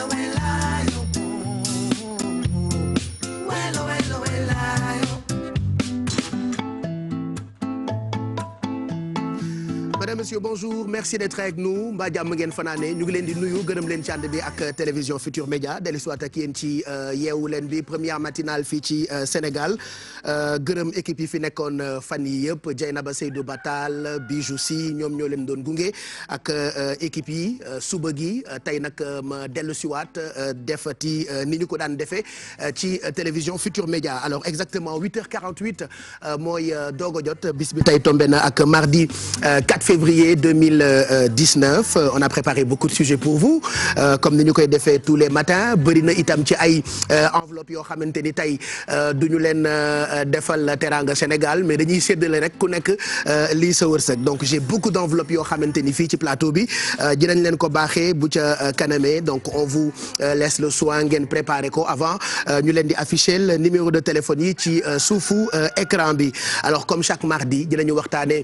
away life. messieurs bonjour merci d'être avec nous mbaa jàmm ngeen fanaane ñu ngi leen di nuyu gërëm leen ci ànd bi ak euh, télévision Futur Média dellu siwaat ak yéen ci euh, yeewu leen bi première matinale fii ci euh, Sénégal gërëm équipe yi fi nekkoon fan yi yëpp Dieynaba Seydou Batal Bijou Si ñoom ñoo leen doon gunge ak équipe yi suba gi tey nag ma dellu siwaat defati ni ñu ko daan defee ci télévision Futur Média alors exactement 8 h mooy doogo jot bis bi tey na ak mardi février 2019 euh, on a préparé beaucoup de sujets pour vous euh, comme ni ñu koy defee tous les matins bëri na itam ci ay euh, enveloppe yoo xamante ni tey du ñu leen defal teranga Sénégal mais dañuy séddale rek ku nekk lii sa wërsëg donc j'ai beaucoup d'enveloppes yoo xamante ni fii ci plateau bi dinañ leen ko baaxee bu ca kanamee donc on vous laisse le soin ngeen préparer ko avant ñu leen di afficher le numéro de téléphone yi ci suufu écran bi alors comme chaque mardi dinañu waxtaane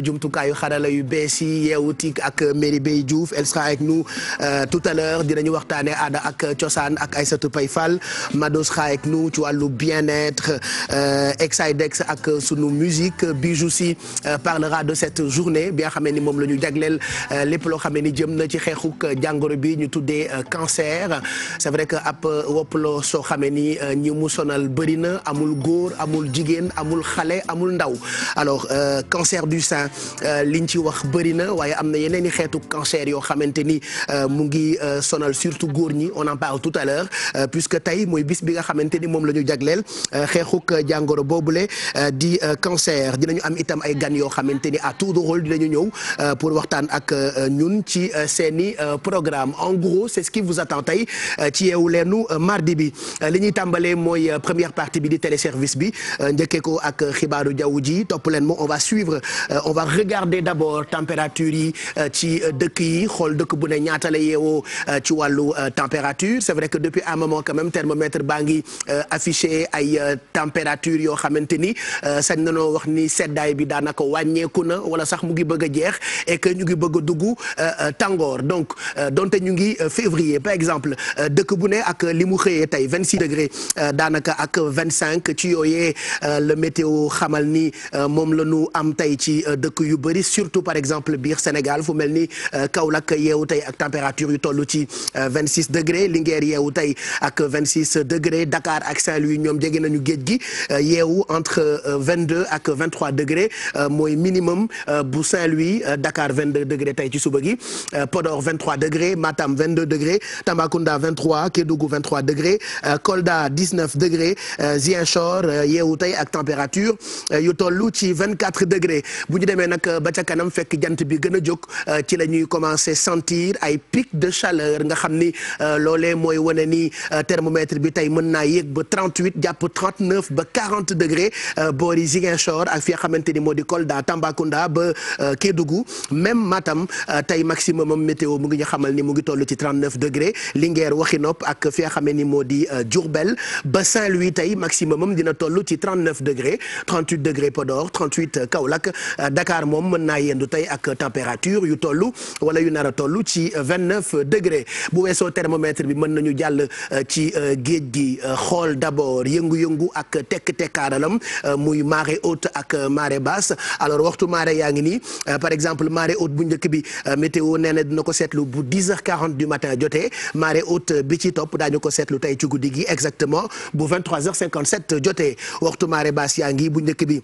wala jumtukaayu xarala yu bees yi yeewu tik ak Merry Beye Diouf elle sera avec nous euh, tout à l'heure dinañu waxtaane aada ak cosaan ak Aïssatou Pay Fall Mados sera avec nous ci wàllu bien-être euh, dex ak sunu musique Bijou si euh, parlera de cette journée bi nga xamee ni moom la ñu jagleel lépp loo xamee ni jëm na ci xeexuk jàngoro bi ñu tuddee cancer c'est vrai que ab woppaloo soo xamee ni ñi mu sonal bëri na amul góor amul jigéen amul xale amul ndaw alors cancer du sein Euh, liñ ci wax bëri na waaye am na yeneen i xeetu cancer yoo xamante ni euh, mu ngi euh, sonal surtout góor ñi on en parle tout à l'heure puisque tey mooy bis bi nga xamante ni moom la ñu jagleel xeexuk jàngoro boobule di cancer dinañu am itam ay gan yoo xamante ni à tout de rôle dinañu ñëw pour waxtaan ak ñun ci seeni programme en gros c'est ce qui vous attend tey ci yeewu leenu mardi bi li ñuy tàmbalee mooy première partie bi di téléservice bi njëkkee ko ak xibaaru jaww ji topp leen moom va regarder d'abord température yi euh, ci euh, dëkk yi xool dëkk bu ne ñaata la yeewoo euh, ci wàllu température c'est vrai que depuis un moment quand même thermomètre baa ngi affiché ay température yoo xamante ni sañ na noo wax ni seddaay bi daanaka wàññeeku na wala sax mu ngi bëgg a jeex e que ñu ngi bëgg a dugg tàngoor donc donte ñu ngi février par exemple dëkk bu ne ak li mu xëyee tey vingt six degré daanaka ak vingt cinq ci yooyee le météo xamal ni moom la ñu am tey ci dëkk dëkk yu bëri surtout par exemple biir Sénégal fu mel ni euh, Kaolack yeewu tey ak température yu toll ci euh, vingt six degré Linguère yeewu tey ak vingt six degré Dakar ak Saint-Louis ñoom jege nañu géej gi euh, yeewu entre vingt deux ak vingt trois degré mooy minimum bu Saint-Louis Dakar vingt deux degré tey ci suba gi Podor vingt trois degré Matam vingt deux degré Tambacounda vingt trois Kédougou vingt degré Kolda dix neuf degré Ziguinchor yeewu tey ak température yu toll ci degré bu demee nag euh, ba ca kanam fekk jant bi gën a jóg euh, ci la ñuy commencé sentir ay pic de chaleur nga xam ni euh, loole mooy wane ni thermomètre bi tey mën naa yéeg ba 38 jàpp 39 ba 40 degré boori Ziguinchor ak fi nga xamante ni moo di Kolda Tambacounda ba Kédougou même Matam tey maximum am météo mu ngi ñu xamal ni mu ngi toll ci 39 degré Linguère nopp ak fi nga xamee ni moo di Diourbel ba Saint-Louis tey maximum am dina toll ci 39 degré 38 degré Podor 38 Kaolack Dakar. Dakar moom mën naa yendu tey ak température yu toll wala yu nar a toll ci vingt neuf degré bu weesoo thermomètre bi mën nañu jàll euh, ci euh, géej gi euh, xool d'abord yëngu-yëngu ak tekk-tekkaaralam muy marée haute ak marée basse alors waxtu marée yaa ngi nii par exemple marée haute bu njëkk bi météo nee na dina ko seetlu bu dix heures quarante du matin jotee marée haute bi ci top daa ñu ko seetlu tey ci guddi gi exactement bu vingt trois heures cinquante sept jotee waxtu marée basse yaa ngi bu njëkk bi.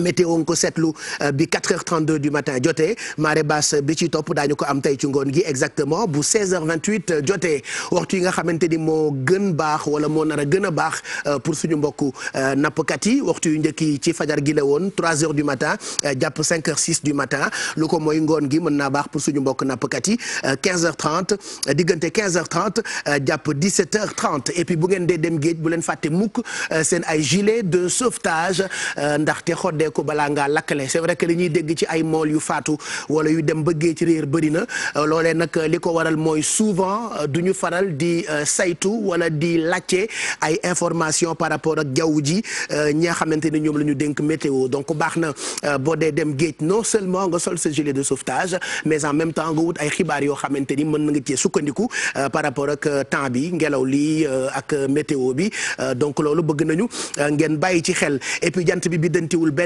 météo nga ko seetlu euh, bi 4h32 du matin jotee marée basse bi ci topp daañu ko am tey ci ngoon gi exactement bu 16h28 jotee waxtu yi nga xamante ni moo gën baax wala moo nar a gën a baax euh, pour suñu mbokk euh, nappkat yi waxtu yu njëkk yi ci fajar gi la woon 3h du matin jàpp 5h06 du matin lu ko mooy ngoon gi mën naa baax pour suñu mbokk nappkat yi 15h30 diggante 15 h jàpp 17h30 et puis bu ngeen dee dem géej bu leen fàtte mukk seen ay gilet de sauvetage ndaxte dee ko balaa ngaa lakkale c'est vrai que li ñuy dégg ci ay mool yu faatu wala yu dem ba géej ci réer bëri na loolee nag li ko waral mooy souvent euh, du ñu faral di euh, saytu wala di laajte ay information par rapport ak jaww ji euh, ñi nga xamante ni ñoom la ñu dénk météo donc baax na boo dee dem géej non seulement nga sol sa gilet de sauvetage mais en même temps nga wut ay xibaar yoo xamante ni mën na nga cee sukkandiku par rapport ak temps bi ngelaw li ak météo bi donc loolu bëgg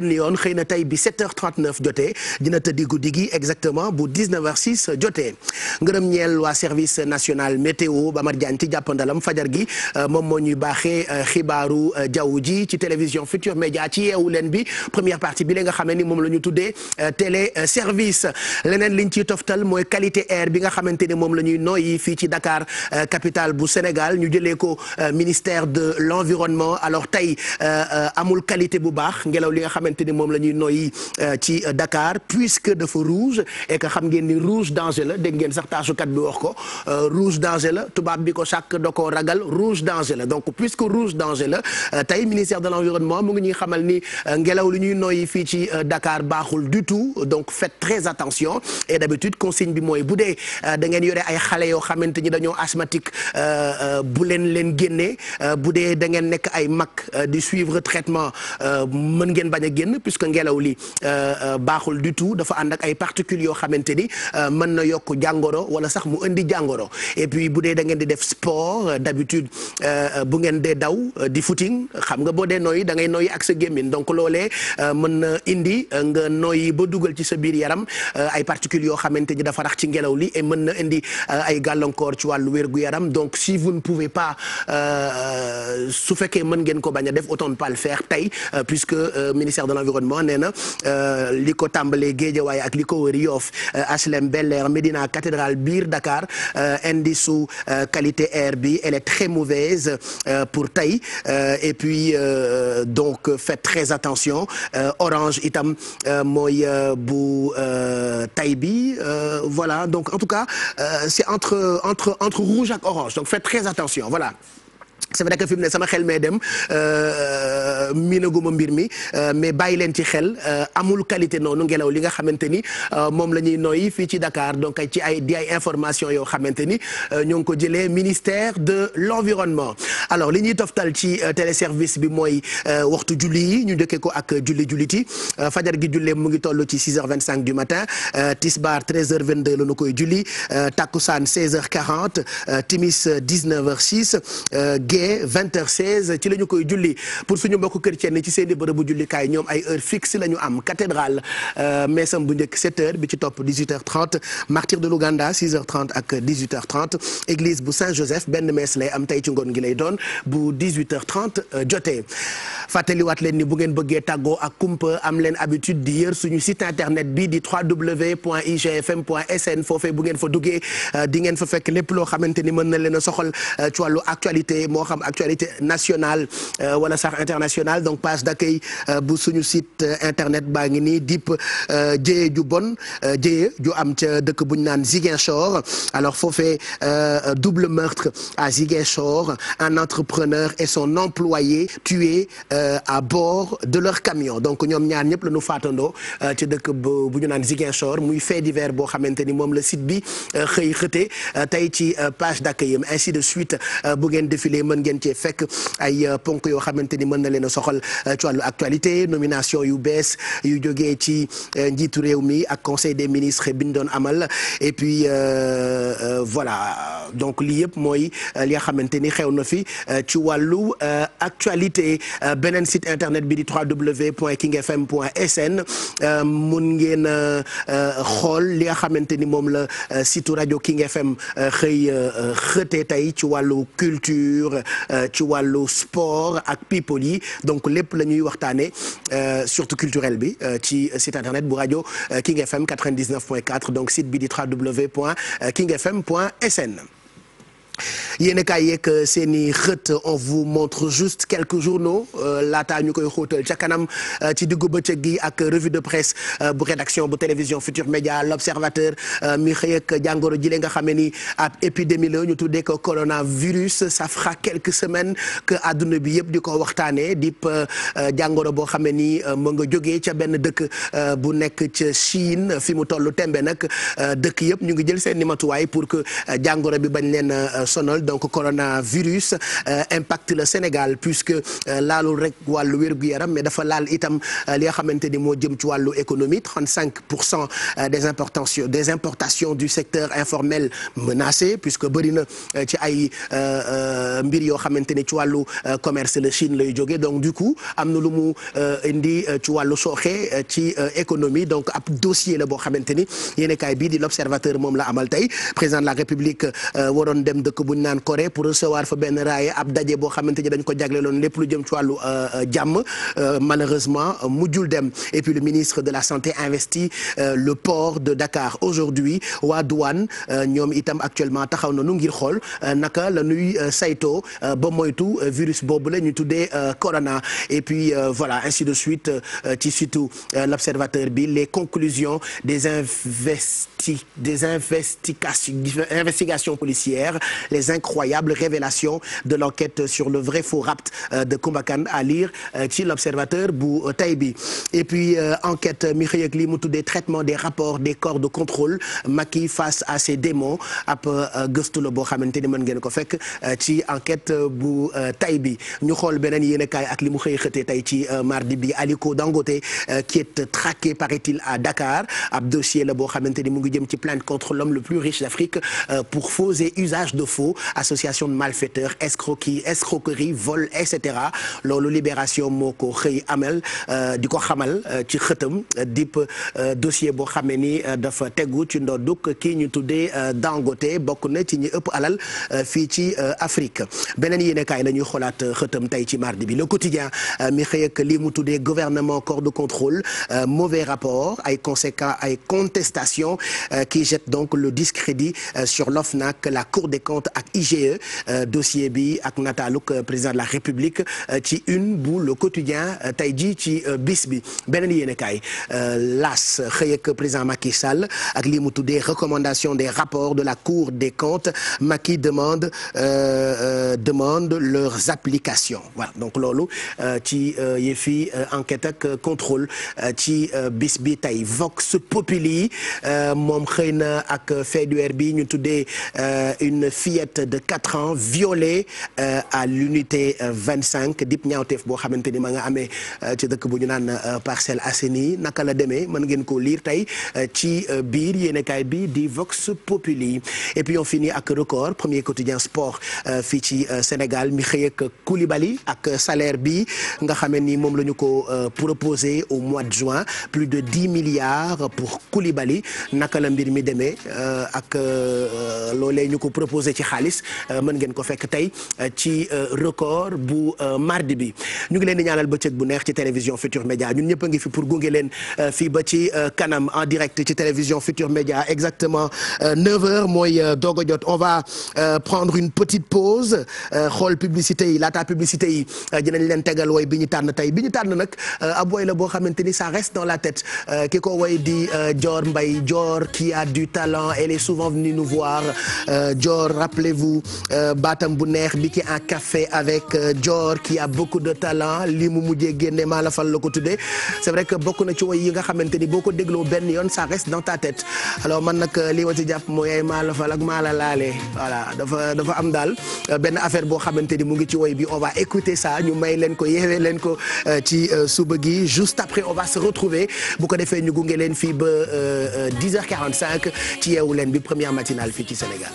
benn yoon xëy na tey bi 7h39 jotee dina tëddi guddi gi exactement bu 19h06 jotee ñeel waa service national météo Bamar Diagne ci jàppandalam fajar gi euh, moom moo ñuy baaxee euh, xibaaru euh, jaww ji ci télévision Futur Média ci yeewu leen bi première partie bi la nga xamee moom la ñu tuddee télé service leneen liñ ciy toftal mooy qualité air bi nga xamante ni moom la ñuy nooyi fii ci Dakar capitale bu Sénégal ñu jëlee ko ministère de l'environnement alors tey amul qualité bu baax ngelaw xamante ni moom la ñuy noyyi euh, ci euh, Dakar puisque dafa rouge et que xam ngeen ni rouge danger la dégg ngeen sax taasukat bi wax ko euh, rouge danger tubaab bi ko sàkk da koo ragal rouge danger la donc puisque rouge danger la tey ministère de l'environnement mu ngi ñuy xamal ni ngelaw li ñuy noyyi fii ci Dakar baaxul du tout donc faites très attention et d'habitude consigne bi mooy bu dee da ngeen yore ay xale yoo xamante ni dañoo asthmatique bu leen leen génnee bu dee a génn puisque ngelaw li euh, euh, baaxul du tout dafa ànd ak ay particules yoo xamante ni euh, mën na yokk jàngoro wala sax mu indi jàngoro et puis bu dee da ngeen di def sport d'habitude bu ngeen dee daw di footing xam nga boo dee nooyi da ngay nooyi ak sa gémmin donc loole mën na indi nga nooyi ba dugal ci sa biir yaram ay particules yoo xamante ni dafa rax ci ngelaw li et mën na indi ay gàllankoor ci wàllu wérgu yaram donc si vu ne pouvez pas su fekkee mën ngeen ko bañ def autant ne ministère de l'environnement nee na euh, li ko tàmbalee Géejawaay ak li ko wër Yoff euh, HLM Bel Air biir Dakar euh, indi su qualité air bi elle est très mauvaise pour tey et puis donc faites très orange itam mooy bu tay bi voilà donc en tout cas c'est entre entre entre rouge orange donc faites très attention voilà c'est vrai que fi mu ne sama xel mee dem euh, miinaguma mbir mi euh, mais bàyyi leen ci xel euh, amul qualité noonu ngelaw li nga xamante ni moom la ñuy noyyi fii ci Dakar donc ci ay di ay information yoo xamante ni ñoo ngi ko jëlee ministère de l'environnement alors li ñuy toftal ci téléservice bi mooy waxtu julli yi ñu njëkkee ko ak julli julliti fajar gi jullee mu ngi toll ci 6h25 du matin tisbaar 13h22 la ñu koy julli takkusaan 16h40 timis 19h06 jotee vingt heures seize ci la ñu koy julli pour suñu mbokku chrétien ci seen i bërëbu jullikaay ñoom ay heure fixe la am cathédrale euh, meesam bu njëkk sept heures bi ci topp dix de l'Ouganda six ak église bu Saint-Joseph benn mees lay am tey ci ngoon gi lay doon bu euh, jotee fàttaliwaat leen ni bu ngeen bëggee tàggoo ak kumpa am leen habitude di yër suñu site internet bi di www.igfm.sn foofee bu ngeen fa duggee euh, di ngeen fa fekk lépp loo xamante ni mën na leen a soxal ci wàllu actualité xam actualité nationale euh, wala sax internationale donc page d'accueil euh, bu suñu site euh, internet baa ngi nii dip jéye ju bon jéye ju am ca dëkk bu ñu naan Ziguinchor alors foofee double meurtre à Ziguinchor un entrepreneur et son employé tués à bord de leur camion donc ñoom ñaan ñëpp la ñu faatandoo ci dëkk bu ñu naan Ziguinchor muy fait divers boo xamante ni moom la site bi xëy xëte tey ci page d'accueil ainsi de suite bu défilé ngeen cee fekk ay euh, ponk yoo xamante ni mën na leen a soxal euh, ci wàllu actualité nomination yu bees yu jógee ci euh, njiitu réew mi ak conseil des ministres bi ñu doon amal et puis voilà donc lii yëpp mooy li nga xamante ni xew na fi ci wàllu actualité beneen site internet bi di www.kingfm.sn mun ngeen xool li nga xamante ni moom la site rajo King FM xëy xëte tey ci wàllu culture Euh, ci wàllu sport ak people yi donc lépp la ñuy waxtaanee euh, surtout culturel bi euh, ci site internet bu rajo King FM 99.4 donc site bi di www.kingfm.sn yéen kay yeeg euh, seen i xët euh, on vous montre juste quelques journaux euh, laataa ñu koy xóotal ca kanam ci diggu bëccëg gi ak revue de presse bu rédaction bu télévision Futur Média l'Observateur mi xëy ak jàngoro ji le nga xamee ni ab épidémie la ñu tuddee ko coronavirus sa fera quelques semaines que adduna bi yëpp di ko waxtaanee dip jàngoro boo xamee ni mu nga jógee ca benn dëkk bu nekk ca Chine fi mu toll tembe nag dëkk yëpp ñu ngi jël seen i matuwaay pour que jàngoro bi bañ leen sonal donc coronavirus euh, impact le Sénégal puisque euh, laalul rek wàllu wér-gu-yaram mais dafa laal itam euh, li nga xamante ni moo jëm ci wàllu économie 35 pour cent des importations des importations du secteur informel menacé puisque bëri na ci ay mbir yoo xamante ni ci wàllu commerce la Chine lay jógee donc du coup am na lu mu indi ci wàllu sooxe ci économie donc ab dossier la boo xamante ni yéen a kaay bii di l'observateur moom la amal tey président la république waroon dem dëkk dëkk bu ñu naan Corée pour recevoir fa benn raaye ab daje boo xamante ni dañ ko jagleeloon lépp lu jëm ci wàllu euh, euh, jàmm euh, malheureusement mujjul dem et puis le ministre de la santé investit le port de Dakar aujourd'hui waa douane ñoom itam actuellement taxaw na nu ngir xool naka la nuy saytoo ba moytu virus boobu la ñu tuddee corona et puis voilà ainsi de suite ci surtout l'observateur bi les conclusions des investigations ainsi des investigations, investigations policières, les incroyables révélations de l'enquête sur le vrai faux rapt euh, de Koumbakan à lire euh, ci l'observateur bu euh, tey et puis enquête mi li mu tuddee traitement des rapports des corps de contrôle Macky face à ses démons ab gëstu la boo xamante ni mën ko fekk ci enquête bu tey bi ñu xool beneen yéenekaay ak li mu xëy xëtee tey ci Aliko Dangote qui est traqué paraît-il à Dakar ab dossier la jëm ci plainte contre l'homme le plus riche d'Afrique euh, pour faux et usage de faux association de malfaiteurs escroquerie escroquerie vol et cetera loolu libération moo ko xëy amel euh, di ko xamal euh, ci xëtam dip dossier boo xamee ni dafa tegu ci ndodduk kii ñu tuddee Dangote bokk na ci ñi ëpp alal fii ci Afrique beneen yéenekaay la ñuy xoolaat xëtam tey ci mardi bi le quotidien mi xëy ak lii mu tuddee gouvernement corps de contrôle mauvais rapport ay conséquences ay contestations Euh, qui jette donc le discrédit euh, sur l'OFNAC la Cour des comptes ak IGE euh, dossier bi ak nataaluk président de la République ci une bu le quotidien tey jii ci bis bi beneen yéenekaay las xëy ak président Macky Sall ak lii mu tuddee recommandation des rapports de la Cour des comptes Macky demande demande leurs applications voilà donc loolu ci yëfi enquête ak contrôle ci bis bi Vox Populi moom xëy na ak fait divers bi ñu tuddee euh, une fillette de quatre ans violée euh, à l'unité euh, vingt cinq dip ñaawteef boo xamante ni ma nga amee ci dëkk bu ñu naan Parcelles Assainies naka la demee mën ngeen ko liir tey ci biir yéenekaay bi di Vox Populi et puis on finit ak record premier quotidien sport fii ci Sénégal mi xëy ak ak salaire bi nga xamee ni moom la ñu ko proposé au mois de juin plus de dix milliards pour Koulibaly naka naka la mbir mi demee euh, ak euh, loolee ñu ko proposé ci xaalis euh, mën ngeen ko fekk tey ci record bu mardi bi ñu ngi leen di ñaanal bëccëg bu neex ci télévision Futur Média ñun ñëpp a ngi fi pour gunge leen fii ba ci kanam en direct ci télévision Futur Média exactement 9h mooy doog a jot on va prendre une petite pause xool publicité yi laata publicité yi dinañ leen tegal woy bi ñu tànn tey bi ñu tànn nag ab woy la boo xamante ni ça reste dans la tête ki ko Dior qui a du talent elle est souvent venue nous voir euh, rappelez-vous euh, baatam bu neex bi ki en café avec euh, Dior qui a beaucoup de talent li mu mujjee génne maa la fan la ko tuddee c'est vrai que bokk na ci woy yi nga xamante ni boo ko dégloo benn yoon ça reste dans ta tête alors man nag euh, li ma ci jàpp mooy ay maa la fal ak maa dafa am daal euh, benn affaire boo xamante ni mu ngi ci woy bi on va écouter ça ñu may leen ko yeewee leen ko ci suba gi juste après on va se retrouver ko defee ñu gunge leen fii ba 10 45 ci yeewu leen bi première matinale fii ci Sénégal.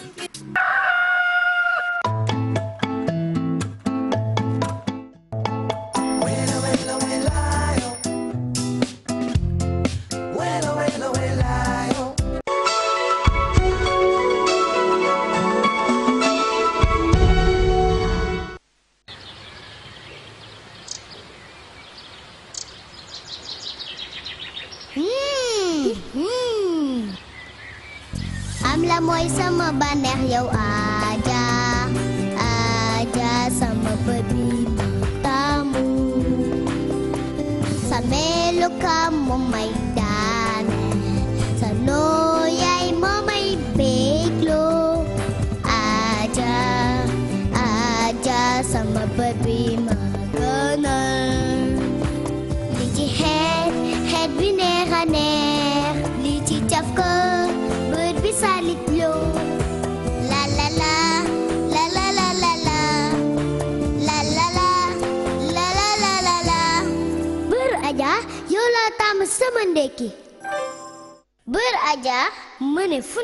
ma ndékki bër aja mëne fu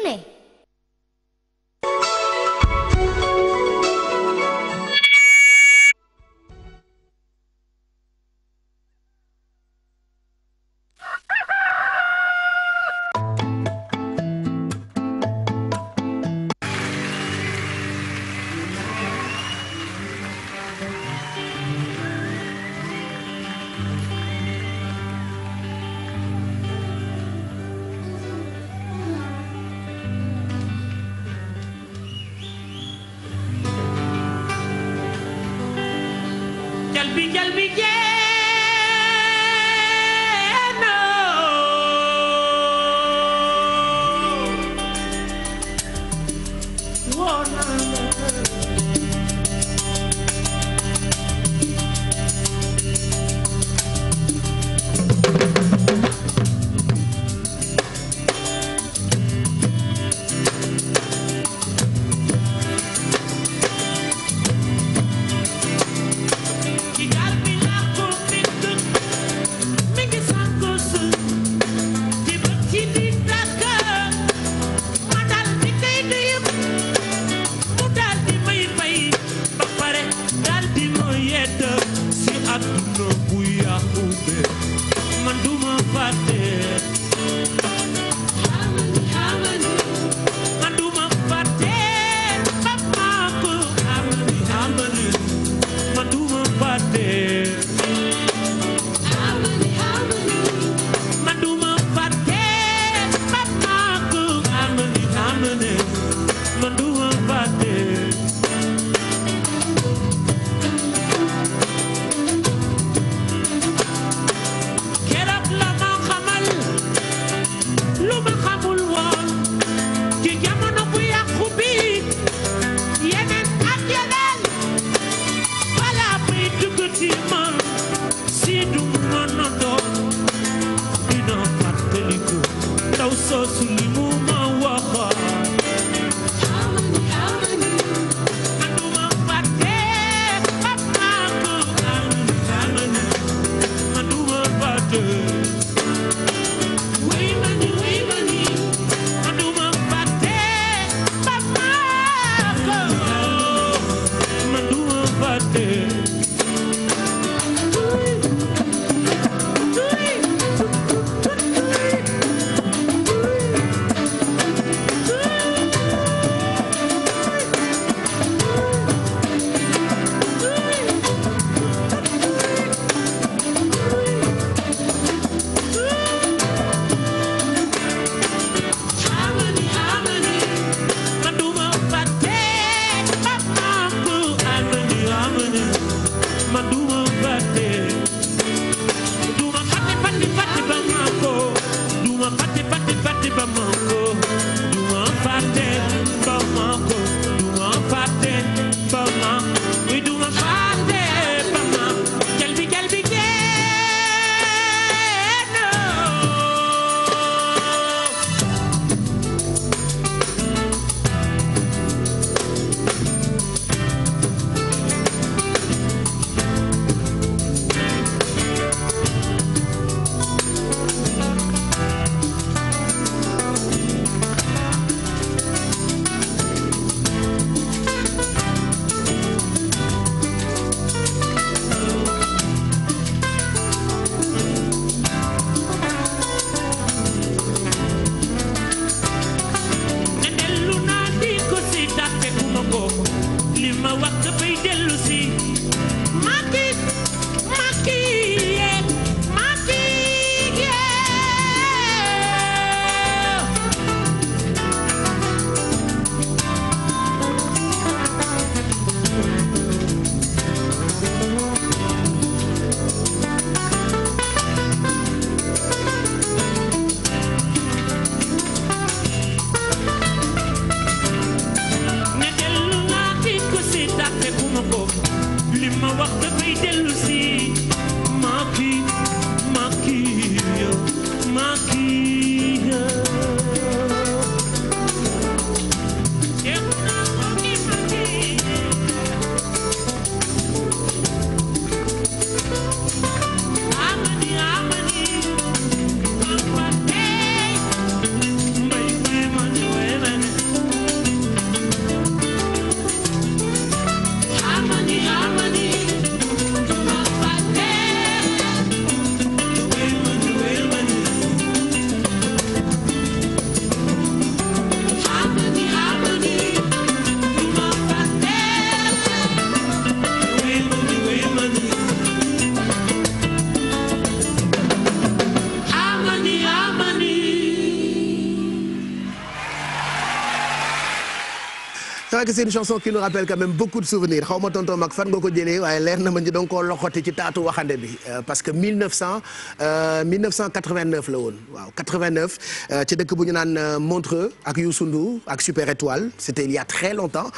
que c'est une chanson qui nous rappelle quand même beaucoup de souvenirs xaw ma tonton mag fan nga ko jëlee waaye leer na ma ni danga koo loxoti ci taatu waxande bi euh, parce que 1900 euh, 1989 la woon waaw 89 euh, ci dëkk bu ñu naan euh, Montreux ak Youssou Ndour ak Super Étoile c'était il y a très longtemps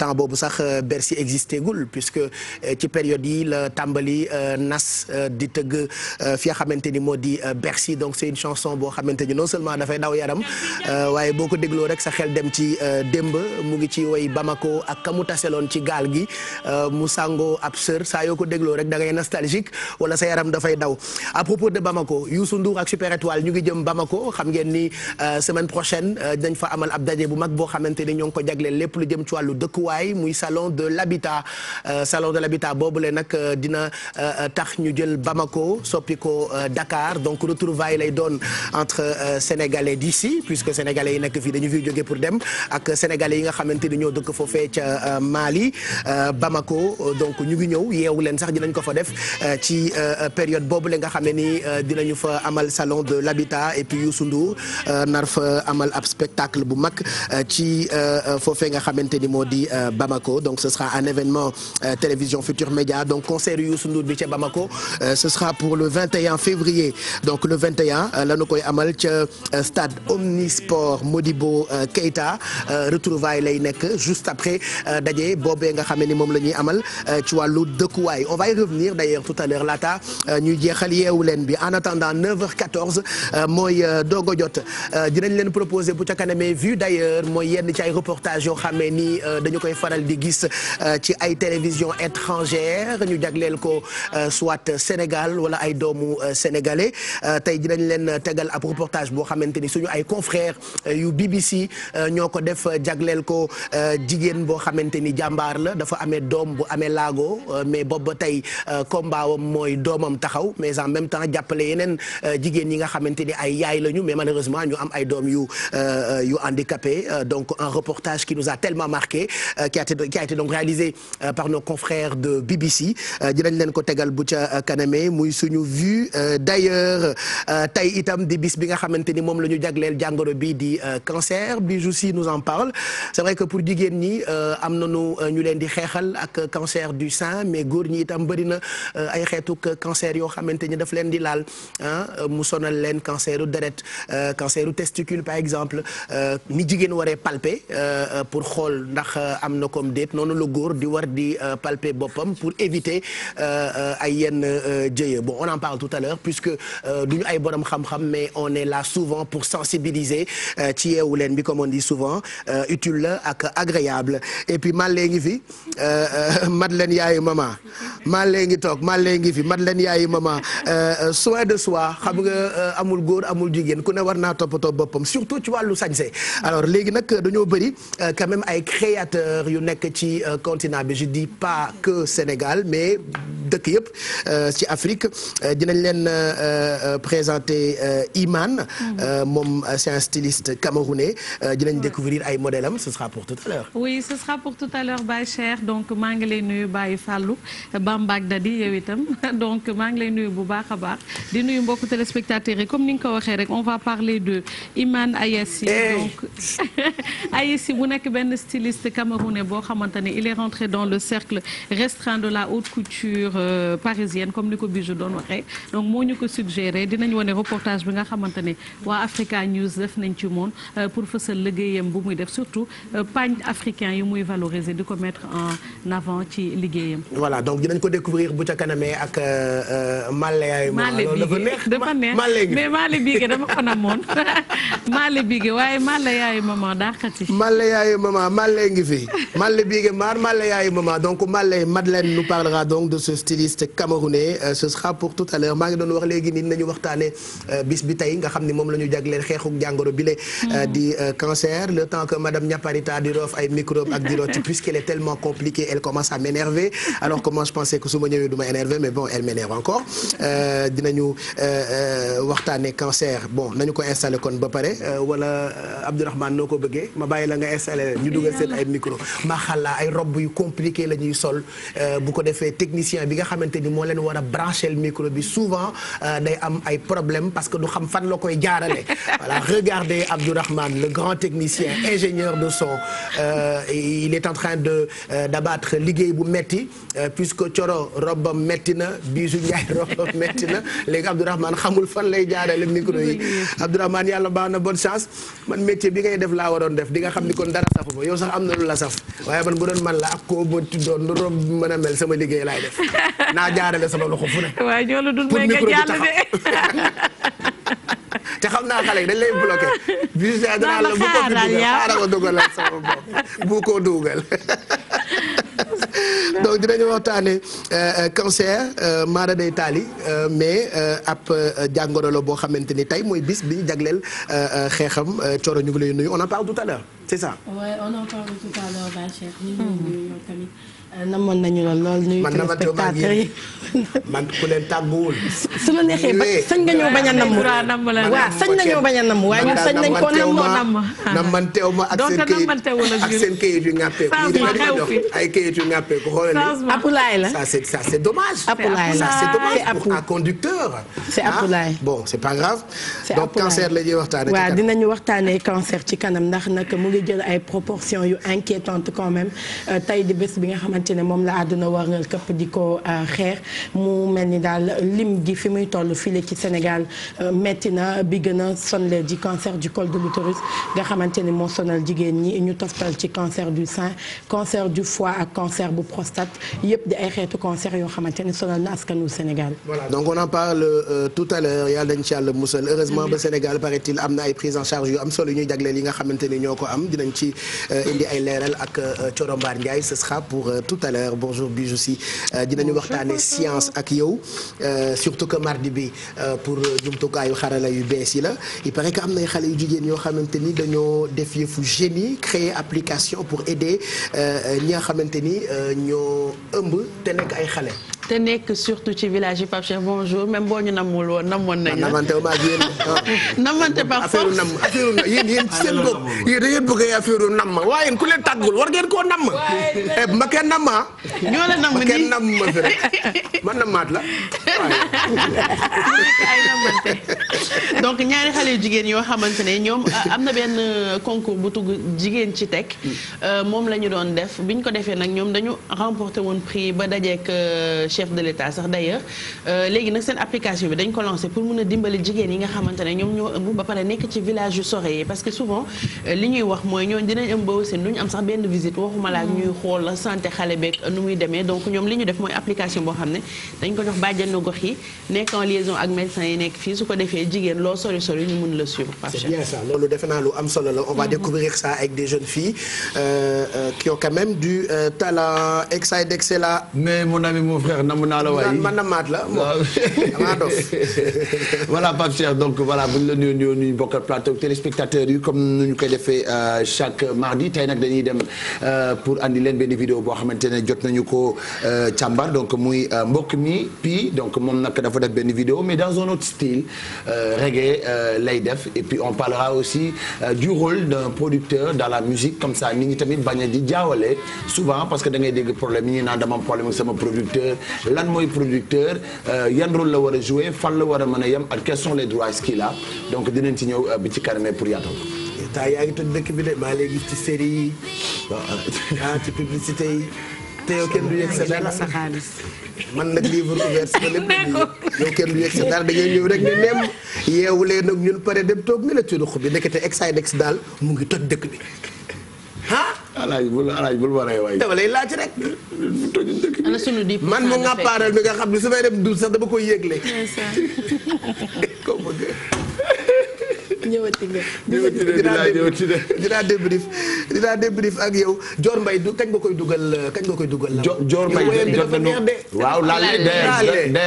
temps boobu sax Bercy existé gul puisque ci période yi la tàmbali nas Euh, di tëgg euh, fi nga xamante ni moo di euh, Bercy donc c'est une chanson boo xamante ni non seulement dafay daw yaram waaye boo ko dégloo rek sa xel dem ci démb mu ngi ci woy Bamako ak kamu taseloon ci gaal gi mu sàngoo ab sër saa yoo ko dégloo rek da ngay nostalgique wala sa yaram dafay daw à propos de Bamako Youssou Ndour ak Super Étoile ñu ngi jëm Bamako xam ngeen ni semaine prochaine dañ fa amal ab daje bu mag boo xamante ni ñoo ngi ko jagleel lépp lu jëm ci wàllu dëkkuwaay muy salon de l'habitat salon de l'habitat boobu le nag dina tax jël Bamako soppi ko euh, Dakar donc retrouvailles lay doon entre euh, sénégalais d'ici puisque sénégalais yi nekk fii dañu fi jóge pour dem ak sénégalais yi nga xamante ni ñoo dëkk foofee ca euh, Mali Bamako donc ñu ngi ñëw yeewu leen sax dinañ ko fa def ci période boobu la nga xam ne ni dinañu fa amal salon de l'habitat et puis Youssou Ndour nar fa amal ab spectacle bu mag ci foofee nga xamante ni moo di Bamako donc ce sera un événement télévision Futur Média donc concert Bamako Euh, ce sera pour le 21 février donc le 21 euh, la ñu koy amal ca euh, stade Omnisport Modibo Keita retrouvaille lay nekk juste après daje boobee nga xam ne ni moom la ñuy amal ci wàllu dëkkuwaay on va y revenir d'ailleurs tout à l'heure laata ñuy jeexal yeewu leen bi en attendant 9h14 mooy doog a jot dinañ leen proposer bu ca kanamee vu d'ailleurs mooy yenn ci ay reportages yoo xam ne ni dañu koy faral di gis ci ay télévisions étrangères ñu jagleel ko soit Sénégal wala ay doomu euh, sénégalais euh, tey ji dañ leen tegal ab reportage boo xamante ni suñu ay confrères euh, yu BBC ñoo ko def jagleel ko jigéen boo xamante ni jàmbaar la dafa amee doom bu amee laago mais boobu ba tey kombaawam mooy doomam taxaw mais en même temps jàppale yeneen jigéen ñi nga xamante ni ay yaay lañu mais malheureusement ñu am ay doom yu yu handicapé donc un reportage qui nous a tellement marqué qui a été qui a été donc réalisé par nos confrères de BBC dinañ leen ko tegal kaname muy suñu vue euh, d'ailleurs euh, tey itam di bis bi nga xamante ni moom la ñu jagleel jàngoro bi di euh, cancer bi aussi nu en parle c'est vrai que pour jigéen ñi am nañu ñu leen di xeexal ak cancer du sein mais góor ñi itam bëri na ay xeetu cancer yoo xamante ni daf leen di laal ah mu sonal leen canceru deret canceru testicule par exemple ni jigéen waree palper pour xool ndax am na comme déet noonu la góor di war di palper boppam pour éviter ay yenn jëye euh, bon on en parle tout à l'heure puisque euh, du ñu ay borom xam-xam mais on est là souvent pour sensibiliser euh, ci yeewu leen bi comme on dit souvent utile la ak agréable et puis mal lee ngi fi Madeleine yaayu mama mal lee ngi toog mal lee ngi fi Madeleine yaayu mama soin de soi xam nga amul góor amul jigéen ku ne war naa toppatoo boppam surtout ci wàllu sañse alors léegi nag dañoo bëri quand même ay créateurs yu nekk ci continent bi je dis pas que Sénégal mais dëkk Euh, ci Afrique euh, dinañ leen euh, présenter Iman. Mm-hmm. moom c'est un styliste camerounais dinañ découvrir ay modèle am ce sera pour tout à l'heure oui ce sera pour tout à l'heure Baye Cheikh donc maa ngi lay nuyu Baye Fallou Bambak Dadi yow itam donc maa ngi lay nuyu bu baax a baax di nuyu mbokku téléspectateurs yi comme ni nga ko waxee rek on va parler de Iman Ayessi eh! donc Ayessi bu nekk benn styliste camerounais boo xamante ne il est rentré dans le cercle restreint de la haute couture parisienne africaine comme ni ko Bijou doon waxee donc moo ñu ko suggéré dinañ wane reportage bi nga xamante ne waa Africa News def nañ ci moom euh, pour fësal liggéeyam bu muy def surtout euh, pan africain yi muy valoriser di ko mettre en avant ci liggéeyam. voilà donc nañ ko découvrir bu ca kanamee ak euh, Malé. Malé Bigué dafa neex mais Malé Bigué dama ko namoon Malé Bigué waaye Malé yaayu maman daa xati. Malé yaayu maman Malé ngi fi Malé Bigué maar Malé maman donc Malé Madeleine nous parlera donc de ce styliste camerounais. ne euh, ce sera pour tout à l'heure maa ngi doon wax léegi nit nañu waxtaane euh, bis bi tey nga xam ne moom la ñu jagleel xeexuk jàngoro bi le euh, mm. di cancer le temps que madame Niaparita di roof ay microbe ak di rocci puisqu'elle est tellement compliquée elle commence à m'énerver alors que moi que su ma ñëwee du ma mais bon elle m'énerve encore dinañu waxtaane cancer bon nañu ko installé kon ba pare wala Abdourahmane noo ko bëggee ma bàyyi la nga installé ñu dugal seen ay ma xala ay rob yu compliqué war a brancher le micro bi souvent euh, day am ay problème parce que du xam fan la koy jaarale voilà regardez Abdourahmane le grand technicien ingénieur de son euh, il est en train de euh, d'abattre liggéey bu metti puisque Coro robam metti na Bijou Ndiaye robam metti na léegi Abdourahmane xamul fan lay jaarale micro yi Abdourahmane yàlla baax na bon chance man métier bi ngay def laa waroon def di nga xam ni kon dara safu ma yow sax am na lu la saf waaye man bu doon a sama liggéey sama loxo fu ne. waaw ñoo la dul may nga jàll de. te xam naa xale yi dañ lay bloqué. bisimilah dinaa la bu ko dugal xaaral ma sama bopp bu ko dugal. donc dinañu waxtaane euh, euh, cancer euh, maara day taali mais ab jàngoro la boo xamante ni tey mooy bis bi ñu jagleel xeexam Thioro ñu lay nuyu on en parle tout à l'heure c'est ça. namoon nañu la lool nuyu téléspectateurs yi man ku leen tàgguwul. su la neexee ba sañ nga ñoo bañ a namm. waaw sañ nañoo bañ a namm waaye ñun sañ nañ ko namm. nammanteew ma ak seen kayit ak seen kayit yu ñàppee ko. yi ay kayit yu ñàppee ko xoolal apulaay la ça c'est ça c'est dommage. apulaay la c'est dommage pour un conducteur. c'est ah, apulaay bon c'est pas grave. c'est apulaay donc cancer la ñuy waxtaanee. waaw dinañu waxtaanee cancer ci kanam ndax nag mu ngi jël ay proportions yu inquiétantes quand même euh, tey di bés bi nga xamante xamante ne moom la àdduna warngal këpp di ko euh, xeex mu mel ni daal lim gi fi muy toll file ci Sénégal euh, metti na bi gën a sonle di cancer du col de l'utérus nga xamante ni moo sonal jigéen ñi ñu toftal ci cancer du sein cancer ak cancer bu yëpp di ay xeetu cancer yoo xamante ni sonal na askanu Sénégal. voilà donc on en parle euh, tout à l'heure yàlla dañ ci yàlla musal heureusement ba Sénégal paraît am na ay prise en charge yu am solo yu ñuy jagleel li nga xamante ni ñoo ko am dinañ ci euh, indi ay leeral ak Corombaar Ndiaye ce sera pour. tout à l'heure bonjour Bijou Sy euh, dinañu waxtaane science ak yow euh, surtout que mardi bi euh, pour jumtukaayu xarala yu bees yi la il paraît que am nay xale yu jigéen yoo xamante ni dañoo def yëfu génie créer application pour aider ñi nga xamante ni ñoo ëmb te nekk ay xale te nekk surtout ci village yi Pape Cheikh bonjour même boo ñu namul woon namoon nañu la. namante ma ak yéen namante par force affaire nam yéen yéen ci seen bopp yéen da ngeen bëggee affaire nam waaye ku leen tàggul war ngeen koo nam. waaye eh, ma kenn nam ma. Ah. ñoo la nam nii ma kenn nam ma fi rek ma namaat la ay namante donc ñaari xale yu jigéen yoo xamante ne ñoom ah, am na benn euh, concours bu tugg jigéen ci teg hmm. euh, moom la ñu doon def bi ñu ko defee nag ñoom dañu remporté woon prix ba dajeek. Euh, chef de l'État sax d'ailleurs euh, léegi nag seen application bi dañ ko lancé pour mun a dimbali jigéen yi nga xamante ñoom ñoo ëmb ba pare nekk ci village yu sore yi parce que souvent euh, li ñuy wax mooy ñooñu dinañ ëmb aussi duñu am ñu def mooy application boo xam ne dañ ko jox bàjjenu gox yi nekk en ak médecin yi nekk fii su ko defee jigéen loo sori sori ñu mun la suivre c'est bien ça defe naa lu am solo la on va mm-hmm. découvrir ça avec des jeunes filles euh, qui namm naa la waaye man nammaat la waaw damaa dof voilà Pape Cheikh donc voilà bu ñu la nuyoo nuyoo nuyu bokkal plateau téléspectateurs yi comme nu ñu koy defee euh, chaque mardi tey nag dañuy dem euh, pour andi leen benn vidéo boo xamante ne jot nañu ko euh, càmbar donc muy mbokk mi puis donc moom nag dafa def benn vidéo mais dans un autre style reggae lay def et puis on parlera aussi du rôle d'un producteur dans la musique comme ça nit ñi tamit bañ a di jaawale souvent parce que da ngay dégg problème yi ñu naan dama am problème ak sama producteur lan mooy producteur euh, yan rôle la war a jouer fan la war a mën a yem ak quels sont les droits qu'il a donc dinañ ci ñëw euh, bi ci kanamee pour yaatal temps yaa ngi toj dëkk bi de maa léegi ci série yi ah ci publicité yi te yow kenn du yegg sa xaalis man nag livre ouvert sama lépp yow kenn du yegg ñëw rek ne nem yeewu leen nag ñun pare dem toog ne la ci ruq bi ndekete ex ay dex daal mu ngi toj dëkk bi alaaj bul alaaj bul waree waay. dama lay laaj rek. ana sunu di man mu ngàppaaral mi nga xam ne su may dem dul sax dama koy yëgle. ñëwati nga ñëwati nga dinaa débrief dinaa débrief ak yow Dior Mbaye du kañ nga koy dugal kañ nga koy dugal. jo Dior Mbaye jot nañu dafa neex de. waaw laale de de de de de de de de de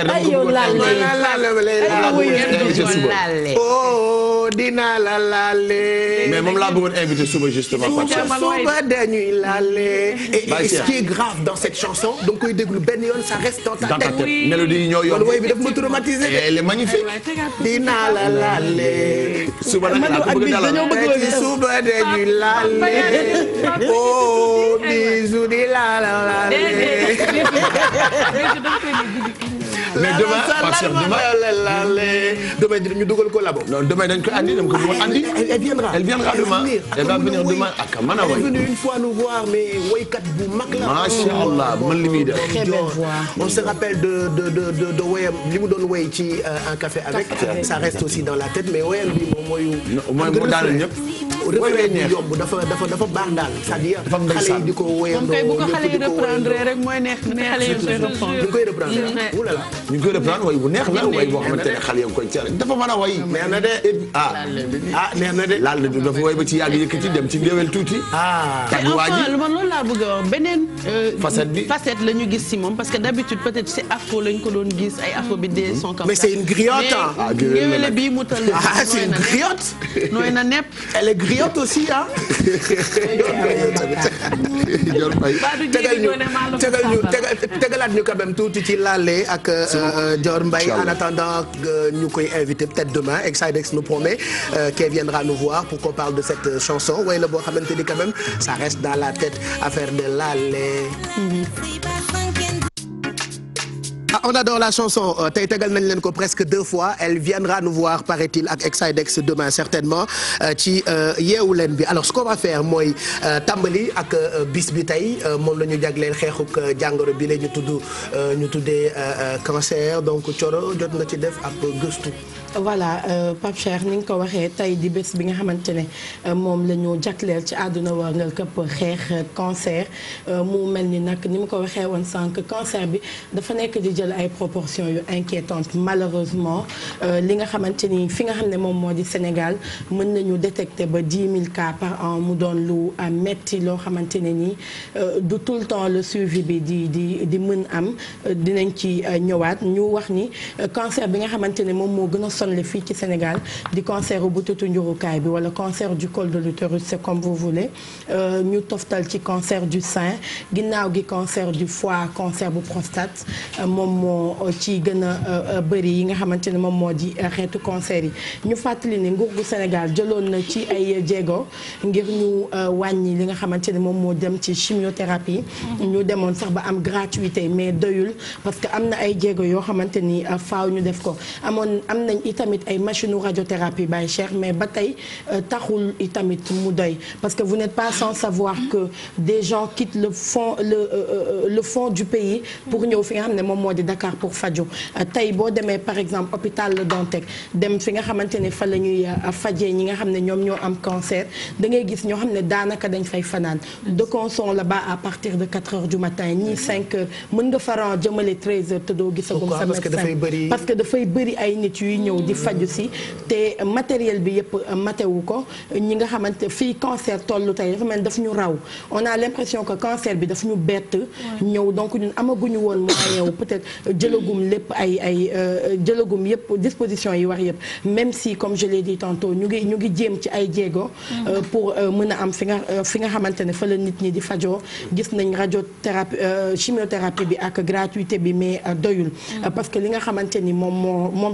de de de de de dinaa la laale. mais moom laa bëggoon invité suba justement. suba dañuy laale. et ce qui est grave dans cette chanson da nga koy déglu benn yoon ça reste dans ta tête. mélodie yi ñoo yor woy bi daf ma traumatisé. elle la laale. suba nag laa a laale suba dañuy oh bisou di la la mais demain parce que demain demain ñu dugal ko labo. non demain dañ ko andi dañ ko dugal ah, andi. elle viendra demain. elle va venir demain ak man a way. kat est venue bu mag la. macha allah man li muy def. très belle voix. on se rappelle de de de de de woyam li mu doon woy ci euh, un café avec. ça reste aussi dans la tête mais woyam bi moom mooy. mooy refrain bi yomb dafa dafa dafa baax daal c'est-à-dire xale yi di ko woyandoo moom kay bu ko xale yi reprendre rek mooy neex xale yi ñu koy reprendre wulala ñu ngi koy reprendre way bu neex la way boo xamante ne xale yi koy cere dafa mën a way neex na de ah ah neex na de laal du dafa way ba ci yàgg yëkkati dem ci ndéwél tuuti ah kàddu waa ji man loolu laa bëgg a wax beneen euh, facette bi facette la ñu gis si moom parce que d'habitude peut-être c'est afro lañ ko doon gis ay afro bi des sont comme mais c'est une griotte ah bi mu tal ah c'est une griotte nooy na nepp Riyot aussi ah. Ndiol Faye tegal ñu tegal ñu tegalaat ñu quand même tuuti ci Lale ak. Euh, euh, Dior bay en attendant ñu koy invité peut-être demain Exidex nous promet euh, qu'elle viendra nous voir pour qu'on parle de cette chanson way la boo xamante ni quand même dans la tête affaire de Lale. Mm-hmm. Ah, on adore la chanson euh, tey tegal nañ leen ko presque deux fois elle viendra nous voir paraît-il ak Exidex demain certainement euh, ci euh, yeewu leen bi alors ce ko va faire mooy tàmbali ak bis bi tey moom la ñu jagleel xeexuk jàngoro bi la ñu tudd ñu tuddee cancer donc Thioro jot na ci def ab gëstu. voilà euh, Pape Cheikh ni nga ko waxee tey di bés bi nga xamante ne euh, moom la ñu jagleel ci àdduna warngal këpp xeex cancer euh, mu mel ni nag ni mu ko waxee woon sànq cancer bi dafa nekk di jël ay proportion yu inquiétantes malheureusement li nga xamante ni fi nga xam ne moom moo di Sénégal mën nañu détecté ba di mille cas par an mu doon lu metti loo xamante ne nii du tout le temps le suivi bi di di di mën am dinañ ci ñëwaat ñu wax ni cancer bi nga xamante ne moom moo sonle fii ci Sénégal di cancer bu bëtutu njurukaay bi wala cancer du col de l'utérus c'est comme vous voulez euh, ñu toftal ci cancer du sein ginnaaw gi cancer du foie cancer bu prostate euh, moom moo euh, ci gën a bëri yi nga xamante ne moom moo di xeetu cancer yi ñu fàttali ne nguur gu Sénégal jëloon na ci ay jéego ngir ñu wàññi li nga xamante ne moom moo dem ci chimiothérapie mhm. ñu demoon sax ba am gratuité mais doyul parce que am na ay jéego yoo xamante ni faaw ñu def ko itamit ay machine radiothérapie Baye Cheikh mais ba tey euh, taxul itamit mu doy parce que vous n'êtes pas sans savoir que des gens quittent le fond le euh, euh, le fond du pays pour ñëw fi nga xam ne moom moo di Dakar pour faju tey boo demee par exemple hôpital Le Dantec dem fi nga xamante ne fa la ñuy fajee ñi nga xam ne ñoom ñoo am cancer da ngay gis ñoo xam ne daanaka dañ fay fanaan de deconson là-bas à partir de 4 heures du matin ñii 5 heures mën nga faran jëmale 13 heures te doo gisagum sa ay nit yuy ñëw ñëw di faju si te matériel bi yëpp euh, matewu ko ñi nga xamante fii cancer tollu tey dafa mel daf ñu raw on a l'impression que cancer bi daf ñu bett ñëw donc ñun amaguñu woon moyen wu peut-être jëlagum lépp ay ay euh, jëlagum yëpp disposition yi wax yëpp même si comme je l'ai dit tantôt ñu ngi ñu ngi jéem ci ay jéego mm. euh, pour mën a am fi nga fi nga xamante ne fa la nit ñi di fajoo gis nañ radiothérapie chimiothérapie bi ak gratuité bi mais doyul mm. parce que li nga xamante moom moo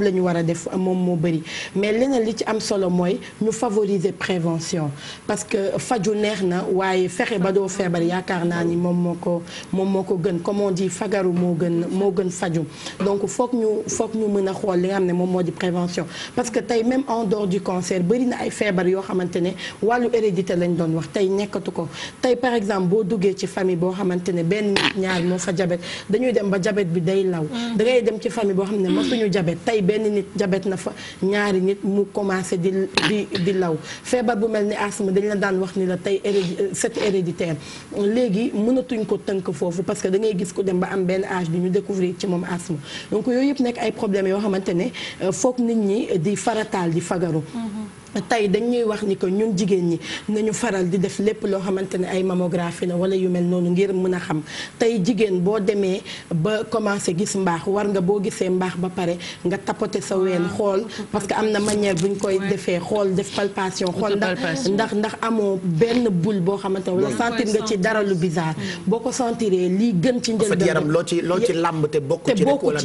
moom moo bëri mais leneen li ci am solo mooy ñu favoriser prévention parce que faju neex na waaye fexe ba doo feebar yaakaar naa ni moom moo ko moom moo ko gën comme on dit fagaru moo gën moo gën faju donc foog ñu foog ñu mën a xool li nga xam ne moom moo di prévention parce que tey même en dehors du cancer bëri na ay feebar yoo xamante ne wàllu hérédité lañ doon wax tey nekkatu ko tey par exemple boo duggee ci famille boo xamante ne benn nit ñaar moo fa jabet dañuy dem ba jabet bi day law mm. toj na fa ñaari nit mu commencé di di di law feebar bu mel ni asthme dañ la daan wax ni la tey hérédi euh, c'est héréditaire léegi mënatuñ ko tënk foofu parce que da ngay gis ko dem ba am benn âge bi ñu découvrir ci moom asthme donc yooyu yëpp nekk ay problème yoo xamante ne euh, foog nit ñi di farataal di fagaru mm-hmm. tey dañuy wax ni que ñun jigéen ñi nañu faral di def lépp loo xamante ne ay mammographie la wala yu mel noonu ngir mën a xam tey jigéen boo demee ba commencé gis mbaax war nga boo gisee mbaax ba pare nga tapoter sa ween xool parce que am na manière buñ koy defee xool def palpation xool ndax ndax ndax amoo benn boule boo xamante ne wala sentir nga ci dara lu bizarre boo ko sentiree lii gën ci njël yaram loo ci loo ci làmb te bokk ci rek wala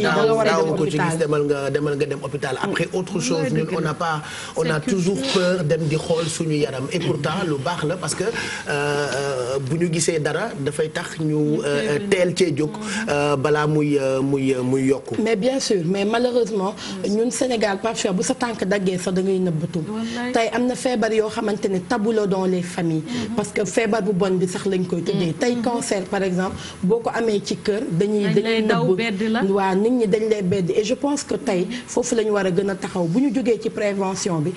daaw ko ci gis demal nga demal nga dem hôpital après autre chose peur dem di xool suñu yaram et pourtant lu baax la parce que euh, euh, bu ñu gisee dara dafay tax ñu euh, teel cee jóg balaa muy muy muy yokku mais bien sûr mais malheureusement ñun Sénégal parfois bu sa tànk daggee sax da ngay nëbbatu tey am na feebar yoo xamante ne tabou la dans les familles mm-hmm. parce que feebar bu bon bi sax lañ koy tuddee tey mm-hmm. cancer par exemple boo ko amee ci kër dañuy dañuy nëbb waa nit ñi dañ lay bedd et je pense que tey foofu la ñu war a gën a taxaw bu ñu jógee ci prévention bi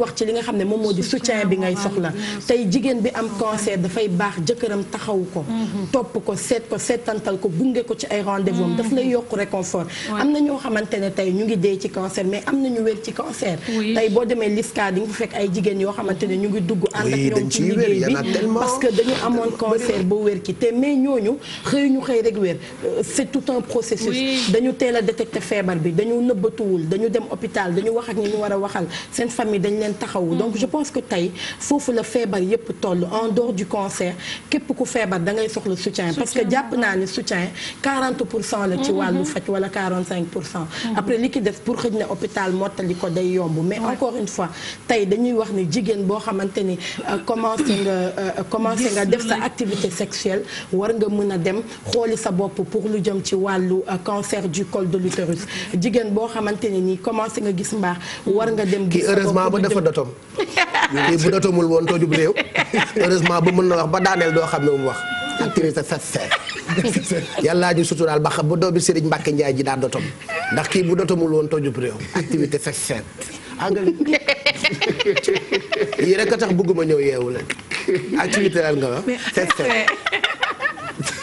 wax ci li nga xam ne moom moo di soutien bi ngay soxla tey jigéen bi am cancer dafay baax jëkkëram taxawu ko topp ko seet ko seetantal ko gunge ko ci ay rendez-vous am daf lay yokk réconfort am na ñoo xamante ne tey ñu ngi dee ci cancer mais am na ñu wér ci cancer tey boo demee Liska di nga fekk ay jigéen yoo xamante ne ñu ngi dugg ànd ak ñoom ci liggéey bi parce que dañu amoon cancer ba wér ki te mais ñooñu xëy ñu xëy rek wér euh, c'est tout un processus dañu teel a détecter feebar bi dañu nëbbatuwul dañu dem hôpital dañu wax ak ñi ñu war a leen taxawu donc je pense que tey foofu la feebar yëpp toll en dehors du cancer képp ku feebar da ngay soxla soutien parce que jàpp naa ne soutien 40 pour cent la ci mm-hmm. wàllu faj wala 45 pour cent mm-hmm. après li ki des pour xëj na hôpital mottali ko day yomb mais encore une fois tey dañuy wax ni jigéen boo xamante ni euh, commencé nga euh, euh, commencé nga def sa activité sexuelle war nga mën a dem xooli sa bopp pour lu jëm ci wàllu cancer du col de l'utérus mm-hmm. jigéen boo xamante ne ni commencé nga gis mbaax war dafa dotom kii bu dotomul woon toojub réew heureusement ba mën na wax ba daaneel doo xam ne mu wax ak tiri sa yàlla yàllaa ñu suturaal ba xam ba doomi Serigne Mbacke Ndiaye ji daan dotom ndax kii bu dotomul woon tojub réew activité fefeet angali yii rekk a tax bëgguma ñëw yeewu la activité lan nga wax fefeet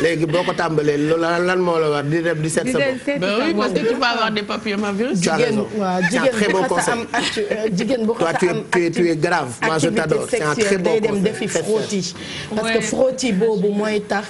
léegi boo ko tàmbalee lan moo la war di dem di seet sa jigéen bu xas a am actu jigéen bu xas a am actu tu es grave. moi je t'adore c'est un très day dem defi frottis. parce que frottis boobu mooy tax.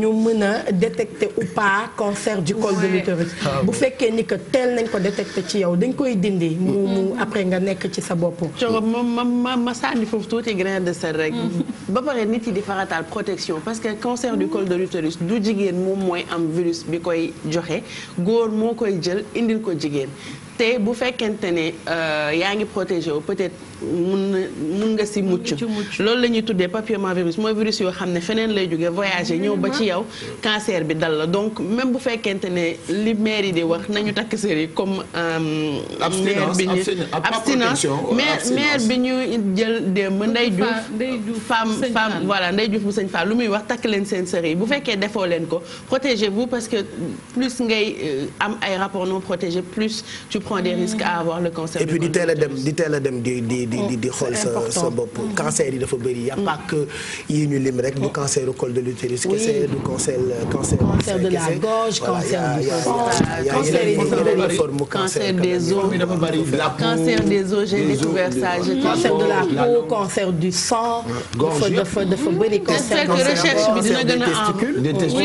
ñu mën a détecter ou pas cancer du col de l'utérus. Ah bu fekkee ni que teel nañ ko détecter ci yow dañ koy dindi. mu mu mm-hmm. après nga nekk ci sa bopp. coono ma ma ma sànni foofu tuuti grain de sel rek. Mm-hmm. ba pare nit yi di farataal protection parce que cancer du col de l'utérus utérus du jigéen moom mooy am virus bi koy joxe góor moo koy jël indil ko jigéen te bu fekkente ne euh, yaa ngi protégé wu peut-être mun na mun nga si mucc loolu la ñuy tuddee papillomavirus mooy virus yoo xam ne feneen lay jóge voyager ñëw ba ci yow cancer bi dal la donc même bu fekkente ne li maire yi di wax nañu takk série comme euh, maire bi ñu abstinence euh, mais maire bi ñu jël démb Ndeye Diouf femme femme voilà Ndeye Diouf bu sëñ Fall lu muy wax takk leen seen série bu fekkee defoo leen ko protégez-vous parce que plus ngay am ay rapport non protégé plus prend des risques à avoir le cancer. et puis di teel a dem di teel a dem di di di di xool sa sa bopp. Mm. cancer yi dafa bëri y' a mm. pas que yi ñu lim rek. du mm. cancer du col de l'utérus kese du cancer cancer. cancer de la gorge cancer du foie. cancer des os cancer des os j'ai découvert ça cancer de la peau cancer du sang. gorge dafa dafa mm-hmm. bëri cancer. recherche bi dina gën a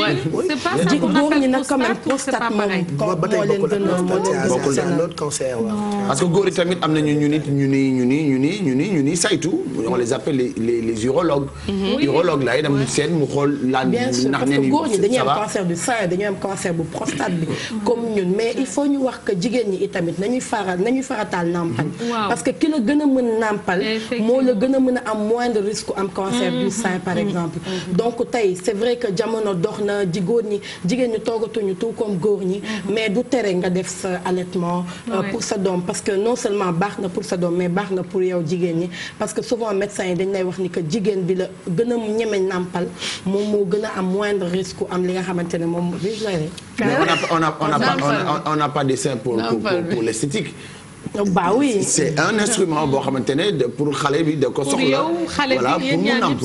am. c'est pas ça. góor ñi nag quand même prostate moom. ba tey bokkul ak prostate cancer waaw. parce que góor yi tamit am nañu ñu nit ñu ni ñu ni ñu ni ñu ni ñu ni saytu. on les appelle les les les urologues. Mhm. urologue laay dem seet mu xool lan. bien sûr parce que góor ñi dañuy am cancer du sein dañuy am cancer bu prostate bi. comme ñun mais il faut ñu wax que jigéen ñi itamit nañuy faral nañuy farataal nàmpal. Mhm. parce que ki la gën a mën nàmpal. moo la gën a mën a am moins de risque am cancer du mhm. sein par exemple. donc tey c'est vrai que jamono dox na ji góor ñi jigéen ñi toogatuñu tout comme góor ñi. mais du tere nga def sa allaitement. Euh, pour sa doom parce que non seulement baax na pour sa doom mais baax na pour yow jigéen ñi parce que souvent médecins yi dañ lay wax ni que jigéen bi la gën a ñeme nàmpal moom moo gën a am moindre risque am li nga xamante ne moom. mais on a a pas on a pas de sein pour l'esthétique bah oui c'est un instrument boo xamante ne pour xale bi da ko soxla. voilà pour mu namp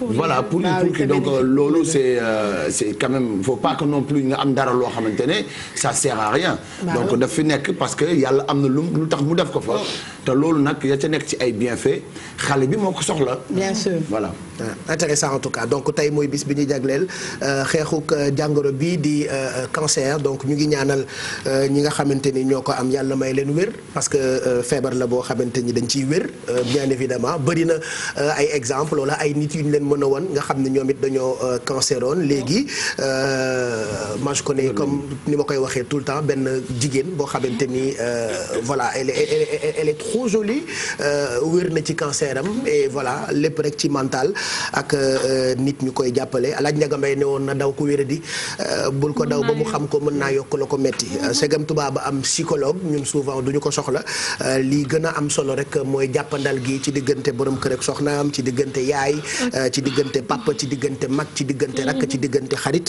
voilà pour pour donc loolu c'est euh, c'est quand même faut pas que non plus nga am dara loo xamante ne ça sert à rien. donc daf fi nekk parce que yàlla am na lu lu tax mu def ko fa. Oh. te loolu nag ya ca nekk ci ay bienfait xale bi moo ko soxla. bien sûr voilà. Euh, intéressant en tout cas donc tey mooy bis bi ñu jagleel euh, xeexuk euh, jàngoro bii di cancer donc ñu ngi ñaanal ñi nga xamante ni ñoo ko am yàlla may leen wér parce que feebar la boo xamante ni dañ ciy wér bien évidemment bëri na ay exemple wala ay nit yu ñu leen mën a woon nga xam ne ñoom it dañoo cancéroon léegi moi je connais comme ni ma koy waxee tout le temps benn jigéen boo xamante ni voilà elle elle est trop jolie wér na ci cancer am et voilà lépp rek ci mental ak euh, nit ñu koy jàppale alaaj Njaga Mbay ne woon na daw ku wéradi euh, bul ko daw ba mu xam ko mën naa yokk la ko metti mm-hmm. euh, segam tubaab am psychologue ñun souvent ñu ko soxla lii gën a am solo rek mooy jàppandal gi ci diggante borom kër ak soxnaam ci diggante yaay ci diggante papa ci diggante mag ci diggante rakk ci diggante xarit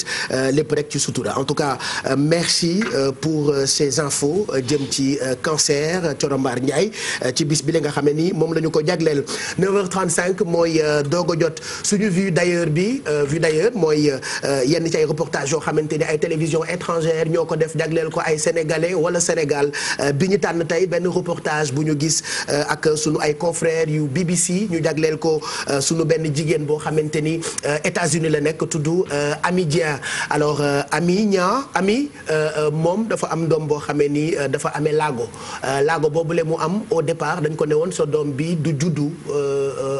lépp rek ci sutura en tout cas merci pour ces infos jëm ci cancer Coro Mbar ci bis bi la nga xam ne moom la ko jagleel jot suñu vue d'ailleurs bi euh, vue d'ailleurs mooy euh, euh, yenn ci ay reportage yoo xamante ni ay télévision étrangère ñoo ko def jagleel ko ay sénégalais wala Sénégal bi ñu tànn tey benn reportage bu ñu gis ak suñu ay confrères yu BBC ñu jagleel ko suñu benn jigéen boo xamante ni États-Unis la nekk tudd Ami Dia alors Ami ñaa Ami moom dafa am doom boo xamee nii dafa amee laago laago boobule mu am au départ dañ ko ne woon sa doom bi du juddu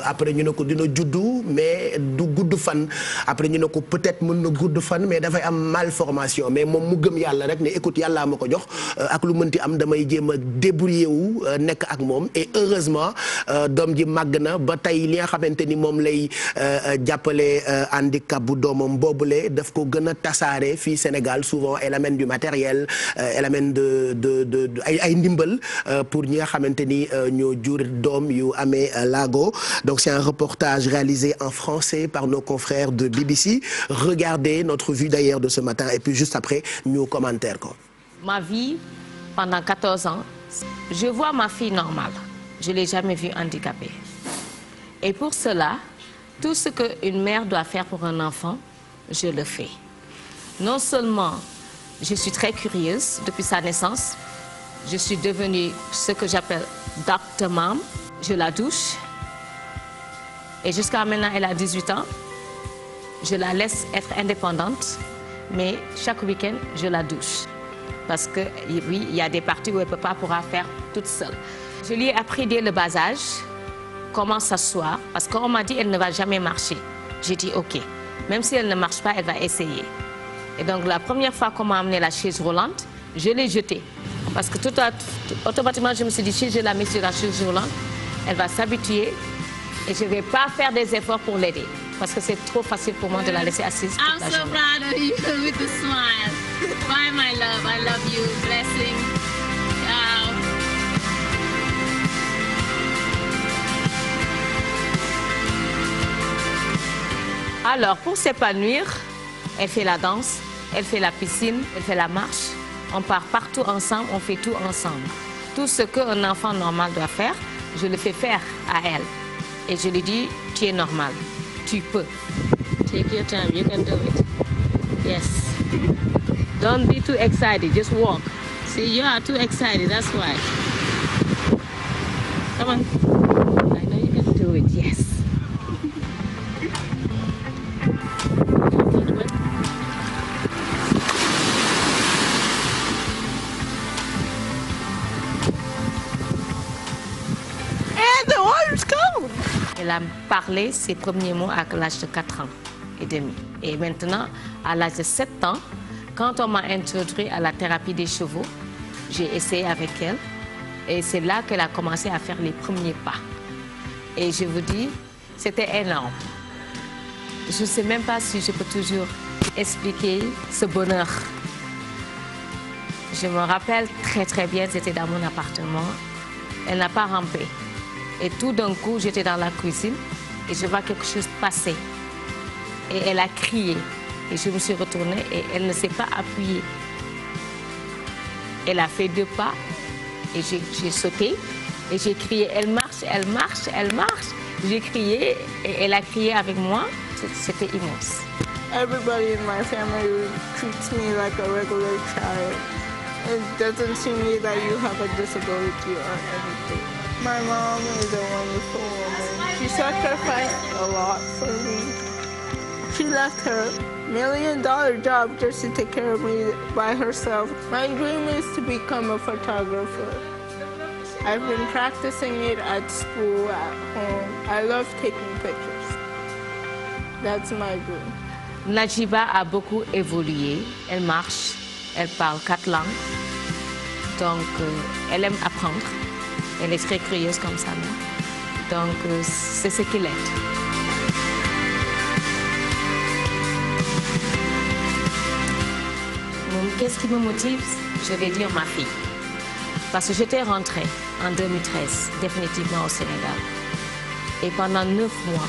après ñu ne ko dina juddu juddu mais du gudd fan après ñu ne ko peut-être mën na gudd fan mais dafay am malformation mais moom mu gëm yàlla rek ne écoute yàllaa ma ko jox euh, ak lu mënti am damay jéem a débrouiller wu euh, nekk ak moom et heureusement euh, doom ji màgg na ba tey li nga xamante ni moom lay jàppale handicap bu doomam boobule daf ko gën a tasaare fii Sénégal souvent elle amène du matériel elle de de de ay ay ndimbal pour ñi nga xamante ni ñoo jur doom yu amee laago donc c'est un reportage réalisé diffusée en français par nos confrères de BBC. Regardez notre vue d'ailleurs de ce matin et puis juste après, nous commentaires. Ma vie, pendant 14 ans, je vois ma fille normale. Je ne l'ai jamais vue handicapée. Et pour cela, tout ce qu'une mère doit faire pour un enfant, je le fais. Non seulement je suis très curieuse depuis sa naissance, je suis devenue ce que j'appelle doctor mom. Je la douche, Et jusqu'à maintenant, elle a 18 ans. Je la laisse être indépendante, mais chaque week-end, je la douche. Parce que, oui, il y a des parties où elle ne peut pas pourra faire toute seule. Je lui ai le bas âge comment s'asseoir, parce qu'on m'a dit elle ne va jamais marcher. J'ai dit OK. Même si elle ne marche pas, elle va essayer. donc la première fois qu'on m'a la chaise roulante, je l'ai jetée. Parce que tout, automatiquement, je me suis dit, la mets la chaise roulante, elle va s'habituer et je ne vais pas faire des efforts pour l'aider parce que c'est trop facile pour moi de la laisser assise toute la journée. I'm so proud of you with a smile. Bye my love, I love you. Blessing. Ciao. Alors, pour s'épanouir, elle fait la danse, elle fait la piscine, elle fait la marche. On part partout ensemble, on fait tout ensemble. Tout ce qu'un enfant normal doit faire, je le fais faire à elle. Et je lui dis, tu es normal, tu peux. Take your time, you can do it. Yes. Don't be too excited, just walk. See, you are too excited, that's why. Come on. I know you can do it, yes. elle a parlé ses premiers mots à l'âge de 4 ans et demi. Et maintenant, à l'âge de 7 ans, quand on m'a introduit à la thérapie des chevaux, j'ai essayé avec elle. Et c'est là qu'elle a commencé à faire les premiers pas. Et je vous dis, c'était énorme. Je ne sais même pas si je peux toujours expliquer ce bonheur. Je me rappelle très très bien, c'était dans mon appartement. Elle n'a pas rampé. Et tout d'un coup, j'étais dans la cuisine et je vois quelque chose passer. Et elle a crié. Et je me suis retournée et elle ne s'est pas appuyée. Elle a fait deux pas et j'ai sauté et j'ai crié Elle marche, elle marche, elle marche. J'ai crié et elle a crié avec moi. C'était immense. Everybody in my family treats me like a regular child. It doesn't seem me that you have a disability or anything. My mom is a wonderful woman. She sacrificed a lot for me. She left her million dollar job just to take care of me by herself. My dream is to become a photographer. I've been practicing it at school, at home. I love taking pictures. That's my dream. Najiba a beaucoup évolué. Elle marche, elle parle quatre langues. Donc, euh, elle aime apprendre. Elle est très curieuse comme ça, Donc, euh, c'est ce qu'elle est. qu'est-ce qui Je vais dire ma fille. Parce que j'étais rentrée en 2013, définitivement au Sénégal. Et pendant neuf mois,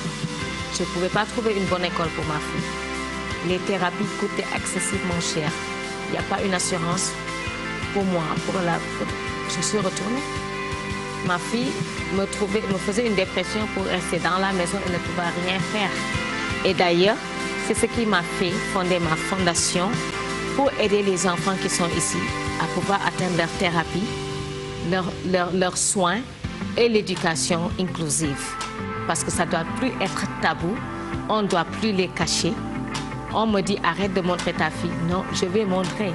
je ne pouvais pas trouver une bonne école pour ma fille. Les thérapies coûtaient excessivement cher. Il n'y a pas une assurance pour moi. Pour la... Je suis retournée. Ma fille me, trouvait, me faisait une dépression pour rester dans la maison et ne pouvoir rien faire. Et d'ailleurs, c'est ce qui m'a fait fonder ma fondation pour aider les enfants qui sont ici à pouvoir atteindre leur thérapie, leurs leur, leur soins et l'éducation inclusive. Parce que ça ne doit plus être tabou, on ne doit plus les cacher. On me dit arrête de montrer ta fille. Non, je vais montrer.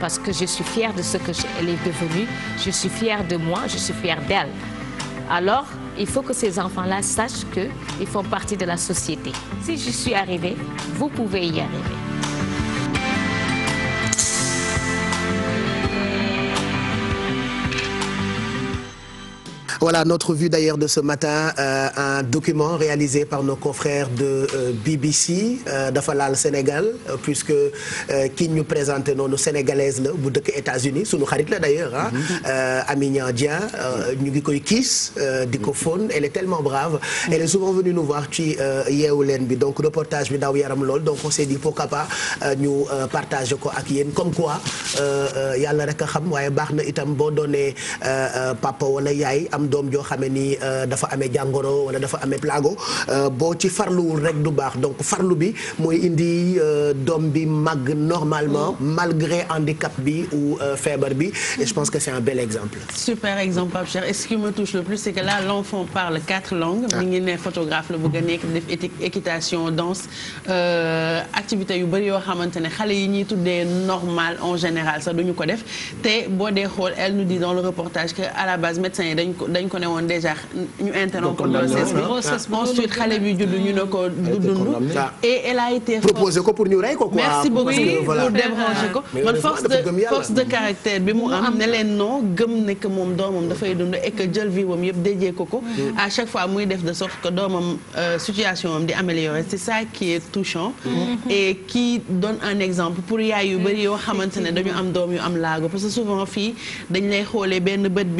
parce que je suis fière de ce qu'elle est devenue, je suis fière de moi, je suis fière d'elle. Alors, il faut que ces enfants-là sachent qu'ils font partie de la société. Si je suis arrivée, vous pouvez y arriver. Voilà notre vue d'ailleurs de ce matin euh, un document réalisé par nos confrères de euh, BBC euh, dafa laal Sénégal euh, puisque euh, ki ñu présenté noonu sénégalaise la bu dëkk États-Unis sunu xarit la d'ailleurs ah. Mhm. Aminia Dia ñu ngi koy kiis di ko mhm. fóon elle est tellement brave. Mhm. elle est souvent venue nous voir ci yeewu leen bi donc reportage bi daw yaram lool donc on s'est dit pourquoi pas ñu partager ko ak yéen comme quoi yàlla rek xam waaye baax na itam boo donnee papa wala am doom joo xamee ni euh, dafa amee jàngoro wala dafa amee plago euh, boo ci farluwul rek du baax donc farlu bi mooy indi euh, doom bi màgg normalement mm. malgré handicap bi ou feebar bi et je pense que c'est un bel exemple super exemple Pape Cheikh et ce qui me touche le plus c'est que là l'enfant parle quatre langues ah. mi ngi ne photographe la bëgg nekk def équitation danse activité yu bëri yoo xamante ne xale yi ñuy tuddee normal en général sax duñu ko def te boo dee xool elle dañ ko ne woon déjà ñu interrompre grossesse bi ensuite xale bi judd ñu ne ko du dund a été proposé ko pour ñu ko quoi merci beaucoup pour débrancher ko man force de force de caractère bi mu am ne leen non gëm ne que moom doomam dafay dund et que jël vie wam yëpp déjee ko ko a mm. chaque fois muy def de sorte que doomam euh, situation di améliorer c'est ça qui touchant mm-hmm. et qui donne un exemple pour yaay yu bëri yoo xamante ne dañu am doom yu am laago parce que souvent fii dañ lay xoolee benn bët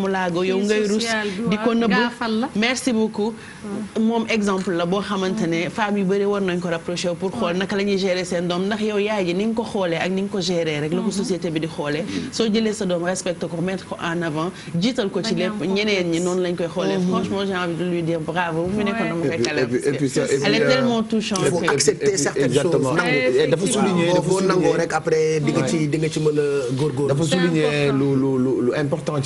doomu laago yow ngay rus di ko nëbb merci beaucoup hmm. moom exemple la boo xamante ne yu bëri war nañ ko rapproché pour xool hmm. naka la ñuy seen doom ndax yow yaay ji ni nga ko xoolee ak ni nga ko gérer rek la ko hmm. société bi di xoolee soo jëlee sa doom respecté ko mettre ko en avant jiital ko ci lépp ñeneen ñi noonu lañ koy xoolee franchement j'ai envie de lui dire bravo mu nekkoon dama koy nga ci di nga ci mën a dafa souligner lu lu lu important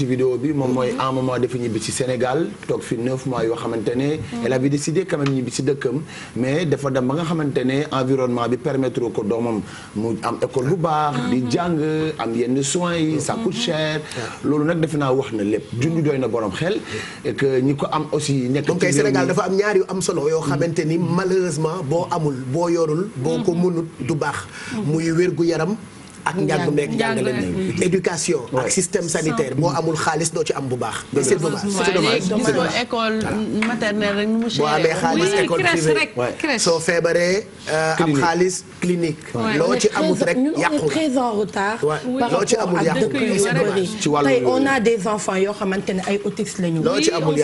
moom mooy en moment dafa ñibbi si Sénégal toog fi neuf mois yoo xamante ne elle avait décidé quand même ñibbi si dëkkam mais dafa dem ba nga xamante ne environnement bi permettre ko doomam mu am école bu baax di jàng am yenn soins yi ça coûte loolu nag defe naa wax na lépp jundu doy na boroom xel et que ñi ko am aussi nekk donc Sénégal dafa am ñaar yu am solo yoo xamante ni malheureusement boo amul boo yorul boo ko mënut du baax muy wér gu yaram ak njàng meeg njàngale meeg éducation ak système sanitaire boo amul xaalis doo ci am bu baax c'est dommage c'est dommage école maternelle rek nu mu boo amee xaalis école privée soo feebaree euh, am xaalis clinique loo ci amut rek yàqu on est très en retard par rapport ak dëkk yu bëri tey on a des enfants yoo xamante ne ay autistes lañu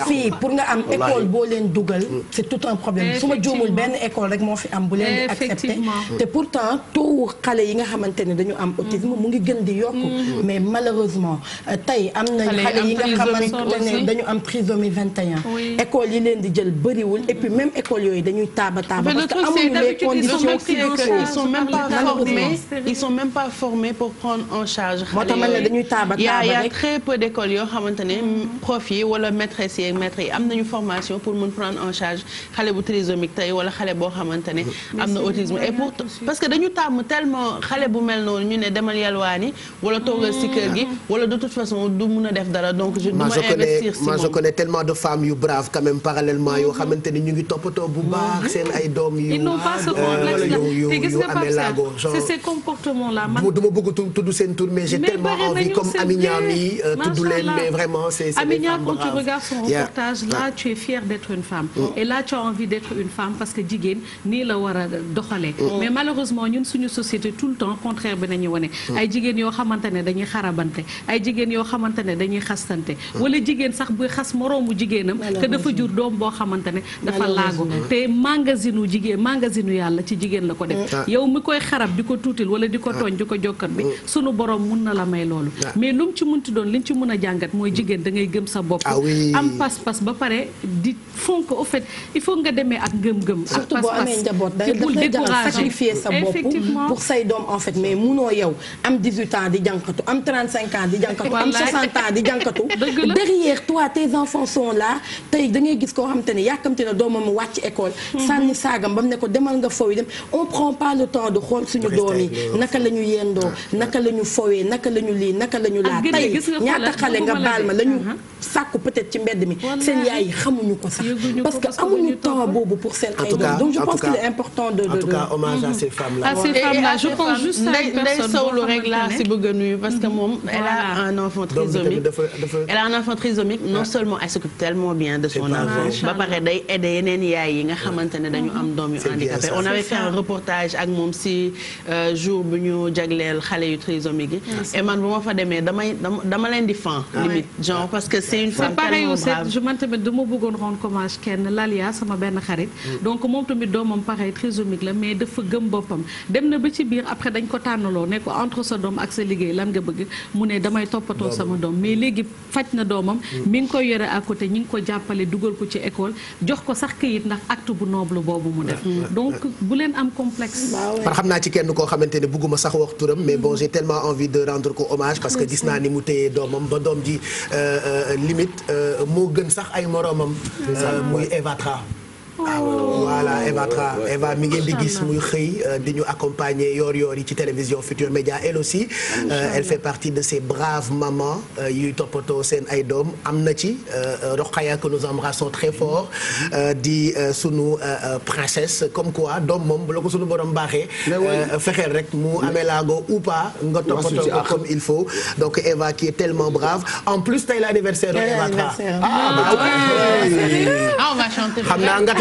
fii pour nga am école boo leen dugal c'est tout un problème su ma juumul benn école rek moo fi am bu leen di accepté te pourtant tout xale yi nga xamante ne dañu am am autisme mu ngi gën di yokku mm. mais malheureusement euh, tey am na xale yi nga xamante ne dañu di jël bëriwul et puis même yooyu dañuy taaba taaba parce que amuñu les conditions ils sont même pas formés ils sont dañuy taaba taaba y a très peu yoo xamante ne mm. prof yi wala maîtresse yi maîtres am nañu formation pour mun prendre en charge xale bu trisomique tey wala xale boo xamante ne am na autisme parce que dañu tàmm tellement xale bu mel noonu ne demal yalwaani wala toogal si gi mm. wala de toute façon du mun a def dara donc je du ma investir si moom je connais tellement de femmes yu braves quand même parallèlement yoo mm-hmm. mm-hmm. yu ils n'ont pas ce euh, complexe du ma mais j'ai comme tu regardes son reportage là tu es fière d'être une femme mm. et là tu as envie d'être une femme parce que jigéen nii la war a doxalee mm. mais malheureusement ñun société tout le temps contraire bi nañu wane ay jigéen yoo xamante ne dañuy xarabante ay jigéen yoo xamante ne dañuy xastante wala jigéen sax buy xas moroomu jigéenam que dafa jur doom boo xamante ne dafa laago te magasin u jigéen magasin u yàlla ci jigéen la ko def ah. yow mi koy xarab di ko tuutil wala di ko ah. tooñ di ko jokkat bi mm. sunu borom mun na la may loolu ah. mais lu mu ci munti doon liñ ci mun a jàngat mooy jigéen da ngay gëm sa bopp am pas-pas ba pare di fonk au fait il faut nga demee ak ngëm-ngëm ak pas-pas te bul découragé sacrifier yow am 18 ans di jànkatu am 35 ans di jànkatu am 60 ans di jànkatu derrière toi tes enfants sont là tey da ngay gis koo xamante ne yàkkamte na doomam wàcc école mhm. sànni saagam ba ne ko demal nga fowi dem on prend pas le temps de xool suñu doom yi naka la ñu yendoo naka la ñu fowee naka la lii naka la ñu laa tey ñaata xale nga baal ma la ñu sàkku peut-être ci mbedd mi seen yaay yi xamuñu ko sax parce que amuñu temps boobu pour seen ay doom donc je pense qu'il est important sawlu rek laa si bëgg a nuyu parce que mm-hmm. moom elle a un enfant trisomique elle a un enfant trisomique non ah. seulement elle s'occupe tellement bien de son enfant ba pare day aider yeneen yaay yi nga xamante ne dañu am doom yu handicapé on avait fait un reportage ak moom si euh, jour bu ñu jagleel xale yu trisomique yi ah, et man bu ma fa demee damay dama leen di fan limite genre parce que c'est une femme tellement brave je man tamit dama bëggoon sama benn xarit mm. donc moom tamit doomam pareil trisomique la mais dafa gëm boppam dem na ba ci biir après dañ ko tànnaloo ne ko entre sa doom ak sa liggéey lan nga bëgg mu ne damay toppatoo sama doom mais léegi faj na doomam mm. mi ngi koy yore à côté ñi ngi ko jàppale dugal ko ci école jox ko sax këyit ndax acte bu noble boobu mu def mm. donc bu leen am complexe par xam naa ci kenn koo xamante ne bugguma sax wax turam mais bon mm. j'ai tellement envie de rendre ko hommage parce que gis naa ni mu téyee doomam ba doom ji euh, euh, limite euh, moo gën sax ay moroomam muy Evatra voilà Eva Tra Eva mi ngeen di gis muy xëy euh, di ñu accompagner yoor-yoor yi ci télévision Futur Média elle aussi euh, elle fait partie de ces braves mamans euh, yuy toppatoo seen ay doom am na ci Rokhaya que nous embrassons très fort mm-hmm. di sunu princesse comme quoi doom moom bu la ko sunu borom baaxee fexeel rek mu amee laago ou pas nga toppatoo comme il faut donc Eva qui est tellement brave en plus tey l'anniversaire Eva Tra ah, ah, ah on va chanter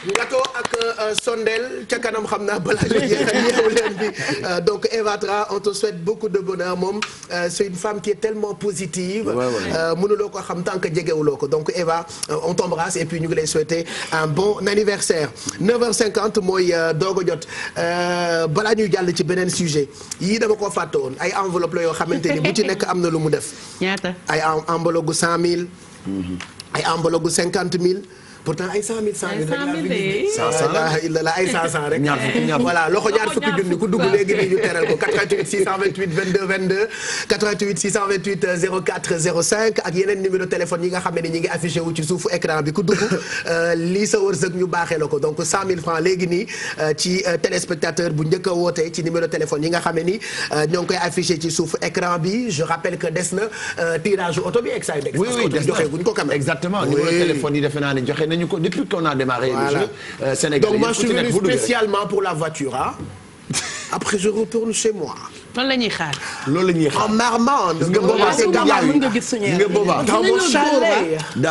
Ngato ak euh, Sondel ca kanam xam naa balaa ñu jeexal leen bi euh, donc Eva Tra on te souhaite beaucoup de bonheur moom euh, c'est une femme qui est tellement positive. mënuloo ko xam tant que jegewuloo ko donc Eva on t'embrasse et puis ñu ngi lay souhaiter un bon anniversaire 9 h cinquante mooy doog a jot balaa ñuy jàll ci beneen sujet yii dama ko fàtte woon ay enveloppe la yoo xamante ni bu ci nekk am na lu mu def. ñaata ay enveloppe gu 100000. Mhm. ay enveloppe gu 50000. pourtant ay 100000. 100000 rek laa fi gis de. la ay 500 rek. ñaar fukki ñaar voilà loxo ñaar fukki junni ku dugg léegi nii ñu teral ko ak yeneen numéro téléphone yi nga xam ne ñi ngi affiché wu ci suufu écran bi ku dugg euh, lii sa wërsëg ñu baaxee la ko donc 100000 francs léegi nii euh, ci euh, téléspectateur bu njëkk a woote ci numéro téléphone yi nga xam ne ni ñoo ngi koy affiché ci suufu écran bi je rappelle que des na tirage auto bi. oui oui joxe guñ ko quand même. defe naa joxe nañu ko depuis a démarré le euh, Sénégal donc moi je suis venu la voiture ah après je retourne chez moi. loolu la ñuy xaar. loolu la ñuy xaar en marmande. parce que boobaa c' est gàllankoor yi nga gis suñu yàlla. nga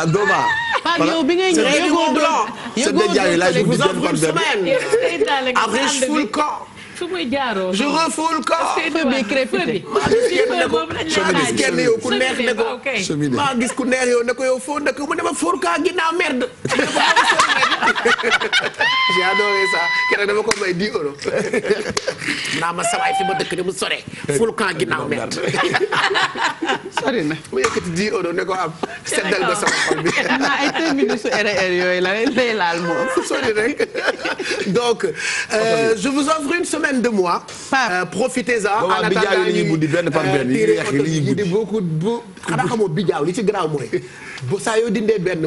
boobaa. Pape ah, yow bi ngay ñëw yëgoo doon yëgoo doon. c' est déjà là je vous donne par deux. après je fous le camp. fu muy jaaroo je refoule corps feu bi crépité maa gis kenn ne ko maa gis kenn yow ku neex ne ko maa gis ku neex yow ne ko yow foo dëkk mu ne ma fóor kaa ginnaaw merde j'ai adoré ça keroog dama ko may 10 euros naa ma sawaay fi ma dëkk ni mu sore fóor kaa ginnaaw merde sori na mu yëkkati 10 euros ne ko am seddal ba sama xol bi naa ay terminus RR yooyu la lay laal moom sori rek donc euh, je vous offre une semaine fin de mois. Euh, profitez-en en attendant li ñuy buddi benn par euh, benn li ñuy buddi beaucoup bu xanaa xamoo bijaaw li ci garaaw mooy bu saa yoo dindee benn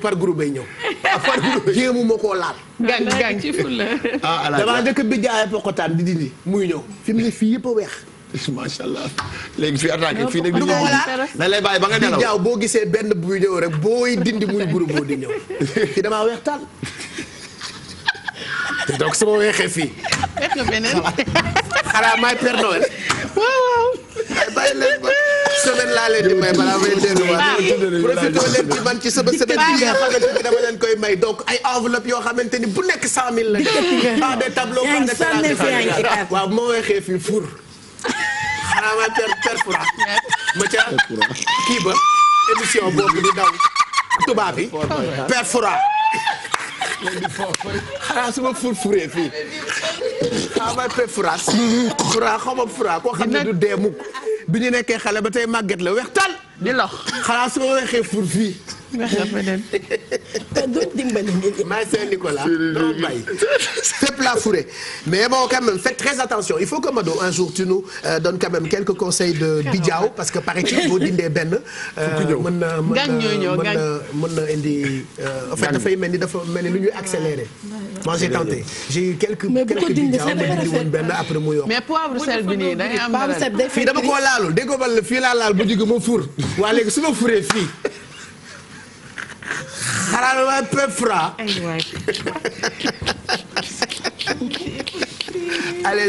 par groupe bay ñëw. par groupe jéemu koo laal. gang gang ci fula. ah alaaka damaa njëkk bijaay pokotaan di dindi muy ñëw fi mu ne fii yëpp a weex. macha allah léegi fii attaqué fii nag. du ko walaat na lay bàyyi ba nga nelaw bijaaw boo gisee benn buy ñëw rek booy dindi muy groupe boo di ñëw fii damaa weex taal. te donc su ma weexee fii. fekk nga beneen xanaa maay Père Noël. waaw waaw. bàyyi leen ba semaine laa leen di may balaa may delluwaat. Ah. profité leen ci man ci sama semaine bi nga xamante ni dama leen koy may donc ay enveloppe yoo xamante ni bu nekk cent mille la. par des tableaux par des tableaux. waaw bu ma weexee fii four. xanaa maay Père Père Fura. ma ca kii ba émission boobu di daw tubaab bi. Père Fura. xanaa su ma furfuree fii xaw ma pe furaas xam ne du dee mukk bi ñu nekkee xale ba tey màgget la weex tal di lox xanaa su ma fur fii Master Nicolas doo bàyyi fépp laa fourré mais boo quand même faites très attention il faut que Mado un jour tu nous euh, quand même quelques conseils de bijaaw parce que paraît-il boo dindee benn euh, mën na mën na na indi euh, en fait dafay mel ni dafa mel ni lu ñuy accéléré moi j'ai tenté j'ai eu quelques quelques bijaaw ma dindi après mu yokk fii dama koo laalul déggoo bal fii laa laal bu jigi ma fuur waa léegi su ma furee fii xalaat ma waay Pep Fra.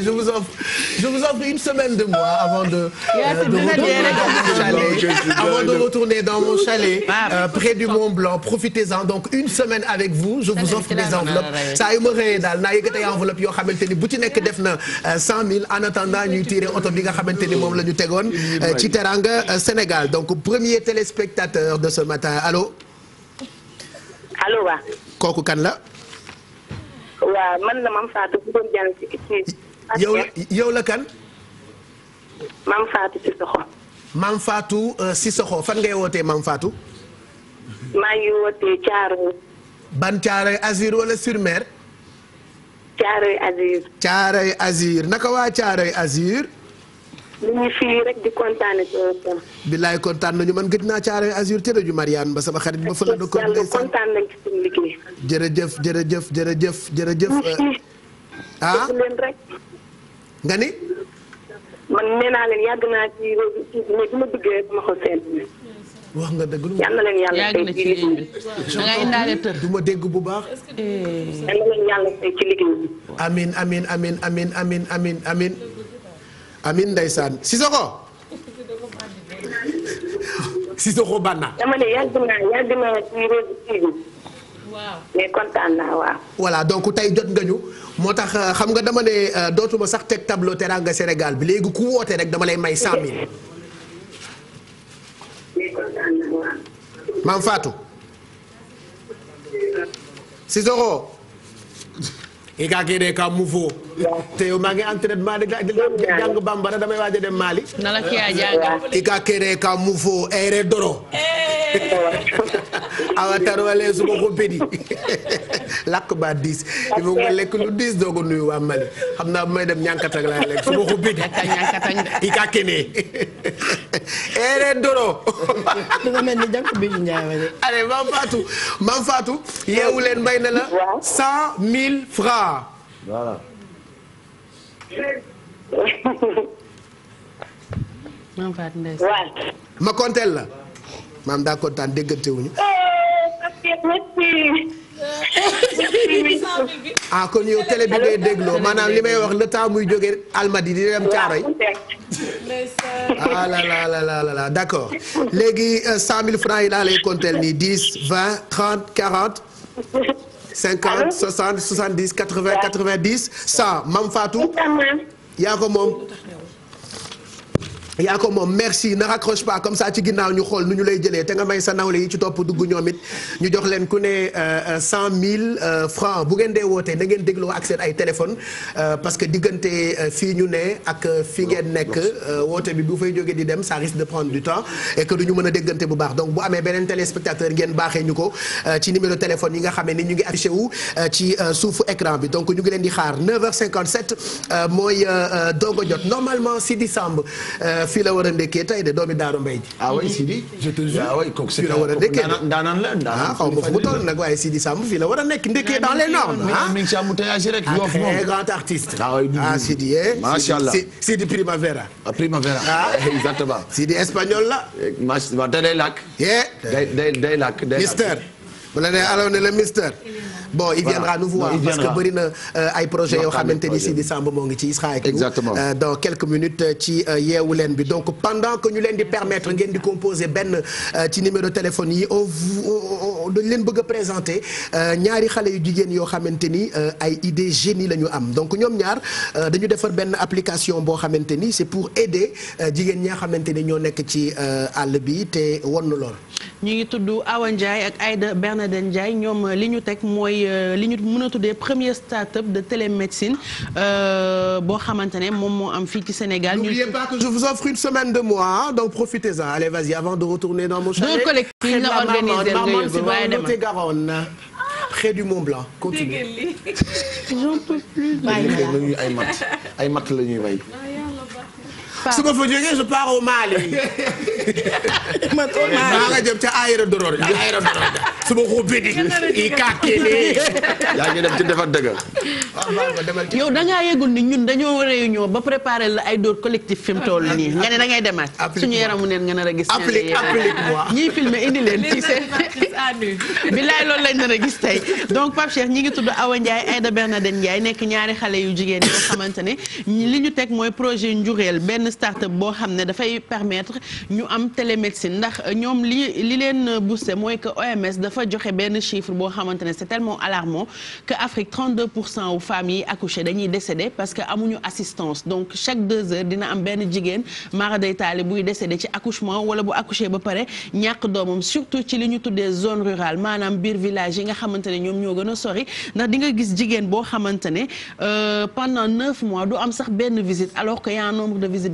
je vous offre une semaine de moi avant de euh, de retourner dans mon chalet, avant euh, de près du Mont Blanc profitez-en donc une semaine avec vous je vous offre des enveloppes saa yu daal naa yëkkatee enveloppe yoo xamante ni bu ci nekk def na euh, cent mille en attendant ñuy tiré oto bi nga xamante ni moom la ñu tegoon euh, ci Teranga Sénégal donc premier téléspectateur de ce matin allô allo waaw. kooku kan la. waaw man la Mame Fatou bu ci ci. yow la yow la kan. Mame Fatou Cissokho. Euh, fan ngay wootee Mame faatu maa ngi wootee Thiaroye. ban Thiaroye Azur wala sur mer. Thiaroye Azur. Thiaroye Azur naka waa ñu ngi fii rek di kontaan ak yow billaay kontaan nañu man gëj naa caare Azur te ju Mariane ba sama xarit ba fa la kontaan nañ ci suñu liggéey. jërëjëf jërëjëf jërëjëf euh, ah? nga ni. man nee leen yàgg naa ci mais bi ma dégg bu baax yàlla tey ci liggéey bi amin amin amin amin amin amin ndeysaan Sissoko Sissoko Banna. dama ne yàgg naa yàgg naa ci réseau bi. waaw donc tey jot nga moo tax euh, xam nga dama ne euh, dootuma sax teg tableau teranga Sénégal bi léegi ku woote rek dama lay may cent mille. maam Fatou. Sissoko. i ka kii de ka mufoo. te maa ngi entraînement de jàng bambara damay waaj dem Mali. na la kii a jàngal. i ka doro. awa tarwale su ma ko lakk ba diis il faut nga lekk lu diis doo ko waa Mali xam naa may dem ñànkatang laa lekk su ma ko i ka kene ere doro. dama mel ni jànk bi ñu ñaawale. allez Mame Fatou Mame yeewu leen mbay na la. cent mille francs. maam ma konteel la. maam daa kontaan déggante eh, ah kon yow télé bi ngay dégloo maanaam li may wax le temps muy jógee almadi di dem caaroy. ah la la la la francs yi laa lay konteel nii 10 20 30 40. 50 60 70 80 90 100 Mame mam faatu ko moom yaa ko moom merci ne raccroche pas comme ça ci ginnaaw ñu xool nu ñu lay jëlee te nga may sa nawle yi ci topp dugg ñoom it ñu jox leen ku ne euh, euh, cent mille euh, francs bu ngeen dee wootee na ngeen dégloo ak seen ay téléphone parce que diggante fii ñu ne ak fi ngeen nekk woote bi bu fay jógee di dem ça de prendre du temps et que ñu mën a déggante bu baax donc bu amee beneen téléspectateur ngeen baaxee ñu ko ci numéro téléphone yi nga xamee ni ñu ngi affiché wu ci suufu écran bi donc ñu ngi leen di xaar 9h57 mooy doog a jot normalement si décembre. Euh, fii la war a ndekkee tey de doomi Daaru Mbay ji. ah oui Sidi je te jure ah oui kooku c'est la war a ndekkee de ndaanaan la ndaanaan ah, xaw ma fu mu toll nag waaye Sidi Samb fii la war a nekk ndekkee dans les normes ah. mi ngi si embouteillage rek ah, yoof moom très grand artiste. ah oui ah Sidi eh. macha allah Sidi Primavera. ah Primavera ah. exactement. Sidi espagnol la. Eh, macha waaw day day làkk. Eh. day day day làkk day làkk. bu la nee alors ne le mystère. bon il viendra nous voir que bëri euh, ay projets yoo xamante ni si décembre moo ngi ci il sera avec nous dans quelques minutes euh, ci euh, yeewu leen bi donc pendant que ñu leen di permettre ngeen di composer benn ci numéro téléphone yi on dañ leen bëgg a présenter ñaari xale yu jigéen yoo xamante ni ay idées génie la ñu am donc ñoom ñaar dañu defar benn application boo xamante ni c'est pour aider jigéen ñi nga xamante ni ñoo nekk ci àll bi te won na lool. Naden Ndiaye ñoom euh, li ñu teg mooy euh, li ñu mën a tuddee premier start-up de télémédecine euh, boo xamante ne moom moo am fii ci Sénégal. n'oubliez pas que je vous offre une semaine de mois donc profitez-en allez vas-y avant de retourner dans mon chalet. près de la Marmande si dans lot garonne près du Mont Blanc continue. j'en peux plus. ay mat ay mat la ñuy way. su ma fa jógee je pars au Mali. man au maa nga jëm ca aérodrome ja aérodrome ja su ma xubbee di i kàkkee nii. yaa ngi dem ci defar dëgg. Ah, yow da ngaa yëgul ni ñun dañoo war a ñëw ba préparer la ay dóor collectif fi mu toll nii nga ne da ngay demaat. suñu yaramu neen nga nar a gis. applique applique moi ñiy indi leen ci seen. bilaay loolu lañ nar gis tey donc Pape ñi ngi tudd Awa Ndiaye Aïda Bernadette Ndiaye nekk ñaari xale yu jigéen ñi nga xamante li ñu teg mooy projet njuréel benn start-up boo xam ne dafay permettre ñu am télémédecine ndax ñoom li li leen boosté mooy que OMS dafa joxe benn chiffre boo xamante ne c'est tellement alarmant que Afrique 32 pour cent wu femmes yi accouché dañuy décédé parce que amuñu assistance donc chaque deux heures dina am benn jigéen mara buy décédé ci accouchement wala bu accouché ba pare ñàkk doomam surtout ci li ñu tuddee zone rurale maanaam biir village yi nga xamante ne ñoom ñoo gën a sori ndax di nga gis jigéen boo xamante ne euh,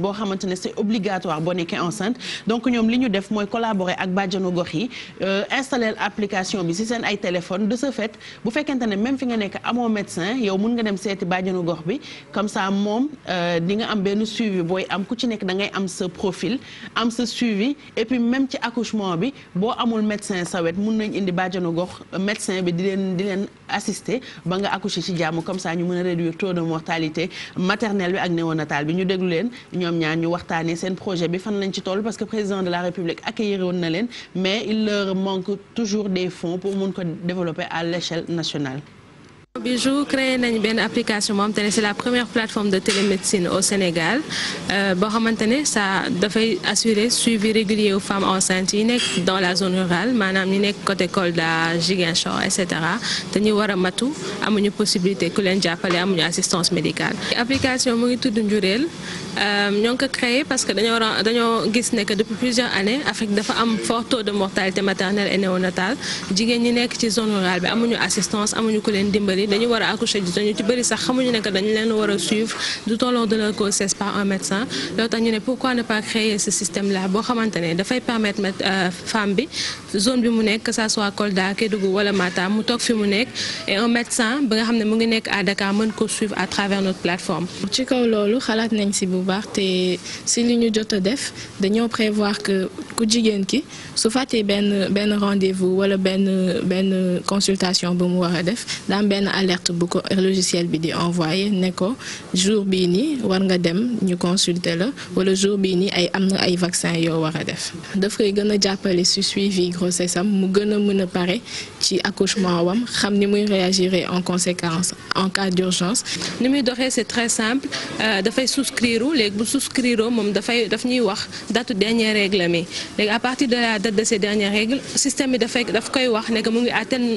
boo xamante ne c'est obligatoire boo nekkee enceinte donc ñoom li ñu def mooy collaborer ak bàjjanu gox yi euh, installer application bi si seen ay téléphone de ce fait bu fekkente ne même fi nga nekk amoo médecin yow mun nga dem seeti bàjjanu gox bi comme ça moom euh, di nga am benn suivi booy am ku ci nekk dangay am sa profile am sa suivi et puis même ci accouchement bi boo amul médecin sa wet mun nañ indi bajanu gox euh, médecin bi di leen assisté ba nga accoucher ci jàmm comme ça ñu mën a réduire taux de mortalité maternelle bi ak néonatale bi ñu déglu leen ñoom ñaar ñu waxtaanee seen projet bi fan lañ ci toll parce que président de la république accueillir na leen mais il leur manque toujours des fonds pour mun ko développer à l'échelle nationale Bijou créé nañ benn application boo xamante ne c'est la première plateforme de télémédecine au Sénégal euh, boo xamante ne ça dafay assurer suivi régulier aux femmes enceintes yi nekk dans la zone rurale maanaam ñi nekk côté Kolda Ziguinchor et cetera te ñu war a matu amuñu possibilité ku leen jàppale amuñu assistance médicale. application mu ngi tudd Njureel euh, ñoo ngi ko créé parce que dañoo dañoo gis ne que depuis plusieurs années Afrique dafa am fort taux de mortalité maternelle et néonatale jigéen ñi nekk ci zone rurale bi amuñu assistance amuñu ku leen dimbali. bëri dañu war a accoucher ji dañu ci bëri sax xamuñu ne que dañu leen war a suivre tout au de leur grossesse par un médecin loolu tax ñu ne pourquoi ne pas créer ce système là boo xamante ne dafay permettre euh, femme bi zone bi mu nekk que ça soit Kolda Kédougou wala Matam mu toog fi mu nekk et un médecin ba nga xam ne mu ngi nekk à Dakar mën ko suivre à travers notre plateforme. ci kaw loolu xalaat nañ si bu baax te si li ñu jot a def dañoo prévoir que ku jigéen ki su fàttee benn benn rendez wala benn benn consultation mu war def benn alerte bu ko logiciel bi di envoyé ne ko jour bii nii war nga dem ñu consulter la wala jour bii nii ay am na ay vaccin yoo war a def daf koy gën a jàppale si suivi grossesse am mu gën a mën a pare ci accouchement wam xam ni muy réagir en conséquence en cas d'urgence ni muy doxee c'est très simple euh, dafay souscrire léegi bu souscrire moom dafay daf ñuy wax date dernière règle mi léegi à partir de la date de ces dernières règles système bi dafay daf koy wax ne que mu ngi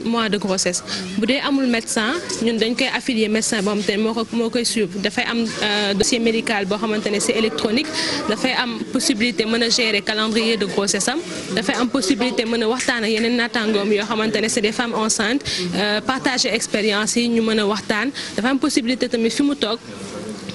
mois de grossesse bu médecin ñun dañ koy affilier médecin boo xamante ne moo ko moo koy suivre dafay am euh, dossier médical boo xamante ne c'est électronique dafay am possibilité mën a gérer calendrier de grossesse am dafay am possibilité mën a waxtaan ak yeneen naataangoom yoo xamante ne c'est des femmes enceintes euh, partager expérience yi ñu mën a waxtaan dafa am possibilité tamit fi mu toog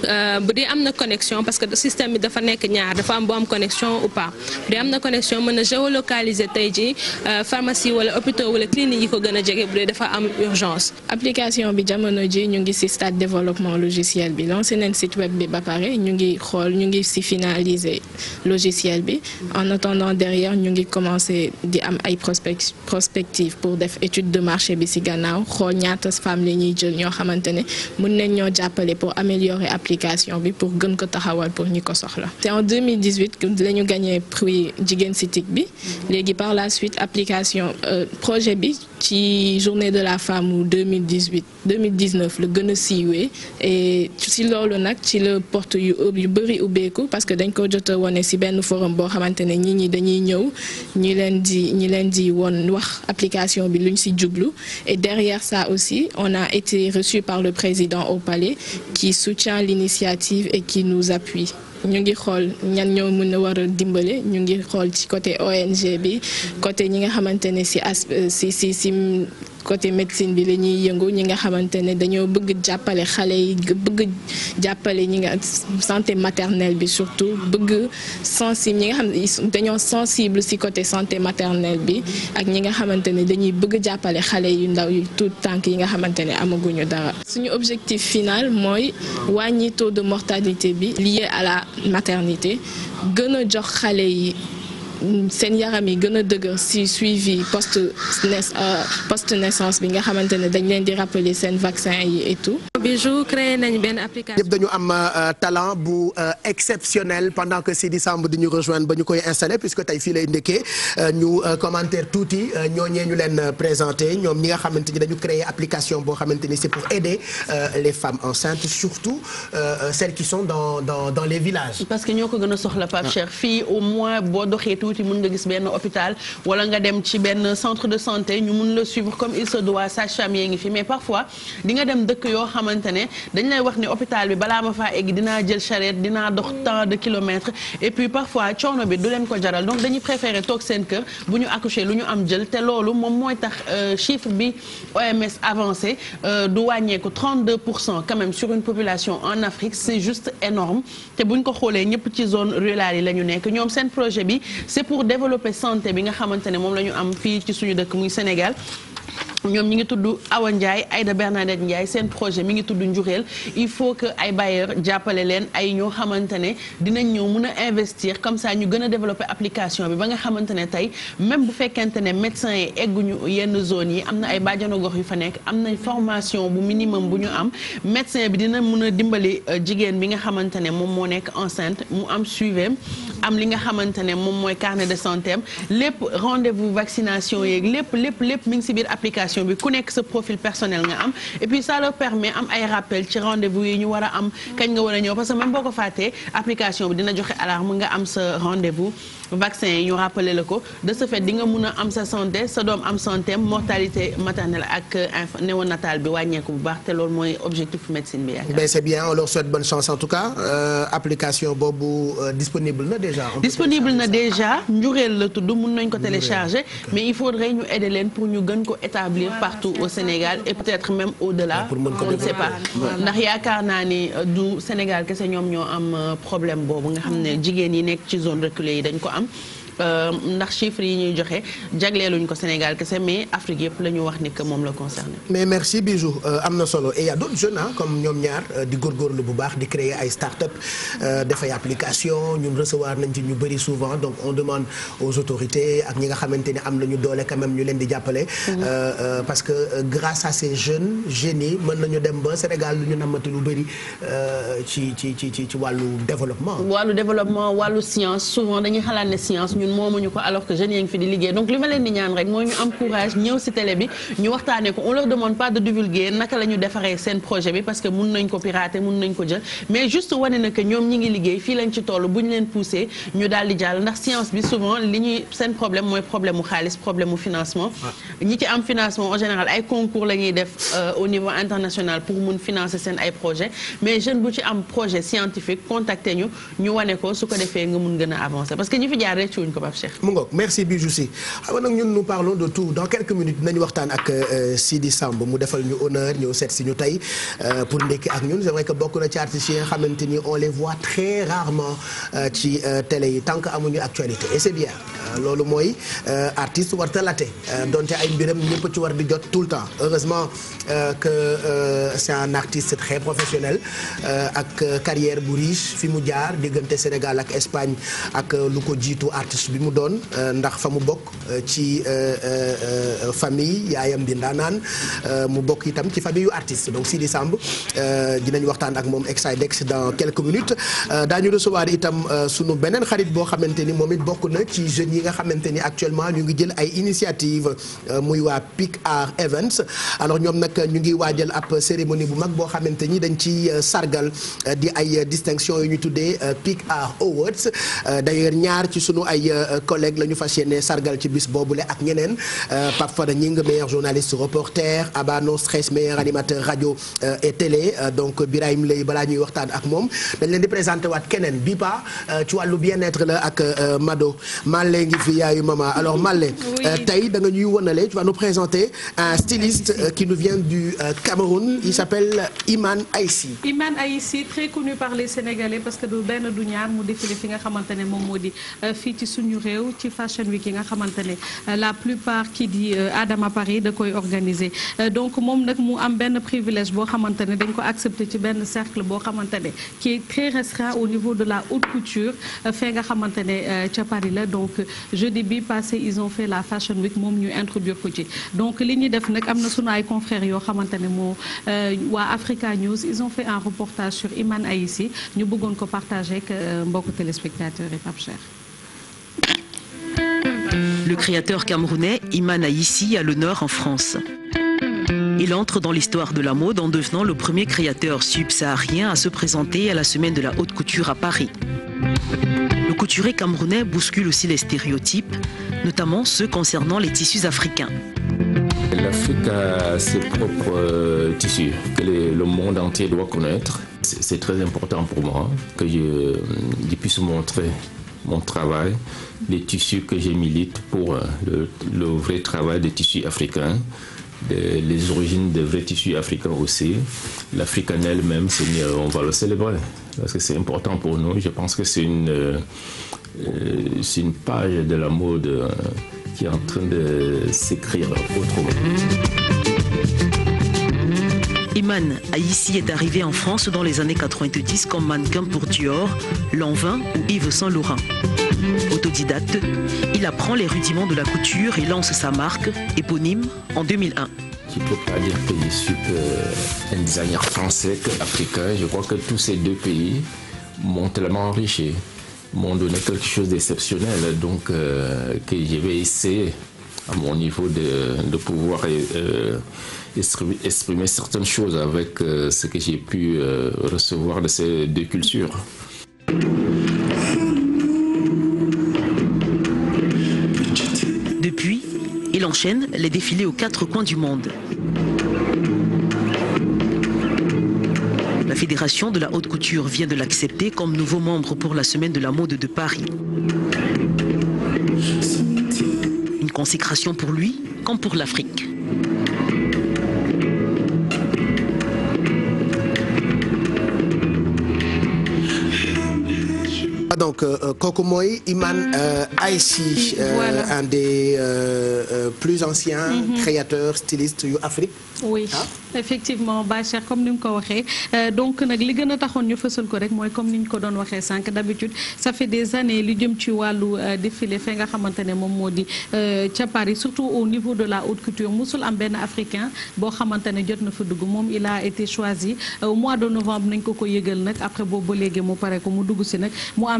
Euh, bu dee am na connexion parce que système bi dafa nekk ñaar dafa am bu am connexion ou pas bu dee am na connexion mën na géolocaliser tey ji euh, pharmacie wala hôpital wala clinique yi ko gën a jege dafa am urgence. application bi jamono ji ñu ngi ci stade développement logiciel bi lancé nañ site web bi ba pare ñu ngi xool ñu ngi ci finaliser logiciel bi en attendant derrière ñu ngi commencé di am ay prospect prospective pour def étude de marché bi ci gannaaw xool ñaata femmes la ñuy jël ñoo xamante ne mën nañ ñoo jàppale pour améliorer application bi pour gën ko taxawal pour ñi ko soxla te en 2018 la gagné prix jigéen si TIC bi mm-hmm. léegi par la suite application euh, projet bi ci journée de la femme wu 2018 2019 la gën a siiwee et si loolu nag ci la porte yu yu bëri ubbeeku parce que dañ ko jot wone si benn forum boo xamante ne ñi ñi dañuy ñëw ñi leen di ñi leen di woon wax application bi luñ si jublu et derrière ça aussi on a été reçu par le président au palais qui soutient initiative et qui nous appuie ñu ngi xool ñan ñoo mën a war a dimbale ñu ngi xool ci côté ONG bi côté ñi nga xamante ne si as si si côté médecine bi la ñuy yëngu ñi nga xamante ne dañoo bëgg jàppale xale yi bëgg jàppale ñi nga santé maternelle bi surtout bëgg ñi nga sensible ci côté santé maternelle bi ak ñi nga xamante ne dañuy bëgg jàppale xale yu ndaw yu tout tànk yi nga xamante ne amaguñu dara. suñu objectif final mooy wàññi taux de mortalité bi lié à la maternité gën a jox xale yi. seen yaram yi gën a dëgër si suivi post post naissance bi nga xamante ne dañ leen di rappeler seen vaccin yi et tout Bijou créé nañ benn application. yëpp dañu am euh, talent bu euh, exceptionnel pendant que Sidi Samb di ñu rejoindre ba ñu koy installé puisque tey fii lay ndekkee euh, ñu commentaire tuuti ñooñee ñu leen présenté ñoom ñi nga xamante ni dañu créé application boo xamante ni c'est pour aider les femmes enceintes surtout celles qui sont dans dans dans les villages. parce que ñoo ko gën a soxla Pape ah. Cheikh fii au moins boo doxee tuuti mën nga gis benn hôpital wala nga dem ci benn centre de santé ñu mën la xamante ne dañ lay wax ni hôpital bi balaa ma faa egg dinaa jël charrette dinaa dox temps de kilomètres et puis parfois coono bi du leen ko jaral donc dañuy préférer toog seen kër bu ñu accoucher lu ñu am jël te loolu moom mooy tax euh, chiffre bi OMS avancé euh, du wàññeeku 32 pour cent quand même sur une population en Afrique c'est juste énorme te bu ñu ko xoolee ñëpp ci zone rurale yi la ñu nekk ñoom seen projet bi c'est pour développer santé bi nga xamante ne moom la ñu am fii ci suñu dëkk muy Sénégal ñoom ñi ngi tudd Awa Ndiaye Aïda Bernadette Ndiaye seen projet mi ngi tudd Njureel il faut que ay bailleurs jàppale leen ay ñoo xamante ne dinañ ñëw mun a investir comme ça ñu gën a développer application bi ba nga xamante ne tey même bu fekkente ne médecins yi egguñu yenn zone yi am na ay bàjjanu gox yu fa nekk am na formation bu minimum bu ñu am médecin bi dina mun a dimbali euh, jigéen bi nga xamante ne moom moo nekk enceinte mu am suivem am li nga xamante ne moom mooy carnet de santé am lépp rendez-vous vaccination yeeg lépp lépp lépp mi ngi si biir application communication bi ku nekk sa profil personnel nga am et puis ça am ay rappel ci rendez-vous yi ñu war am kañ nga war a ñëw parce que même boo ko fàttee application bi dina joxe alarme nga am sa rendez-vous vaccin yi ñu rappelé la ko de ce fait di nga mun a am sa santé sa doom am santé mortalité maternelle ak euh, infant néonatale bi wàññeeku bu baax te loolu mooy objectif médecine bi yaakaar. mais c'est bien on leur souhaite bonne chance en tout cas euh, euh, na déjà. disponible na la tudd nañ ko télécharger mais il faudrait ñu aider pour ñu gën ko établir partout au Sénégal et même au-delà. pour on ne sait pas naa ni du Sénégal kese ñoom ñoo am problème boobu nga xam ne jigéen yi nekk ci zone reculée yi dañ ko am Euh, ndax chiffres yi ñuy joxe jagleeluñ ko Sénégal kese mais Afrique yëpp la ñu wax ni que moom la concerné. mais merci Bijou euh, am na solo et y a d'autres jeunes comme ñoom ñaar euh, di góorgóorlu bu baax di créer ay start-up def ay application ñun recevoir nañ ci ñu bëri souvent donc on demande aux autorités ak ñi nga xamante ni am nañu doole quand même ñu leen di jàppale. Mhm. parce que grâce à ces jeunes génies mën nañu dem ba Sénégal lu ñu namati lu bëri ci ci ci ci wàllu développement. wàllu développement wàllu science souvent dañuy xalaat ne ñun moomuñu ko alors que jeunes yaa ngi fi di liggéey donc li ma leen di ñaan rek mooy ñu am courage ñëw si télé bi ñu waxtaanee ko on leur demande pas de divulguer naka la defaree seen projet bi parce que mun nañ ko pirater mun nañ ko jël mais juste wane na que ñoom ñi ngi liggéey fii lañ ci toll bu ñu leen poussé ñu daal di jàll ndax science bi souvent li ñuy seen problème mooy problème mu xaalis problème mu financement ñi ci am financement en général ay concours la ñuy def euh, au niveau international pour mun financer seen ay projet mais jeune bu ci am projet scientifique contacter ñu ñu wane ko su ko defee nga mun gën a avancer parce ko Pape Cheikh. mu ngoog merci Bijou Sy xam nga nag ñun nous parlons de tout dans quelques minutes nañu waxtaan ak euh, Sidi Samb mu defal ñu honneur ñëw seet si ñu tey euh, pour ndekki ak ñun c'est vrai que bokk na ci artistes yi nga xamante ni on les voit très rarement euh, yi tant que amuñu actualité et c'est bien loolu mooy artiste warta late donte ay biram ñëpp ci war di jot tout le temps heureusement que c'est un artiste très professionnel ak carrière bu riche fi mu jaar diggante Sénégal ak Espagne ak lu ko jiitu artiste coach bi mu doon euh, ndax fa mu bokk euh, ci euh, famille yaayam di ndaanaan mu bokk itam ci famille yu artiste donc Sidi Samb dinañ waxtaan ak moom exidex dans quelques minutes daañu recevoir itam sunu beneen xarit boo xamante ni moom it bokk na ci jeunes yi nga xamante ni actuellement ñu ngi jël ay initiative muy waa Pic Art Events alors ñoom nag ñu ngi waajal ab cérémonie bu mag boo xamante ni dañ ci sargal di ay distinction yu ñu tuddee Pic Art Awards d'ailleurs ñaar ci sunu ay Euh, collègues la ñu fas yéene sargal ci bis boobule ak ñeneen euh, Pape Fada Ñing meilleur journaliste reporter Aba No Stress meilleur animateur radio euh, et télé donc Birahim Lay balaa ñuy waxtaan ak moom dañ leen di présenté waat keneen bi pa ci wàllu bien-être la ak Mado Malle ngi fi yaayu mama alors Malle tey da nga ñuy wonale tu vas nous présenter un styliste qui nous vient du Cameroun il s'appelle Iman Aïssi Iman Aïssi très connu par les Sénégalais parce que suñu réew ci fashion week yi nga xamante ne euh, la plupart kii di euh, Adama Paris da koy organiser euh, donc moom nag mu am benn privilège boo xamante ne dañ ko accepté ci benn cercle boo xamante ne qui est très restreint au niveau de la haute couture fee nga xamante ne ca Paris la donc jeudi bi passé ils ont fait la fashion week moom ñu introduire ko ci donc li ñuy def nag am na sunu ay confrères yoo xamante ne moo waa Africa News ils ont fait un reportage sur Iman Aïssi ñu bëggoon ko partager ak mbokku téléspectateurs yi Pape Cheikh Le créateur camerounais Imana Issi a l'honneur en France. Il entre dans l'histoire de la mode en devenant le premier créateur subsaharien à se présenter à la semaine de la haute couture à Paris. Le couturier camerounais bouscule aussi les stéréotypes, notamment ceux concernant les tissus africains. L'Afrique a ses propres euh, tissus que le monde entier doit connaître. C'est très important pour moi que je, euh, je puisse montrer mon travail, les tissus que je milite pour euh, le, le, vrai travail des tissus africains, de, les origines des vrais tissus africains aussi. L'Africaine elle-même, on va le célébrer parce que c'est important pour nous. Je pense que c'est une, euh, euh une page de la mode euh, qui est en train de s'écrire autrement. Iman Aïssi est arrivé en France dans les années 90 comme mannequin pour Dior, Lanvin ou Yves Saint Laurent. Autodidacte, il apprend les rudiments de la couture et lance sa marque, éponyme, en 2001. Tu peux pas dire que je suis que euh, un designer français que africain. Je crois que tous ces deux pays m'ont tellement enrichi, m'ont donné quelque chose d'exceptionnel, donc euh, que je vais à mon niveau de, de pouvoir euh, exprimer, exprimer, certaines choses avec euh, ce que j'ai pu euh, recevoir de ces deux cultures. enchaîne les défilés aux quatre coins du monde. La Fédération de la haute couture vient de l'accepter comme nouveau membre pour la Semaine de la mode de Paris. Une consécration pour lui comme pour l'Afrique. donc euh, euh, kooku mooy ay mm. euh, Aïssi un des plus anciens mm-hmm. créateurs stylistes yu Afrique oui ah. effectivement Bachir comme ni mu ko waxee donc nag li gën a taxoon ñu fësal ko rek mooy comme ni ñu ko doon waxee sànq d'habitude ça fait des années lu jëm ci wàllu défilé fee nga xamante ne moom moo di ca Paris surtout au niveau de la haute culture mosul am benn africain boo xamante ne jot na fa dugg moom il a été choisi au mois de novembre nañ ko ko yëgal nag après boobu ba léegi mu ko mu dugg si nag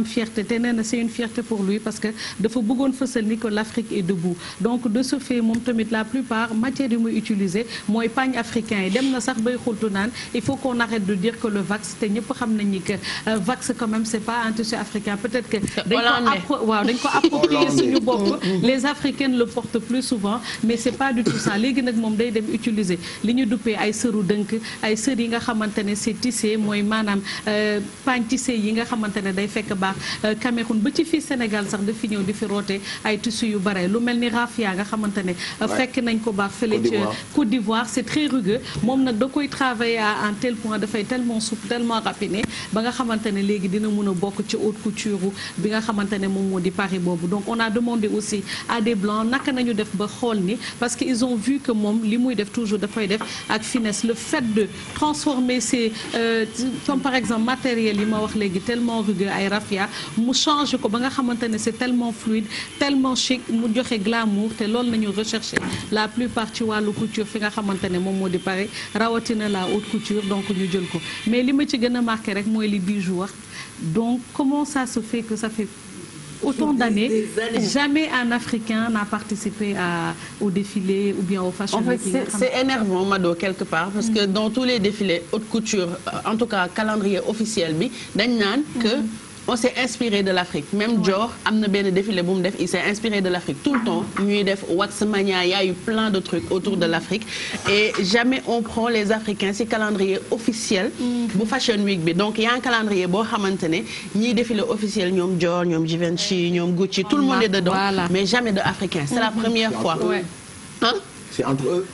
fierté te nee c'est une fierté pour lui parce que dafa bëggoon fësal ni que l'Afrique est debout donc de ce fait moom tamit la plupart matière yi muy utiliser mooy panafricain yi dem na sax bay xultu naan il faut qu'on arrête de dire que le vax te ñëpp xam nañ ni euh, vax quand même c'est pas un africain peut-être que dañ ko waaw dañ ko approprier suñu bopp mm, mm, mm. les africaines le portent plus souvent mais c'est pas du tout ça léegi nag moom day dem Euh, Cameroun ba ci fii Sénégal sax dafi ñëw di fi roote ay tissus yu bare lu mel ni rafia nga xamante ne euh, fekk nañ ko baax fële ca Côte d'Ivoire c'est très rugueux moom nag da koy travailler un tel point dafay tellement souple tellement raffiné ba nga xamante ne léegi dina mën bokk ci haute couture bi nga xamante ne moom moo di Paris boobu donc on a demandé aussi à des naka nañu def ba xool ni parce que ils ont vu que moom li muy def toujours dafay def ak finesse le fait de transformer ces euh, par exemple matériel yi ma wax léegi tellement rugueux ay raffia Diarra mu changé ko ba nga xamante ne c'est tellement fluide tellement chic mu joxe glamour te loolu nañu recherché la plupart ci wàllu couture fi nga xamante ne moom moo di pare rawatina la haute couture donc ñu jël ko mais li ma ci gën a marqué rek mooy li bijou wax donc comment ça se fait que ça fait autant d'années jamais un Africain n'a participé à au défilé ou bien au fashion week. c'est énervant Mado quelque part. parce que mm. dans tous les défilés haute euh, en tout cas calendrier officiel bi dañ naan on s'est inspiré de l'Afrique même Dior am na benn défilé bu mu def il s'est inspiré de l'Afrique tout le temps ñuy def Waxmania y a eu plein de trucs autour de l'Afrique et jamais on prend les Africains ci calendrier officiel mm. bu Fashion Week boo xamante ne ñiy défilé officiel ñoom Dior ñoom Givenchy ñoom Gucci tout le monde est dedans mais jamais de Africains c'est la mm-hmm. première fois c'est entre eux.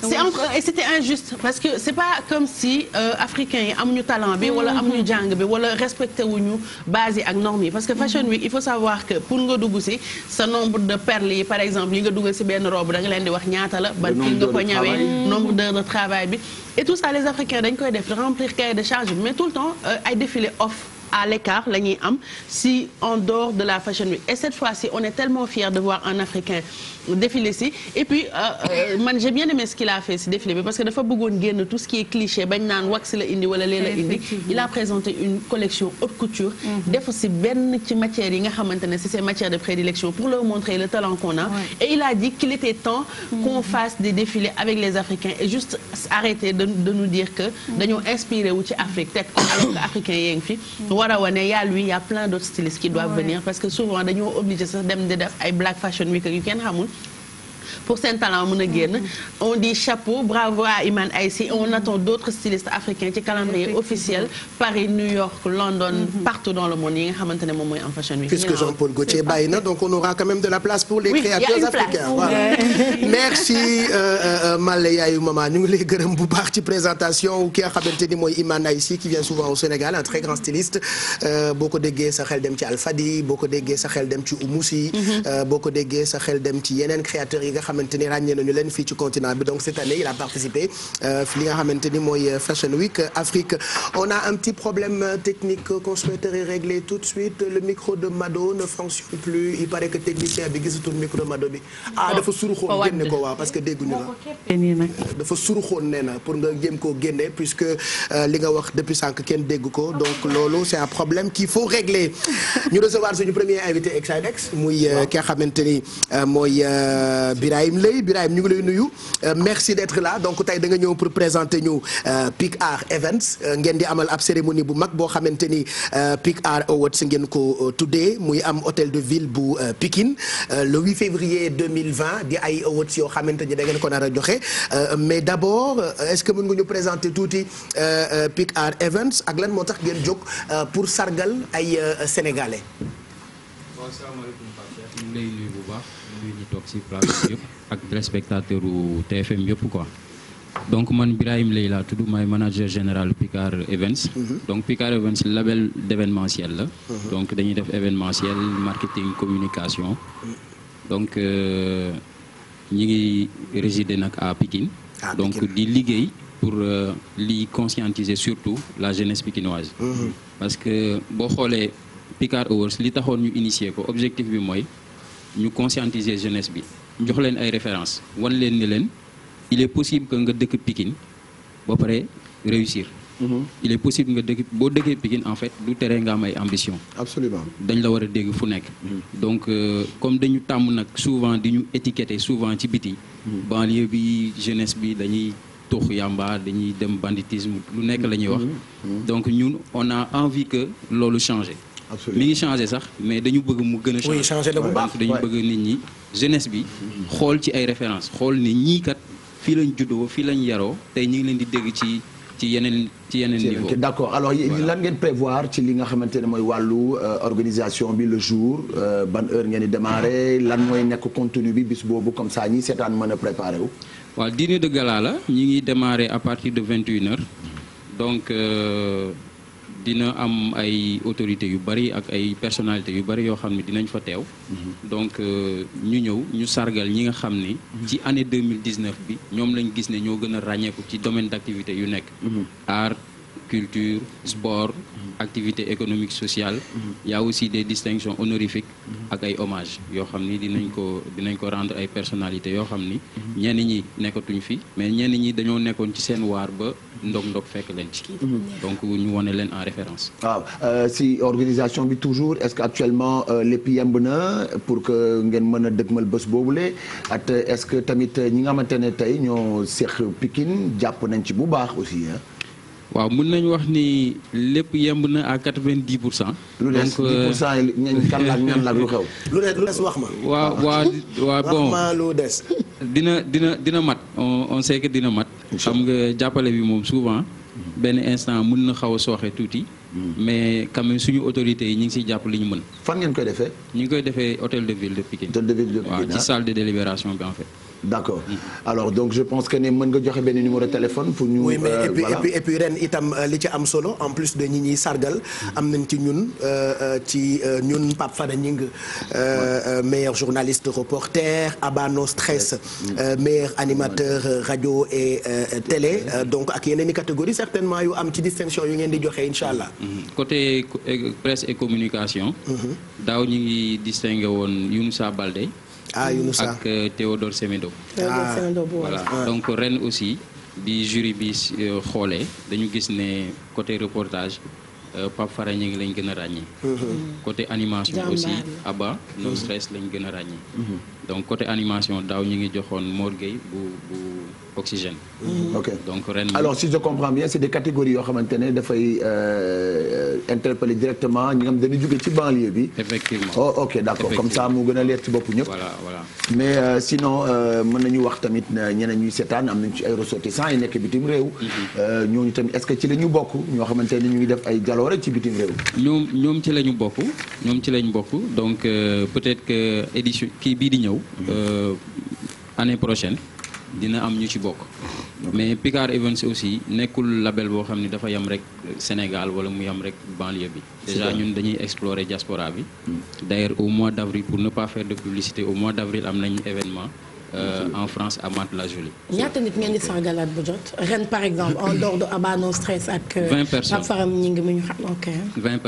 c'était injuste parce que c'est pas comme si euh, africains yi amuñu talent bi wala mhm. amuñu jàng bi wala respecté wuñu base yi ak normes yi parce que fashion week il faut savoir que pour nga dugg si sa nombre de perles yi par exemple yi nga dugal si benn robe da nga leen di wax ñaata la. ban kii nga ko ñawee nombre de travail bi. et tout ça les africains dañ koy def remplir cahier de charge mais tout le temps euh, ay défilé off. à l'écart la ñuy am si en dehors de la Fashion Week et cette fois-ci on est tellement fiers de voir un Africain défiler si et puis euh, euh man j'ai bien ce qu'il a fait si défilé parce que dafa bëggoon génn tout ce qui est cliché bañ naan wax la indi wala lee la indi il a présenté une collection haute couture mhm. def si benn ci matières yi nga xamante ne c'est ses matières de prédilection pour leur montrer le talent qu'on a ouais. et il a dit qu'il était temps mhm. qu'on les Africains et juste de, de nous dire mhm. dañoo inspiré wu ci Afrique teg alors que africain yee ngi war a wane yàlla wi y' a plein d' autres stylistes venir parce que souvent dañoo obligé sax dem di def ay black fashion week yu kenn xamul pour seen talent mën a génn on dit chapeau bravo à Imane Aïssi on attend d'autres stylistes africains ci calendrier officiel Paris New York London mhm. partout dans le monde yi nga xamante ne moom mooy en fashion week puisque Jean-Paul Gaultier bàyyi na donc on aura quand même de la place pour les créateurs africains euh, euh, euh, ñu ngi lay gërëm bu baax ci présentation ki nga xamante ni mooy Imane Aïssi qui vient souvent au Sénégal un très grand styliste boo ko déggee sa xel dem ci Alfadi boo ko déggee sa xel dem ci Oumoussi mhm. boo ko déggee sa xel dem ci yeneen créateurs yi xamante ni ràññee nañu leen fii ci continent bi donc cette année il a participé euh, li nga xamante ni mooy euh, Fashion Week euh, Afrique on a un petit problème technique qu'on souhaiterait régler tout de suite le micro de Mado ne fonctionne plus il paraît que technicien bi gisatul micro de Mado bi ah dafa suruxoon génne ko waaw parce que dégguñu la dafa suruxoon nee dégg ko donc loolu c'est un problème qu'il faut régler ñu recevoir suñu premier invité exidex muy ki xamante ni mooy Birahim Lay Birahim ñu ngi lay nuyu euh, merci d'être là donc tey da nga ñëw pour présenter ñu euh, Pic Art Events euh, ngeen di amal ab cérémonie bu mag boo xamante ni Pic Art Awards ngeen ko tuddee muy am hôtel de ville bu Pikine le 8 février 2020 di ay awards yoo xamante ni da ngeen ko nar a joxe mais d'abord est-ce que mën nga ñu présenter tuuti Pic Art Events ak lan moo tax ngeen jóg pour sargal ay sénégalais. fii ñu toog yëpp ak téléspectateur u TFM yëpp quoi donc man Birahim Leye laa tudd maay manager général Picard Events mhm. donc Picard Events label d'événementiel la mhm. donc dañuy def événementiel marketing communication mhm. donc euh, ñi ngi résider nag à Pikine donc di liggéey pour euh, li conscientiser surtout la jeunesse pikinoise parce que boo xoolee Picard Awards li taxoon ñu initier ko objectif bi mooy ñu conscientiser jeunesse bi jox leen ay références wan leen ni leen il est possible que nga dëkk Pikine ba pare réussir. Mhm. il est possible nga dëkk boo dëkkee Pikine en fait du tere nga am ay ambition. absolument dañ la war a dégg fu nekk. Mhm. donc euh, comme dañu tàmm nag souvent di ñu étiqueter souvent ci biti. Mhm. banlieue bi jeunesse bi dañuy tux yàmba dañuy dem banditisme lu nekk lañuy ñuy wax. donc ñun on a envie que loolu changé mi ngi changé sax mais dañu bëgg mu gën a changé donc dañu bëgg nit ñi jeunesse bi xool ci ay référence xool ni ñii kat fii lañ juddoo fii lañ yaroo tey ñu ngi leen di dégg ci ci yeneen ci yeneen niveau d' alors lan ngeen prévoir ci li nga xamante ne mooy wàllu euh, organisation bi le jour euh, ban heure ngeen di démarrer lan mooy nekk contenu bi bis boobu comme ça ñi seetaan mën a préparé wu waaw dîner de gala la ñi ngi démarrer à partir de vingt et une donc euh, dina am ay autorités yu bari ak ay personnalités yu bari yoo xam ne dinañ fa teew. Mhm. donc euh, ñu ñëw ñu sargal ñi nga xam ni. Mhm. ci année 2019 bi ñoom lañ gis ne ñoo gën a ràññeeku ci domaine d'activité yu nekk. Mhm. art culture sport activité économique sociale y a aussi des distinctions honorifiques ak ay hommages yoo xam ni dinañ ko dinañ ko rendre ay personnalités yoo xam ni ñenn ñi nekkatuñ fi mais ñenn ñi dañoo nekkoon ci seen waar ba ndog ndog fekk leen ci donc ñu wone leen en référence waaw euh, si organisation bi toujours est-ce que actuellement euh, lépp yemb na pour que ngeen mën a dëgmal bés boobule at est-ce que tamit euh, ñi nga xamante ne tey ñoo seq Pikine jàpp nañ waaw mën nañu wax ni lépp yemb na à quatre-vingt-dix pour cent. lu des dix pour euh, cent yi ñañ kan la ak la lu xew. lu des wax ma. waaw waaw waaw bon wax ma lu des. dina dina dina mat on on sait que dina mat. nga jàppale bi moom souvent. Mm-hmm. benn instant mun na xaw a sooxe tuuti. Mm-hmm. mais quand même suñu autorités yi ñu ngi siy jàpp li ñu mën. fan ngeen koy defee. ñu ngi koy defee hôtel de ville de Pikine. hôtel de ville de Pikine waaw ci ah. salle de délibération bi d'accord alors donc je pense que ne mën nga joxe benn numéro téléphone. pour ñu oui mais euh, et ren itam euh, li ci am solo en plus de ñi ñuy sargal. am nañ ci ñun euh, ci ñun Pape Fada Ñing meilleur journaliste reporter Abano Stress. meilleur animateur radio et télé. donc ak yeneen i catégorie certainement yu am ci distinction yu ngeen di joxe incha allah. Mm-hmm. Mm-hmm. côté presse et communication. Mm-hmm. daaw ñu ngi distingué woon Younousa balde ah Younoussa ak euh, Théodore Semedo. ah voilà ah. donc ren aussi bi juri bi euh, xoolee dañu gis ne côté reportage euh, Pape Fara ngi lañ gën a ràññee. Mm-hmm. côté animation aussi Abba No mm-hmm. Stress lañ gën a ràññee. Mm-hmm. donc côté animation daaw ñu ngi joxoon Mor Gueye bu bu oxygène. Mm-hmm. ok donc ren alors si je comprends bien c' est des catégories yoo xamante ne dafay euh, euh, interpeller directement ñu nga xam dañuy jóge ci banlieue bi. effectivement oh ok d' comme ça mu gën a leer ci bopp ñëpp. voilà voilà mais euh, sinon mën nañu wax tamit ñeneen ñuy seetaan am nañu ci ay ressortissants yi nekk bitim réew. Mm-hmm. ñooñu tamit est ce que ci la ñu bokk ñoo xamante ne ñu ngi def ay jaloore ci bitim réew. ñoom ñoom ci la ñu bokk ñoom ci la ñu bokk donc peut être que édition kii bii di ñëw. ñëw euh, année prochaine dina am ñu ci bokk. mais Picard Events aussi nekkul label boo xam ne dafa yam rek Sénégal wala mu yam rek banlieue bi. déjà ñun dañuy explorer diaspora bi. Mm. d'ailleurs au mois d'avril pour ne pas faire de publicité au mois d'avril am nañu événement. Euh, en France à la jolie ñaata nit ngeen di sargalaat bu jot ren par exemple en dehors de Abano Stress ak. Euh, vingt personnes ak faram ñi ngi mu ñu xam ok. vingt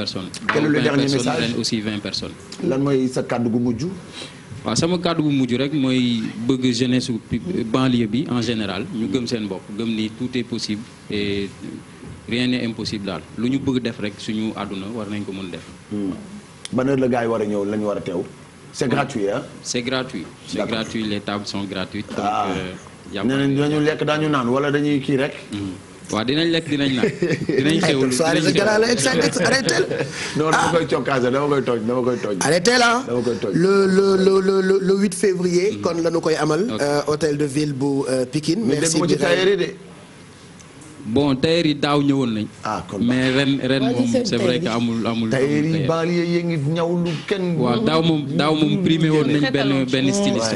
personnes. lan mooy sa kàddu gu mujj. waaw sama kàddu bu mujj rek mooy bëgg jeunesse banlieue bi en général ñu gëm seen bopp gëm ni tout est possible et rien n'est impossible daal lu ñu bëgg def rek suñu àdduna war nañ ko mën def. Hmm. ban heure la gars yi war a ñëw lañu war a teew. c'est gratuit ah. c'est gratuit c'est gratuit les tables sont gratuites. donc ah. euh, neen nañ dañu lekk daañu naan wala dañuy kii rek. Hmm. waaw dinañ lekk dinañ naan dinañ xewlu dinañ non dama koy cokkaase dama koy toj dama koy toj. arrêté la dama koy toj le le le le le 8 février. Mm-hmm. kon la ñu koy amal. Euh, hôtel de ville bu euh, Pikine. merci Birame mais bon tailleur yi daaw ñëwoon nañ. ah mais ren ren moom c'est vrai que amul amul. tailleur ngi ñaw lu kenn. waaw daaw moom daaw moom primé woon nañ benn benn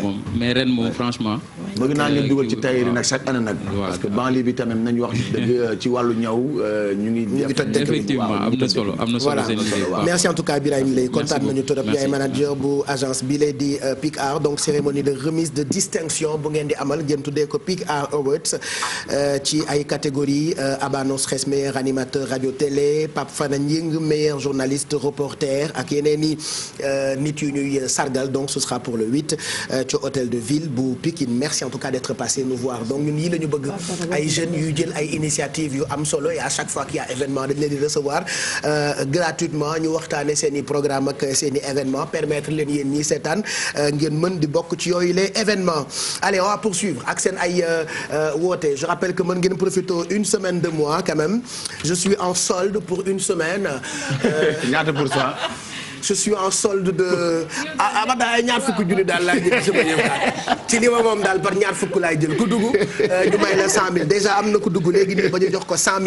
moom. mais ren moom franchement. bëgg naa ngeen dugal ci tailleur yi nag chaque année nag. parce que banlieue bi tamit nañu wax dëgg ci wàllu ñaw euh, ñu ngi. ñu ngi toj effectivement am na solo am na solo seen liggéey voilà merci en tout cas Birahim manager bu agence bi di euh, Pic Art donc cérémonie de remise de distinction bu ngeen di amal ngeen tuddee ko Pic Art euh, ay catégories Guèye euh, Abanos Xes meilleur animateur radio télé Pape Fana Nying meilleur reporter ak yeneen i euh, nit yu ñuy sargal donc ce sera pour le 8 euh, ci hôtel de ville bu Pikine merci en tout cas d'être passé nous voir donc ñun yii ñu bëgg ay jeunes yu jël ay initiative yu am solo et à chaque fois qu'il y a événement di recevoir gratuitement ñu waxtaane seen i programme ak seen événement permettre leen yéen ñii seetaan mën di bokk ci yooy les événements allez on va poursuivre ak seen ay semaine de mois quand même je suis en pour une semaine. Euh, ñaata pour cent. je suis en solde de ah ah ay ñaar fukk junni daal laa jël sama ci li ma moom daal par ñaar fukk laay jël ku dugg euh, ñu may la 100000 déjà am na ku dugg léegi nii ba ñu jox ko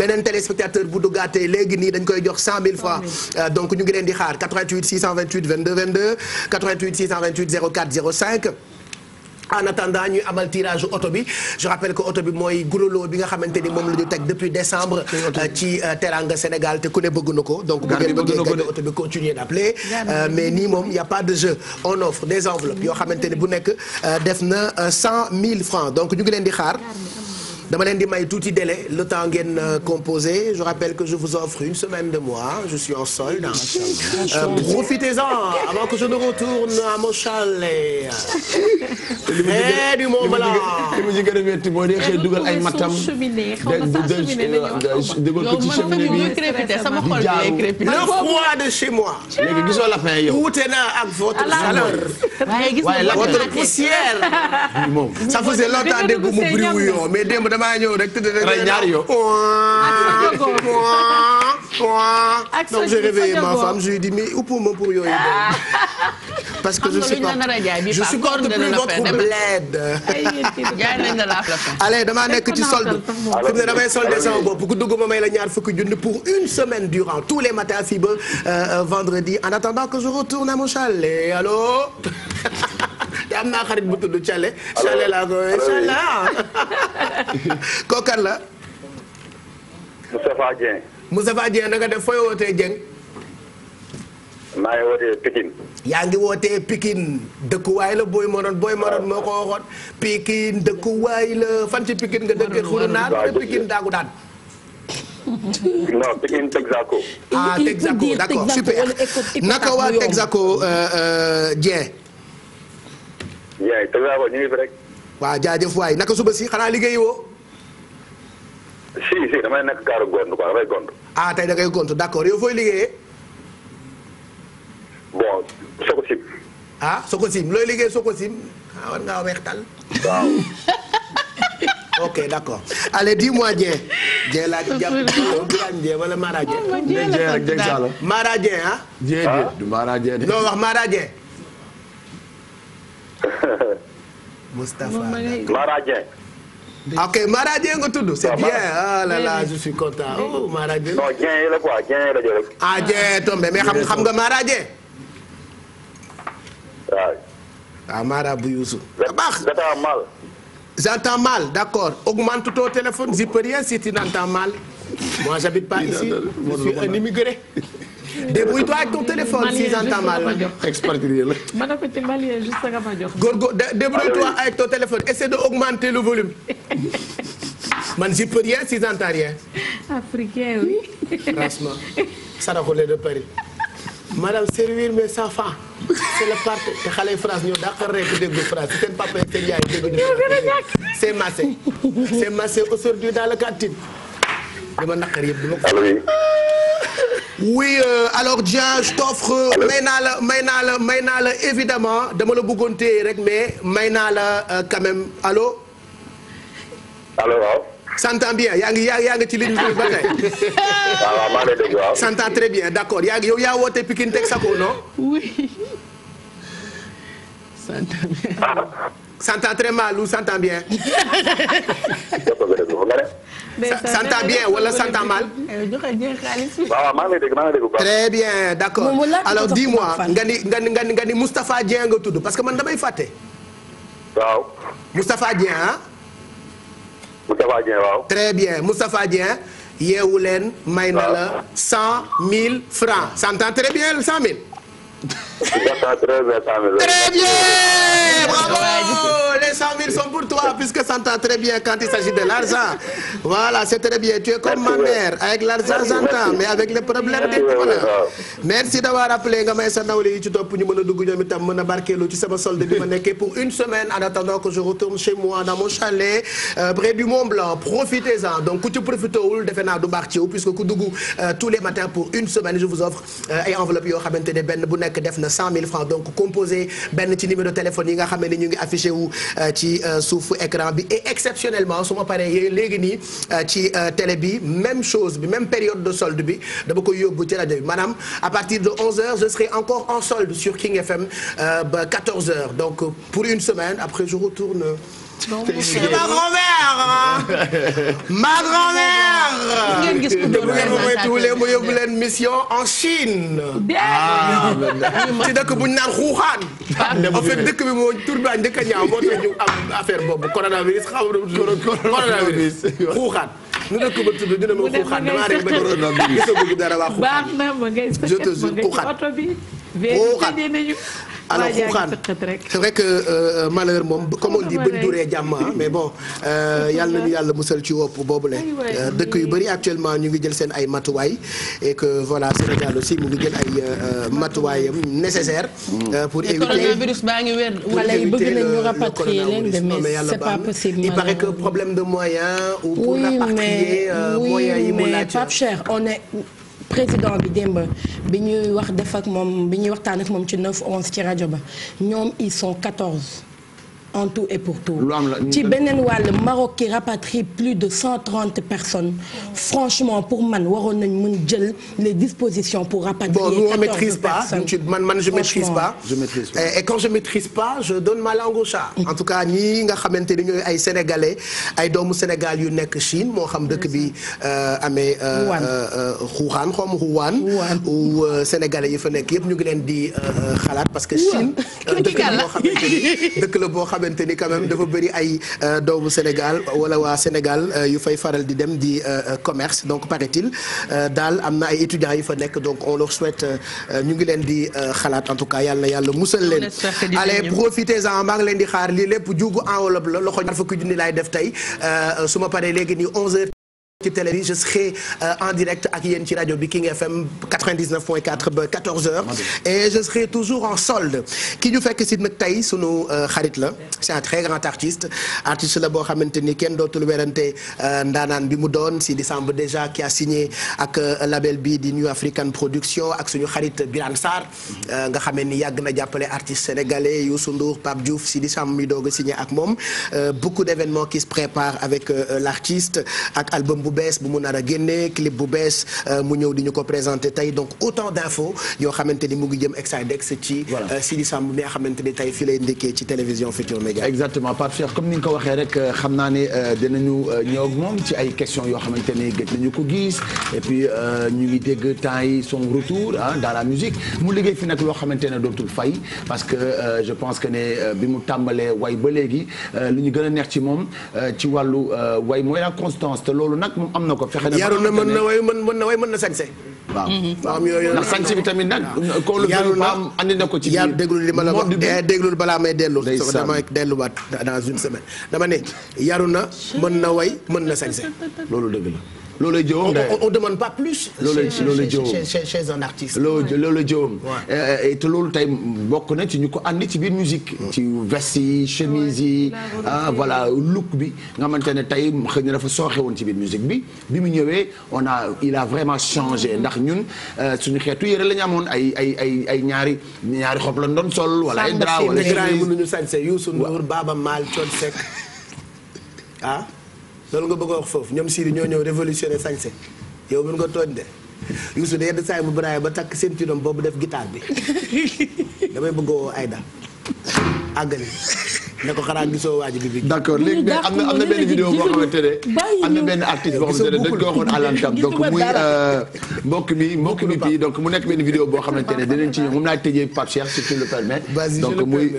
beneen téléspectateur bu duggaatee léegi nii dañ koy jox fois euh, donc ñu ngi leen di xaar 88 628 22 22 88 628 04 05. en attendant ñuy amal tirage auto bi je rappelle que auto bi mooy guloloo bi nga xamante ni moom la ñu teg depuis décembre euh, ci euh, Teranga Sénégal te ku ne bëgg na ko donc bu ngeen bëggee gagné auto bi continuer d'appeler euh, mais nii moom y a pas de jeu on offre des enveloppes yoo xamante ni bu nekk def na cent mille francs donc ñu ngi leen di xaar dama leen di may tuuti délai le temps ngeen euh, composé je rappelle que je vous offre une semaine de moi je suis en solde euh, profitez-en avant que je ne retourne à mon chalet et du Mont Blanc li mu ci eh, gën a métti boo dee xëy dugal ay matam dugal ko ci cheminée bi di jaaru le froid de chez moi léegi gisoo la fin yow wuute na ak votre chaleur waaye votre poussière moom ça faisait longtemps dégg mu bruit yoo mais démb damaa ñëw rek. tëdd rek ñaari yow. ak donc j'ai réveillé ma femme je lui ai dit mais upp ma pour yooyu. Ah. parce que je suis pas je supporte plus votre bled. allez damaa nekk ci solde. fi mu ne damay soldé sama bopp ku dugg ma may la ñaar fukki junni pour une semaine durant tous les matins fii ba euh, euh, vendredi en attendant que je retourne à mon chalet allô. am naa xarit bu tudd Thialé. laa ko Thialé ah. kookan la. Moustapha Dieng. Moustapha def fooy wootee Dieng. maa ngi wootee Pikine. yaa ngi dëkkuwaay la Boy Maroon Boy Maroon moo ko waxoon Pikine dëkkuwaay la fan ci nga dëkkee xuru naan wala Pikine daan. non Pikine Texaco. Ah, naka waa Texaco euh, euh, Dieng. jaay te ñu ngi fi waaw jaajëf waay naka suba si xanaa liggéeyi woo. si si damay nekk kaaru gond quoi damay gond. ah tey da ngay d'accord yow fooy liggéeyee. bon Sococim. ah Sococim looy liggéey Sococim ah war ngaa weextal. ok d'accord allez dis-moi Dieng. laa jàpp Birame Dieng wala Mara Dieng. Mara Dieng ah. Dieng Dieng Mara Dieng de. non wax Mara Dieng. Moustapha Mara Dieng. Ah, ok Mara Dieng nga tudd. c'est bien ah là là je suis content oh Mara Dieng. non Dieng la quoi Dieng la jël. ah Dieng tombé mais xam xam nga Mara Dieng. waaw. Ah, waaw Mara bu Youssou. Ah, baax j'entends mal. j'entends mal d'accord augmente ton téléphone je peux rien si tu n'entends mal. moi j'habite pas ici je suis un immigré. débrouille-toi ak ton téléphone. si j'entends mal la. ma ne ko toi avec ton téléphone essaie de augmenter le volume. man j'y peux rien si j'entends rien. africain oui. franchement. saraxule de Paris. madame servir mes enfants. c'est le parti te xale yi France ñoo dàqal rek déglu France seen papa yi seen yaay déglu. c'est massé c'est massé aujourd'hui dans le li ma naqar yëpp du ma ko. oui euh, alors Dieng je t'offre naa la may naa la may naa la évidemment dama la bëggoon téye rek mais may naa la euh, quand même allo. bien yaa ngi yaa ngi ci ligne bi ba tey. très bien d'accord yaa ngi yow yaa woote Pikine teg sa ko non. oui. bien. Ah. s'entend très mal ou bien. santa bien wala santa mal. waaw maa ngi dégg maa ngi bien d'accord alors dis-moi nga ni nga ni nga ni nga ni parce que man damay fàtte. waaw. Moustapha Dieng ah. Moustapha Dieng waaw. bien Moustapha Dieng. yeewu leen may na la cent mille francs. s'entend très bien cent mille. très bien bravo les 100 000 sont très bien quand il s'agit de l'argent voilà c'est très bien tu es comme ma mère avec l'argent j'entends mais avec le problème dégg nga merci d'avoir appelé nga may sa nawle ci topp ñu mën a dugg ñoom itam mën a barkeelu ci sama solde bi ma nekkee pour une semaine en attendant que je retourne chez moi dans mon chalet euh, près du Mont Blanc profitez-en donc ku ci profité wul defe naa du baax ci yow puisque ku dugg euh, pour une euh, yoo xamante ne benn bu nekk nekk def na 100 000 francs donc composé benn ci numéro téléphone yi nga xam ne ñu ngi affiché wu euh, ci euh, suufu écran bi et exceptionnellement su ma paree léegi nii euh, ci télé bi même chose bi même période de solde bi dama koy yóbbu ci rajo bi maanaam à partir de 11 heures je serai encore en solde sur King FM ba 14 heures donc pour une semaine après je retourne C'est ma grand-mère ma grand-mère. ngeen gis ku doon présentation mu yóbbu leen mission en Chine. ah, ah. ci dëkk bu ñu naan Wuhan. Ah. en fait dëkk bi moo tur bi njëkk a ñaaw moo tax ñu am affaire boobu coronavirus xam nga coronavirus Wuhan. nu dëkk ba tudd dina ma Wuhan damaa rek ba. dara waa Wuhan. baax na ma ngay sëkkat ma ngay oto bi. xuuxat alors xuuxaan c'est vrai que euh, euh, malheur moom comme on dit buñ duree jàmm ah, mais bon euh, yàlla nañu yàlla musal ci boobu le dëkk yu bëri actuellement ñu ngi jël seen ay matuwaay e que voilà Sénégal aussi mu ngi jël ay matuwaayam nécessaire mm. pour éviter virus baa ngi wér wala yi bëgg nañu rapatrier leen de mais c'est pas possible il paraît que problème de moyens ou pour rapatrier moyens yi mu laaj mais Pape Cheikh on est président bi démb bi ñuy wax def ak moom bi ñuy waxtaan ak moom ci 9 onse ci rajo ba ñoom ils sont 14. en tout et pour tout ci beneen wàll Maroc qui rapatrie plus de personnes franchement pour man waroon nañ mën jël les dispositions pour rapatrier bon, on maîtrise pas man man je maîtrise pas et quand je maîtrise pas je donne ma langue en tout cas ñii nga xamante ni ñooy ay sénégalais ay doomu Sénégal yu nekk Chine moo xam dëkk bi euh, ame euh, Wuhan euh, xom Wuhan ou sénégalais yi fa nekk yëpp ñu ngi leen di xalaat parce que Chine dëkk la boo xamante xamante ni quand même dafa bëri ay euh, doomu Sénégal wala waa Sénégal euh, yu fay faral di dem di euh, commerce donc paraît-il daal am na ay étudiants yu fa nekk donc on leur souhaite ñu ngi leen di xalaat en tout cas yàlla yàlla musal leen. allez profitez-en maa ngi leen di xaar li lépp jugu enveloppe la loxo ñaar fukki junni laay def tey su ma paree léegi nii 11h. ci télé bi je serai euh, en direct ak yéen ci rajo bi King FM 99.4 ba 14h. et je serai toujours en solde ki ñu fekk si nag tey suñu euh, xarit la c'est un très grand artiste artiste la boo xamante ni kenn dootul werante euh, ndaanaan bi mu doon si décembre déjà qui a signé ak label bi di New African Production ak suñu xarit Birane Sarr nga xamee ni yàgg na jàppale artiste sénégalais Youssou Ndour Pape Diouf si décembre mi doog signé ak moom beaucoup d'événements qui se avec l'artiste ak bu bees bu mu nar a génnee clip bu bees euh, mu ñëw di ñu ko présenté tey donc autant d'infos yoo xamante ni mu ngi jëm Exidex ci. voilà euh, Sidi Samb mi nga ni tey fii lay ndekkee ci télévision Futurs Médias. exactement Pape Cheikh comme ni nga ko waxee rek euh, xam naa ne dinañu ñëw ak moom ci ay question yoo xamante ni gëj nañu ko gis et puis ñu ngi dégg temps yi son retour ah dans la musique mu liggéey fi nag loo xamante ne dootul fay parce que je pense que ne bi mu tàmbalee way ba léegi li ñu gën a neex ci moom ci wàllu way mooy constance loolu nag. moom am na ko fexe na. yaru na mën na way mën na way mën na sañse. waaw mm-hmm. waaw yooyu ndax sañse bi tamit nag. yaru na am andi na ko ci biir. déglul li ma la wax eh, déglul balaa may dellu. day sàmm damay delluwaat dans une semaine. dama ne yaru na mën na way mën na sañse loolu dëgg la. loolu jëwam on demande pas plus. loolu loolu jëwam chez chez un artiste. loolu loolu jëwam. te loolu tey bokk na ci ñu ko andi ci biir musique ci veste yi yi ah voilà look bi nga xamante ne tey xëy na dafa sooxe woon ci biir musique bi bi mu ñëwee on a il a vraiment changé ndax ñun euh, suñu xeetu yëre la ñu amoon ay ay ay ay ñaari ñaari xob la doon sol. wala ay drap wala chemise sànq si mënuñu sañse Youssou Ndour Baba Maal Thione Seck ah. loolu nga bëgg a foofu ñoom Sidi ñoo ñëw révolutionné sañse yow mën nga tooñ de Youssou de yenn saa yi bu braay ba takk seen turam boobu def guitare bi damay bëgg woo Aïda àggali ne ko xanaa gisoo waa bi. d'accord léegi mais am na am na benn vidéo boo xamante ne am ne euh, mi mbokk mi bi donc mu nekk benn vidéo boo xamante ne dinañ ci ñëw moom laay tëjee Pape Cheikh si tu le permets. donc muy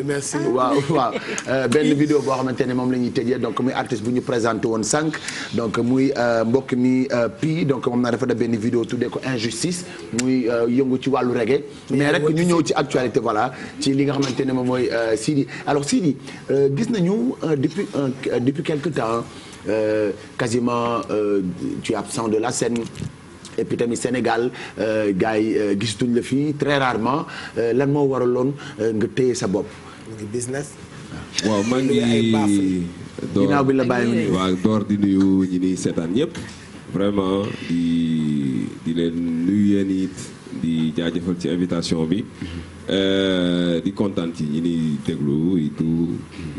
waaw waaw euh, benn vidéo boo xamante ne moom la ñuy tëjee donc muy artiste bu ñu présenté woon sànq donc muy euh, mbokk mi pii donc moom naa dafa def benn vidéo tuddee ko injustice muy yëngu ci wàllu reggae mais rek ñu ñëw ci actualité voilà ci li nga xamante ne moom mooy Sidi alors Sidi Euh, gis nañu euh, depuis euh, depuis quelque temps quasiment tu es absent de la scène et puis Sénégal gars yi gisatuñ la fi très rarement lan moo waral loon nga téye sa bopp. business. Ah. waaw maa ngi ginnaaw bi la door di nuyu ñi ni seetaan ñëpp vraiment di leen nuyu yéen di jaajëfal ci invitation bi mhm. euh, di kontaan ci ñi ni déglu et tout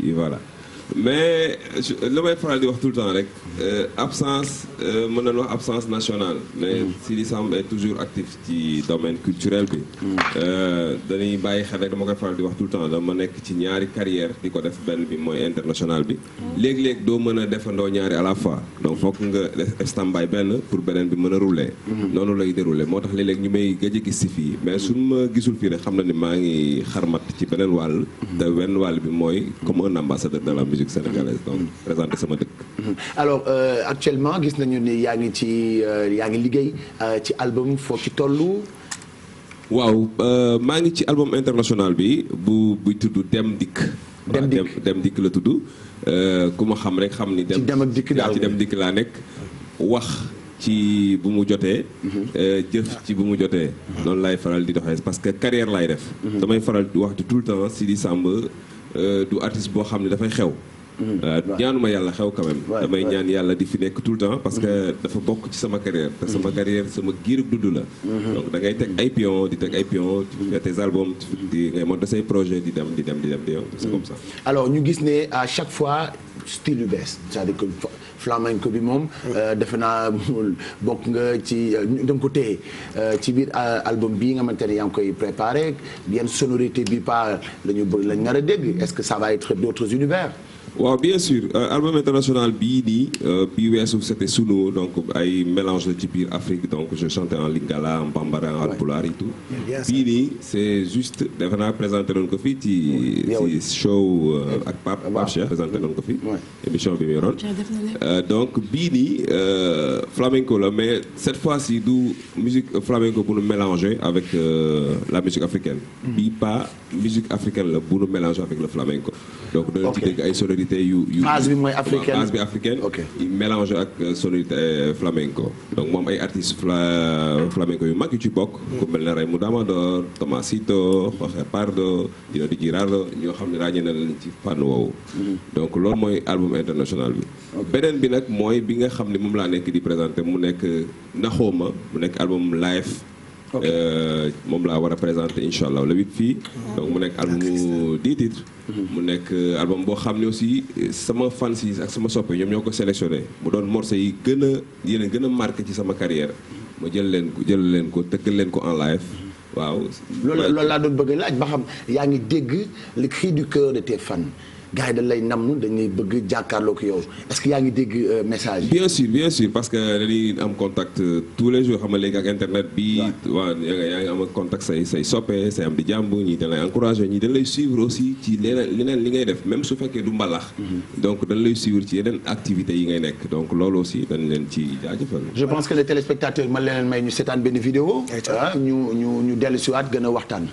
et voilà mais li may faral di wax tout le temps rek euh, absence euh, mën nañu wax absence nationale. mais mm. Sidi Samb est toujours actif ci domaine culturel bi. Mm. Euh, dañuy bàyyi xel rek dama koy faral di wax tout le temps dama nekk ci ñaari carrière di ko def benn bi mooy international bi. Mm. léeg-léeg doo mën a defandoo ñaari à fois donc fokk nga standby benn pour beneen bi mën a rouler. Mm-hmm. noonu lay dérouler moo tax léeg-léeg ñu may gëj gis si fii mais suñ ma gisul fii rek xam na ni maa ngi xarmat ci beneen wàll. Mm-hmm. wàll bi mooy comme un musique sénégalaise donc présenté sama dëkk. Mhm. alors euh, actuellement gis nañu ni yaa ngi ci euh, yaa ngi liggéey euh, ci album foo ci tollu. waaw maa ngi ci album international bi bu buy tudd Dem Dikk. Dem Dikk Dem Dikk la tudd ku ma xam rek xam ni. dem Dem ak Dikk daal Dem Dikk laa nekk wax. ci bu mu jotee. Mhm. jëf ci bu mu jotee. Mhm. noonu laay faral di doxee parce que carrière laay def. damay faral di wax tout le temps Sidi Samba. Euh, du artiste boo xam ne dafay xew. Mm-hmm. Euh, ñaanuma yàlla xew quand même. damay ñaan yàlla di fi nekk tout le temps parce que mm-hmm. dafa bokk ci sama carrière. te sama mm-hmm. carrière sama giirug dund la. donc da ngay teg ay pion di teg ay pion. tu fais tes albums di ngay monter say projet di dem di dem di dem di yow. c'est comme ça. alors ñu gis ne à chaque fois style yu bees c'est-à-dire que. flamenco bi moom. Euh, defe naa bokk nga ci euh, da nga ko téye euh, ci biir album bii nga xamante ne yaa ngi koy préparé yan sonorité bi pas la ñu bëgg la ñu nar a dégg est-ce que ça va être d'autres univers. waaw bien sûr euh, album international bii nii euh, bii weesu c'était Suno donc ay mélange ci biir Afrique donc je chantais en lingala en bambara en alpulaar et tout bii nii c'est juste defe naa présenté noonu ko fii ci ci show euh, ak Pape Pape Cheikh présenté noonu ko fii bi mu yoroon donc bii nii flamenco la mais cette fois-ci du musique flamenco bu nu mélanger avec la musique africaine mm. bii pas musique africaine la bu nu mélanger avec le flamenco sonorité bi mooy africaine base bi africaine. ok mélange ak euh, sonorité euh, flamenco. donc moom ay artistes euh, flamenco yu mag yu ci bokk. ku mel ne Raimundo Amador Tomasito Jorge Pardo Dino Di Girardo ñoo xam ne ràññee na leen ci fànn woow mm-hmm. donc lool mooy album international bi. beneen bi nag mooy bi nga xam ne moom laa nekk di présenté mu nekk Naxooma mu nekk album live. Euh, moom laa war a présenter incha allah le 8 fii. Mhm. donc mu nekk albumu 10 titres. Mhm. mu nekk euh, album boo xam ne aussi sama fans yi ak sama soppee ñoom ñoo ko sélectionné mu doon morceau yi gën a yéen a gën a marqué ci sama carrière ma jël leen ko jël leen ko tëggal leen ko en live. waaw loolu loolu laa doon bëgg laaj ba xam yaa ngi dégg le cri du cœur de tes fans. gars yi dañ lay namm dañuy bëgg jàkkaarloo ko yow est que yaa ngi dégg euh, message bien sûr bien sûr parce que dañuy am contact euh, tous les jours xam nga léegi ak internet bi waaw yaa ngi am contact say say soppe say am di jàmb ñii dañ lay encouragé ñii dañ lay suivre aussi ci leneen leneen li ngay def même su fekkee du mbalax mm-hmm. donc dañ lay suivre ci yeneen activités yi ngay nekk donc loolu aussi dañ leen ci jaajëfal pense que les téléspectateurs man leneen may ñu seetaan benn ah, ñu ñu ñu dellu siwaat gën a waxtaan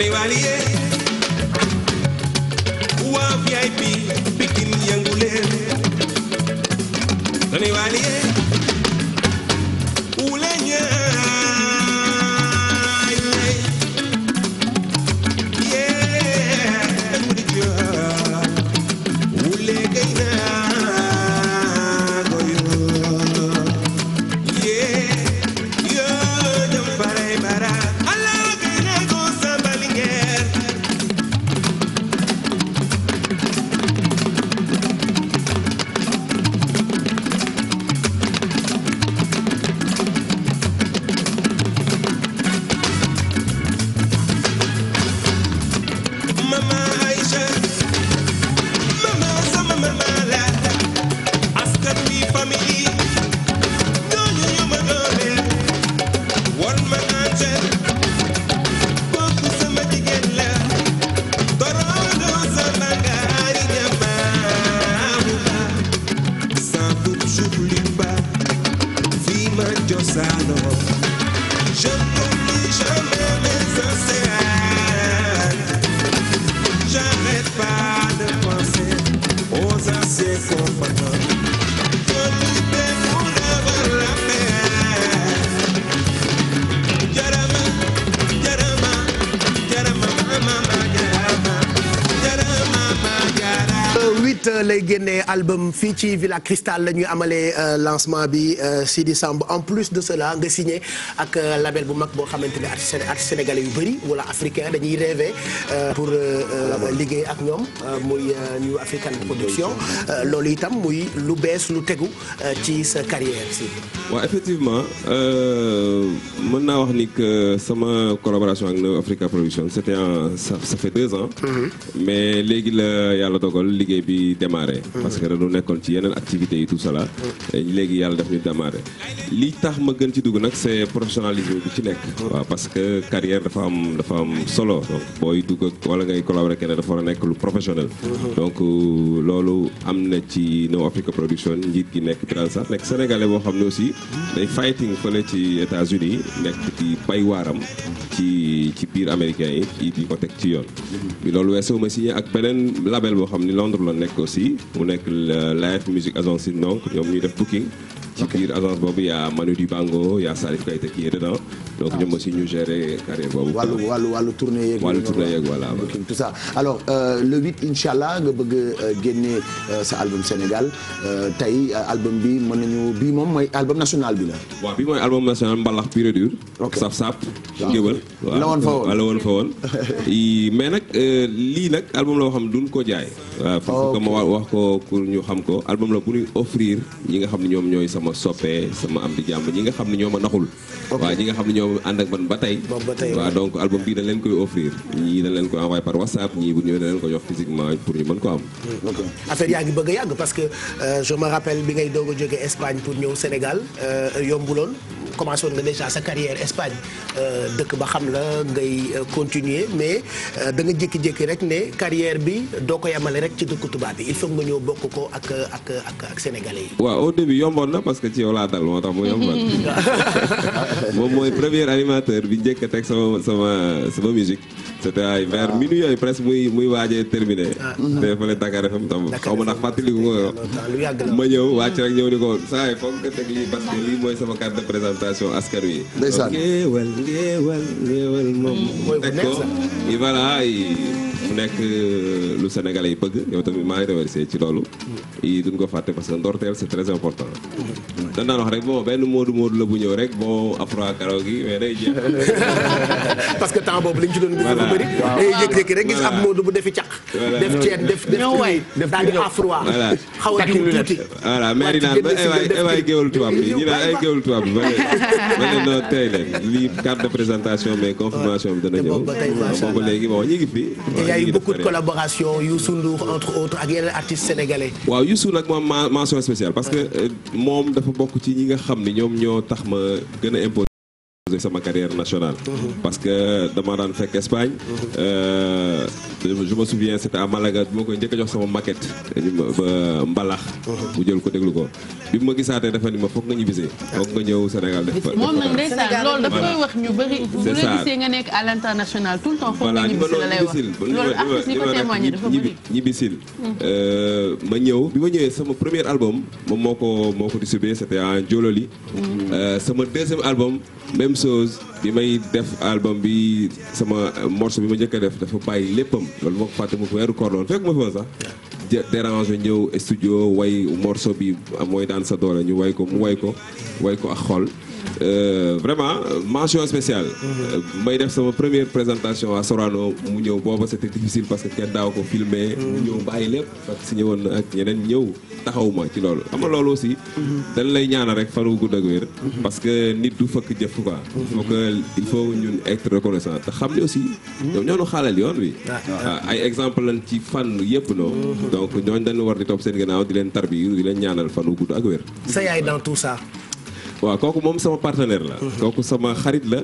me valía album fii ci Villa Cristal la ñuy amalee euh, lancement bi 6 euh, décembre en plus de cela nga signé ak euh, label bu mag boo xamante ne ak sénégalais yu bëri wala africain dañuy rêver pour liggéey ak ñoom muy New African Production loolu itam muy lu bees lu tegu ci sa carrière si. mën naa wax ni que sama collaboration ak New Africa Production c'était en ça, ça fait ans. Mm-hmm. mais léegi la yàlla dogal liggéey bi démarré. Mm-hmm. parce que dañu nekkoon ci yeneen activités yi tout cela. Mm-hmm. léegi yàlla def ñu démarré. lii tax ma gën ci dugg nag c'est professionnalisme bi ci nekk. waaw parce que carrière dafa am dafa am solo donc booy dugg ak wala ngay collaborer kenn dafa war a nekk lu professionnel. Mhm. donc euh, loolu am na ci No Africa Production njiit gi nekk Transat nekk sénégalais boo xam ne aussi mhm. day fighting fële ci États-Unis nekk di bay waaram ci ci biir américain yi ci di ko teg ci yoon. loolu mhm. loolu weesoo ma signé ak beneen label boo xam ni Londres la nekk aussi mu nekk Live Music Agency donc ñoom ñuy def booking. ci biir agence boobu y'a Manu Dibango y'a Salif Kayte qui est dedans donc ñoom aussi ñu gérer carré boobu wàllu wàllu wàllu tournée yeeg wàllu tournée yeeg voilà tout ça alors euh, le 8 incha allah nga bëgg a euh, génne euh, sa album Sénégal tey album bi mën nañu bii moom mooy album national bi la waaw bii mooy album national mbalax pur et dur sap sap ah. ngéwël la woon fa woon la woon fa woon mais nag lii nag album la boo xam duñ ko jaay waaw euh, pour que ah, ma wax ko pour ñu xam ko album la bu ñuy offrir ñi nga xam ne ñoom ñooy sama soppee sama am di jàmm ñi nga xam ne ñoo ma naxul waaw ñi nga xam ne ñoo ànd ak man ba tey waaw donc album bii dañ leen koy offrir ñii dañ leen koy am hmm, affaire yaa ngi bëgg a yàgg parce que euh, je me rappelle bi ngay doog a jóge Espagne pour ñëw Sénégal euh, yombuloon commencé nga déjà sa carrière Espagne dëkk ba xam la ngay continuer mais da nga jékki-jékki rek ne carrière bi doo ko yemale rek ci dëkku tubaab bi il faut nga ñëw bokk ko ak ak ak ak sénégalais yi. waaw au début yomboon na parce que ci yow laa dal moo tax mu yomboon. moom mooy premier animateur bi njëkk a teg sama sama sama musique. c'était ay vers ah. minuit yooyu presque muy muy waajee terminé. Ah. te fële Dakar FM tam xaw ma ndax fàttaliku ko ma ñëw wàcc rek ñëw ni ko saa yi foog nga teg lii parce que lii mooy sama carte de présentation askan wi. ndeysaan ngeewal ngeewal ngeewal moom. teg ko i voilà mu nekk euh, lu Sénégalais yi bëgg yow tamit maa ngi remercier ci loolu. yi mm. duñ ko fàtte parce que ndorteel c'est très important. Mm. dañ naan wax rek bon benn moodu moodu la bu ñëw rek bon afro karaw gi mais day jeex. parce que temps boobu liñ ci doon gis. bëri day jékki-jékki rek gis ab Modou bu defi caq def ceen def def def daal di afroi xaw a jiw tuuti voilà mais di naan ba ay eh waay ay eh waay géwal tubaab bi ñu naan ay géwal tubaab bi ba leen boobu léegi fi il y a eu beaucoup de collaboration Youssou Ndour entre autres ak yeneen artistes sénégalais waaw Youssou moom mention spéciale parce que euh, moom dafa bokk ci ñi nga xam ni ñoom ñoo tax ma gën a imposer de sama carrière nationale. Mhm. parce que dama daan fekk Espagne. Mhm. Euh, je me souviens c'était Malaga bi ma koy njëkk a jox sama maquette. ba mbalax. Mhm. mu jël ko déglu ko bi ma gisaatee dafa ni ma foog nga ñibbisee. Ah. foog nga ñëw Sénégal def fa. moom ñibbisi ma ñëw bi ma ñëwee sama premier album moom moo ko moo ko distribué c'était en Jololi. Euh, sama deuxième album chose bi may def album bi sama morceau bi ma njëkk def dafa bàyyi léppam loolu moo ko mu weeru koor loolu fekk moo fi sax dérange ñëw studio way morceau bi mooy daan sa doole ñu way ko mu way ko way ko ak xool Euh, vraiment mention spéciale. Mhm. may def sama première présentation à Sorano mu ñëw booba c'était difficile parce que kenn daaw ko filmer mhm. mu ñëw bàyyi lépp parce ak ñeneen ñëw taxaw ma ci loolu ama mhm. loolu aussi. dañ lay ñaanal rek fanu gudd ak wér. parce que nit du fëkk jëf quoi. il faut que il faut ñun être reconnaissant te xam ne aussi. ñoom ñoo ñu xaalal yoon wi. Ah, ay exemple lañ ci fànn yëpp noonu. donc ñooñu dañu war di topp seen gannaaw di leen bi yu leen ñaanal fanu gudd ak wér. waaw kooku moom sama partenaire la. kooku sama xarit la.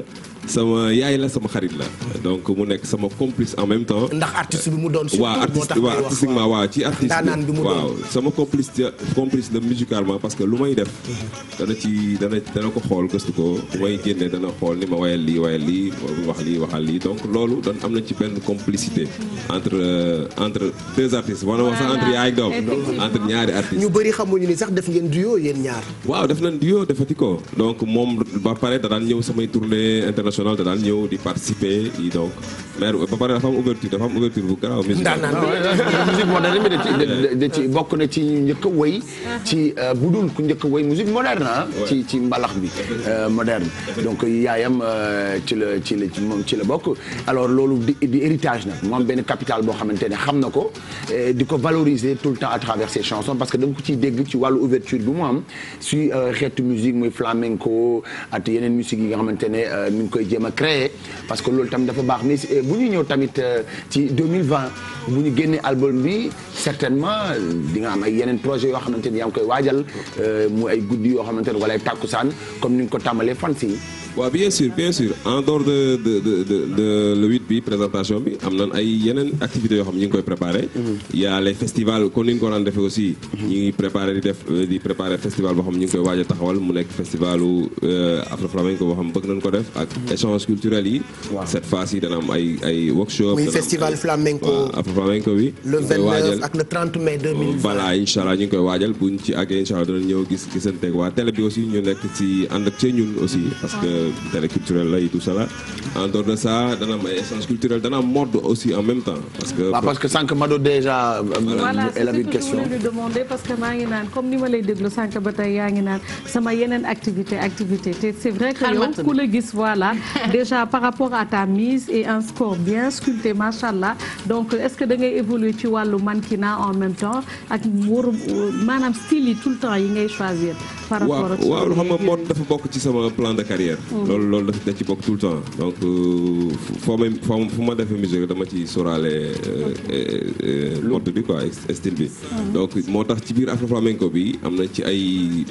sama yaay la sama xarit la donc mu nekk sama complice en même temps. ndax artiste bi mu doon. waaw artiste waaw artistiquement waaw ci artiste bi waaw sama complice complice la musicalement parce que lu may def. dana ci dana dana ko xool gëstu ko lu may génne dana xool ma wayal lii wayal lii wax lii waxal lii ci benn complicité entre entre deux artistes. wala wax sax entre yaay ak ñu bëri xamuñu ni sax def ngeen duo yéen ñaar. waaw def nañ duo defati ko donc daan samay tournée national da daan ñëw di participer yi donc mais ba pare dafa bu garaaw. musique bokk na ci ñu njëkk a ci euh, bu dul ku njëkk a woy musique moderne ah. ci ci mbalax bi euh, moderne donc euh, yaayam ci la ci la moom ci la bokk alors loolu di di héritage nag moom benn capital boo xamante ne xam na ko di ko valoriser tut le temps à travers ses parce que da nga ko ciy dégg ci wàllu ouverture bi mu am si xeetu musique muy flamenco ak yeneen musique yi nga xamante ne mi ngi koy koy jéem a créer parce que loolu tamit dafa baax ni euh, bu ñu ñëw tamit euh, ci 2020 bu ñu génnee album bi certainement euh, di nga am ay yeneen projet yoo xamante ni yaa ngi koy waajal mu ay guddi yoo xamante ne walla ay tàkkusaan comme ni nga ko tàmbalee fan si waaw bien sûr bien en dehors de de de le huit bi présentation bi am nañ ay yeneen activités yoo xam ñu ngi koy préparé. Mm-hmm. y a ko daan aussi. Mm-hmm. ñu ngi préparé di def euh, di préparé festival boo xam ñu koy waaj taxawal mu nekk festivalu euh, afro flamenco boo xam bëgg nañ ko def ak mm-hmm. échange culturel yi. cette fois ci dana ay workshop. muy festival flamenco koy waajal buñ ci àggee incha allah ñëw gis gisanteeg waa télé bi aussi ñu nekk ci ànd ak ñun aussi d'intérêt culturel là et tout ça là en dehors de ça dana am ay échange culturel dana aussi en même temps. parce que bah, que Mado déjà. Euh, voilà c'est ce que ni ma lay déglu sànq ba tey yaa activité c'est vrai que la gis voilà déjà par rapport à ta et un sport bien sculpté macha allah donc est-ce que da ngay évoluer ci wàllu mannequinat en même temps ak waru euh, maanaam style yi tout le temps yi ngay choisir. par rapport ak waaw xam nga mode dafa bokk ci sama plan de carrière. Mm. loolu loolu da ci bokk tout le temps donc euh, foo may fu ma defee musique dama ci sóoraale euh, euh, mode bi quoi style bi. Mm. donc moo tax ci biir afro flamenco bi am na ci ay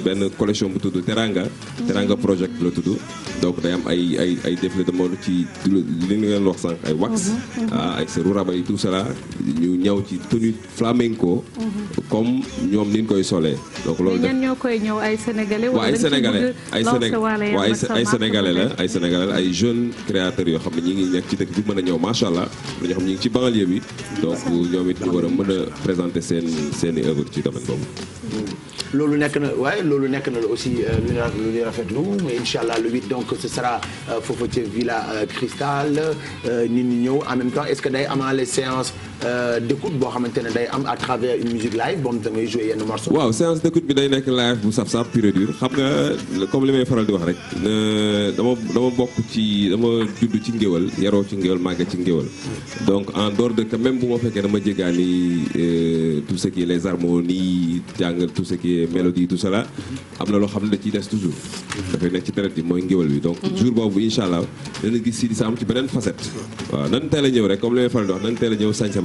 benn collection bu tudd Teranga. Mm. Teranga project la tudd donc day am ay ay ay défilé de mode ci li ñu leen wax sànq ay wax. Mm-hmm, mm-hmm. Ah, ay seru rabay tout cela ñu ñëw ci tenue flamenco. Mm-hmm. comme ñoom ni koy solee donc loolu def ñoo koy ñëw waa wala ay sénégalais ay ay sénégalais la ay sénégalais la ay jeunes créateurs yoo xam ne ñi ci dëkk bi mën a ñëw macha allah ñoo xam ne ngi ci banlieue bi donc ñoom it ñu war a seen seen ci domaine boobu. Hmm. loolu nekk na waaye loolu nekk na la aussi euh, lu ñu lu ñu mais incha allah le huit donc ce sera euh, foofu ci Villa euh, Cristal nit ñi ñëw en même temps est-ce que day amaale séance. Euh, d'écoute boo xamante ne day am à travers une musique live boo xam da ngay jouer yenn morceaux. waaw séance d'écoute bi day nekk live bu saf saf pure dure xam nga comme li may faral di wax rek dama dama bokk ci dama judd ci ngéwal yaroo ci ngéwal màgge ci ngéwal donc en dehors de que bu ma fekkee dama jégaani euh, tout ce qui est les harmonies jàng tout ce qui est mélodie tout cela am na loo xam ne da ciy des toujours. dafay nekk ci deret bi mooy ngéwal bi donc jour boobu incha allah dana gis si sa am ci beneen facette. a ñëw rek comme li may faral di wax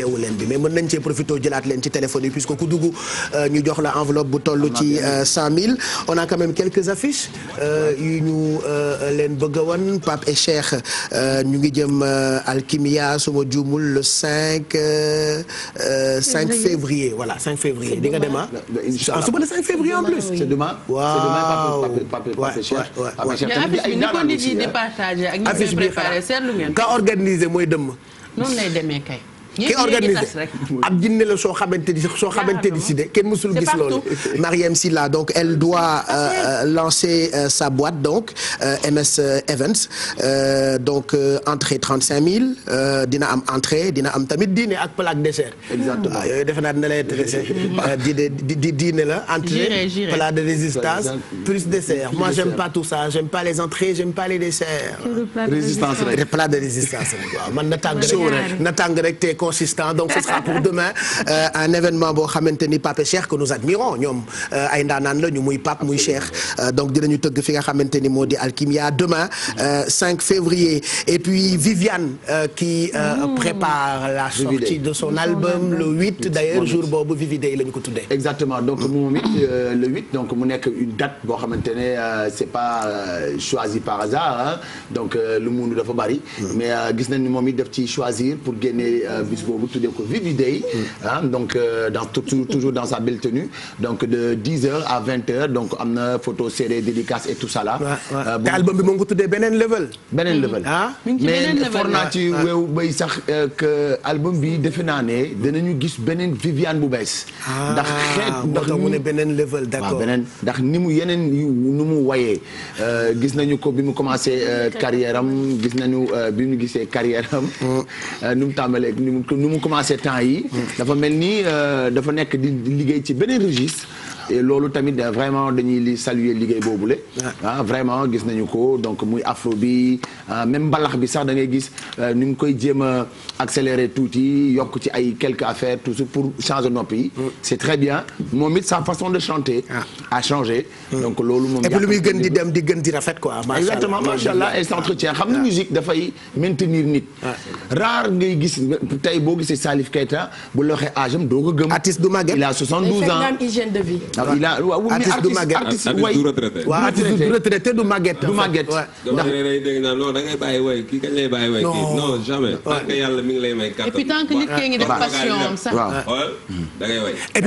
yeewu leen bi mais mën nañ cee profité jëlaat leen ci téléphone yi puisque ku dugg euh, ñu jox la enveloppe bu tollu ci 100000 euh, on a quand même quelques affiches euh, yu ñu leen bëgg a wan Pape et Cheikh ñu ngi jëm alkimia suma juumul le 5 5 février voilà 5 février di nga dem ah. en ah, suba février en plus. waaw affiche bi ah. ka organiser mooy dëmm. ki organisé ab jinne la soo xamante ni soo xamante ni si de kenn mësul gis loolu Mariam Silla donc elle doit euh, euh, lancer euh, sa boîte donc MS Events donc entrée 35000 dina am entrée dina am tamit dîner ak plaque dessert exactement ah, yooyu defe naa dina lay intéressé di dîner la entrée plat de résistance plus dessert moi j'aime pas tout ça j'aime pas les entrées j'aime pas les desserts résistance rek plat de résistance rek waaw man na tàng rek na tàng rek te consistant donc ce sera pour demain euh, un événement boo xamante Pape et que nous admirons ñoom euh, ay ndaanaan la ñu Pape muy Cheikh euh, donc dinañu tëgg fi nga xamante ni moo di Alkimia demain 5 euh, février et puis Viviane qui hmm. prépare la sortie de son album le 8 d'ailleurs jour boobu Vividé la ñu ko tuddee exactement donc hmm. moom it le 8 donc mu nekk une date boo xamante ne c'est pas choisi par hasard hein donc lu mu dafa bari hmm. mais gis nañ ni moom it choisir pour génne bis boobu tuddee ko Vivi Day ah sa belle tenue donc de 10 heures à 20 am na photo série dédicace et tout ça là. Euh, te album bi moo ngi ko tuddee beneen level. beneen hmm. level ah. mais for naa ci weewu bay sax euh, que album bi defe naa ne danañu gis beneen Viviane bu bees. Ah, ndax xeet ndax mu ne beneen level d'accord beneen ndax ni mu yeneen nu mu wayee euh, gis nañu ko bi mu commencé carrière am gis nañu bi mu gisee carrière am. Hmm. nu mu ni mu commencé temps yi hmm. dafa mel ni euh, dafa nekk di liggéey ci beneen registre loolu tamit vraiment dañuy li saluer liggéey boobule. ah vraiment gis nañu ko donc muy afro bi ah, même mbalax bi sax da ngay gis euh, nu mu koy jéem a accélérer tuuti yokk ci ay quelques affaires toujours pour changer nopp yi. Mm. c'est très bien moom it sa façon de chanter. Ah. a changé. Mm. donc loolu moom. et puis gën di dem di gën di rafet quoi. exactement macha allah et s'entretient xam nga musique dafay maintenir nit. rare ngay gis tey boo gisee Salif Keita bu loxee âge am doo ko du màgget il a 72 de vie. Ah, il a artiste du màgget artiste du retraité waaw artiste du retraité du màgget du màgget ndax dégg mi ngi lay may kàttan et puis tant ngi def passion sax xool da ngay way et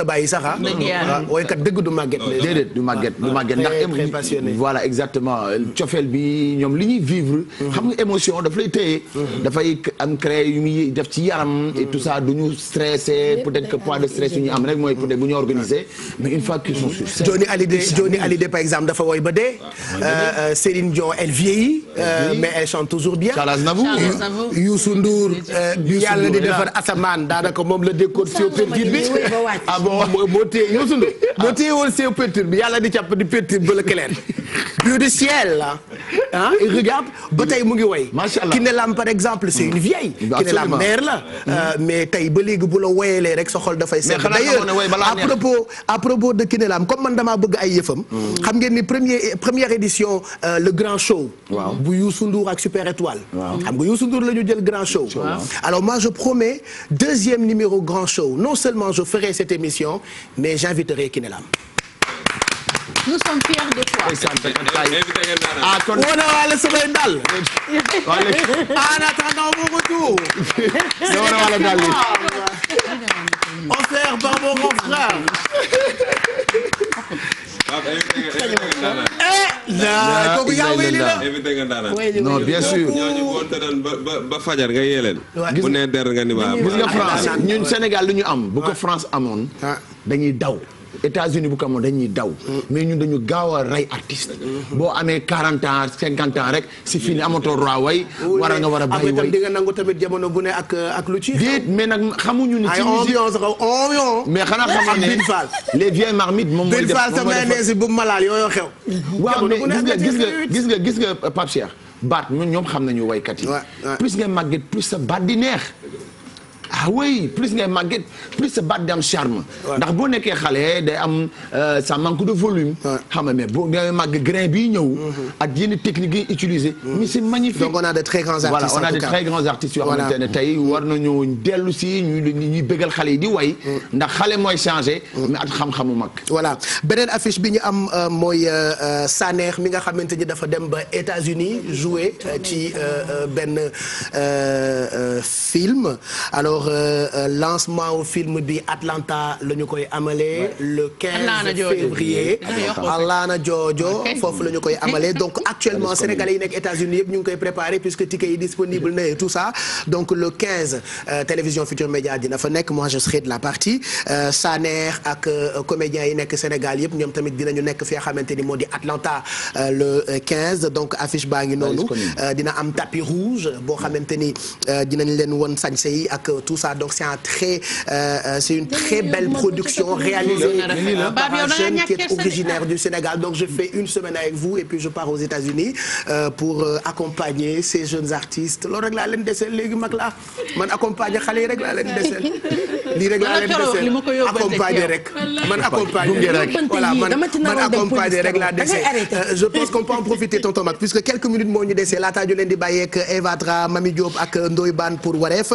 a bàyyi sax ah. dëgg du màgget déedéet du màgget du màgget ndax voilà exactement cofeel bi ñoom li ñuy vivre mhm. xam nga émotion daf lay téye mhm. dafay am créé yu muy def ci yaram et mhm. tout ça du ñu stressé peut-être que poids de stress yu ñu am rek mooy peut-être bu ñu organisé mais une fois qu'ils sont sur scène. Johnny Hallyday par exemple dafa woy ba dee. Euh, euh, Céline Dion elle euh, vieillit. mais elle chante toujours bien. Charles Aznavour Youssou Ndour. yàlla di defar asamaan daanaka moom la décor séo bi. ah bon moo téye Youssou Ndour ah. moo téye woon séo bi yàlla di càpp di pertur ba la keneen. bleu de ciel ah et regarde ba mu ngi woy macha allah Kiné Lam par exemple c'est une vieille mm. Kiné Lam la mm. euh, mais tey ba léegi bu la woyeelee rek sa xol dafay sedd d'ailleurs à propos à propos de Kiné Lam comme man damaa bëgg ay yëfam mm. xam ngeen ni premier première édition euh, le grand show bu Youssou Ndour ak Super Étoile xam nga Youssou Ndour la ñu jël grand show alors moi je promets deuxième numéro grand show non seulement je ferai cette émission mais j'inviterai Kiné nous sommes fiers de toi. ah kon woo na waale samay ndàll. en attendant mon retour. nga war a waale ndàll yi. offert par mon grand frère. la kooku yaa wéyli la. non bien sûr. ñooñu boo tëral ba ba fajar nga yee leen. bu nee der nga ni waa. gis nga France ah, ñun Sénégal lu ñu am bu ko France amoon ah. dañuy daw. États-Unis bu Cameroun dañuy daw. mais ñun dañu gaaw a rey artiste. boo amee 40 ans 50 ans rek si fini amatoo roi way. war nga war a bàyyi way di nga nangu tamit jamono bu ak ci. mais nag xamuñu ni. ci ambiance xaw ambiance. mais xanaa xam ne les vieilles marmites moom mooy def moom bu malaal yooyu xew. waaw gis nga gis nga gis nga Pape baat baat ñoom xam nañu waykat yi. plus nga màgget plus sa baat di neex. ah oui plus ngay màgget plus sa baat di am charme. ndax boo nekkee xale day am euh, ça manque de volume. xam nga mais boo ngay màgg grain bi ñëw. Mm-hmm. ak yenn technique yi utiliser mm-hmm. mais c'est magnifique donc on a de très grands artistes. voilà on a de très yoo xamante ne tey war nañoo dellu si ñuy ñuy bégal xale yi di way. Mm. ndax xale mooy changé. Mm. mais at xam-xamu mag. voilà beneen affiche bi ñu am euh, mooy euh, Sanex mi nga xamante ni dafa dem ba États-Unis jouer ci benn film alors. alors euh, euh, lancement au film bi Atlanta la ñu koy amalee. le 15 février. Atlanta Jojo foofu la ñu koy amalee donc actuellement sénégalais yi nekk États-Unis yëpp ñu ngi koy préparé puisque ticket yi disponible na et tout ça donc le 15 euh, télévision Futur Média dina fa nekk moi je serai de la partie Saner ak comédiens yi nekk Sénégal yëpp ñoom tamit dinañu nekk fi nga xamante ni moo di Atlanta le 15 donc affiche baa ngi noonu dina am tapis rouge boo xamante ni dinañ leen won sañse yi ak. tout ça donc c'est un très euh, euh c'est une très belle production réalisée du Sénégal donc je une semaine avec vous et puis je pars aux États-Unis euh, pour euh, accompagner ces jeunes artistes loolu rek laa leen dese léegi mag laa man je pense qu'on peut en profiter tonton Mag puisque quelques minutes moo ñu dese laataa ñu leen di bàyyeeg Eva Tra Mami Diop ak Ndoye pour Wareef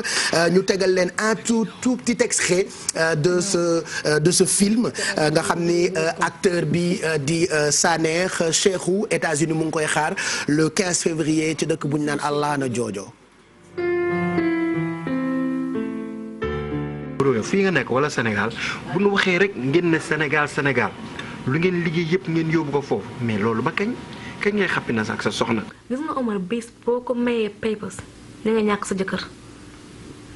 ñu tegal jàngal leen en tout tout petit extrait euh, de ce euh, de ce film euh, nga xam ni acteur bi di Sanex Cheikhou États-Unis mu ngi koy xaar le 15 février ci dëkk bu ñu naan Allah na joojo. fii nga nekk wala Sénégal bu nu waxee rek ngeen ne Sénégal Sénégal lu ngeen liggéey yëpp ngeen yóbbu ko foofu mais loolu ba kañ kañ ngay xappi na sax sa soxna. boo ko mayee papers na nga ñàkk sa jëkkër.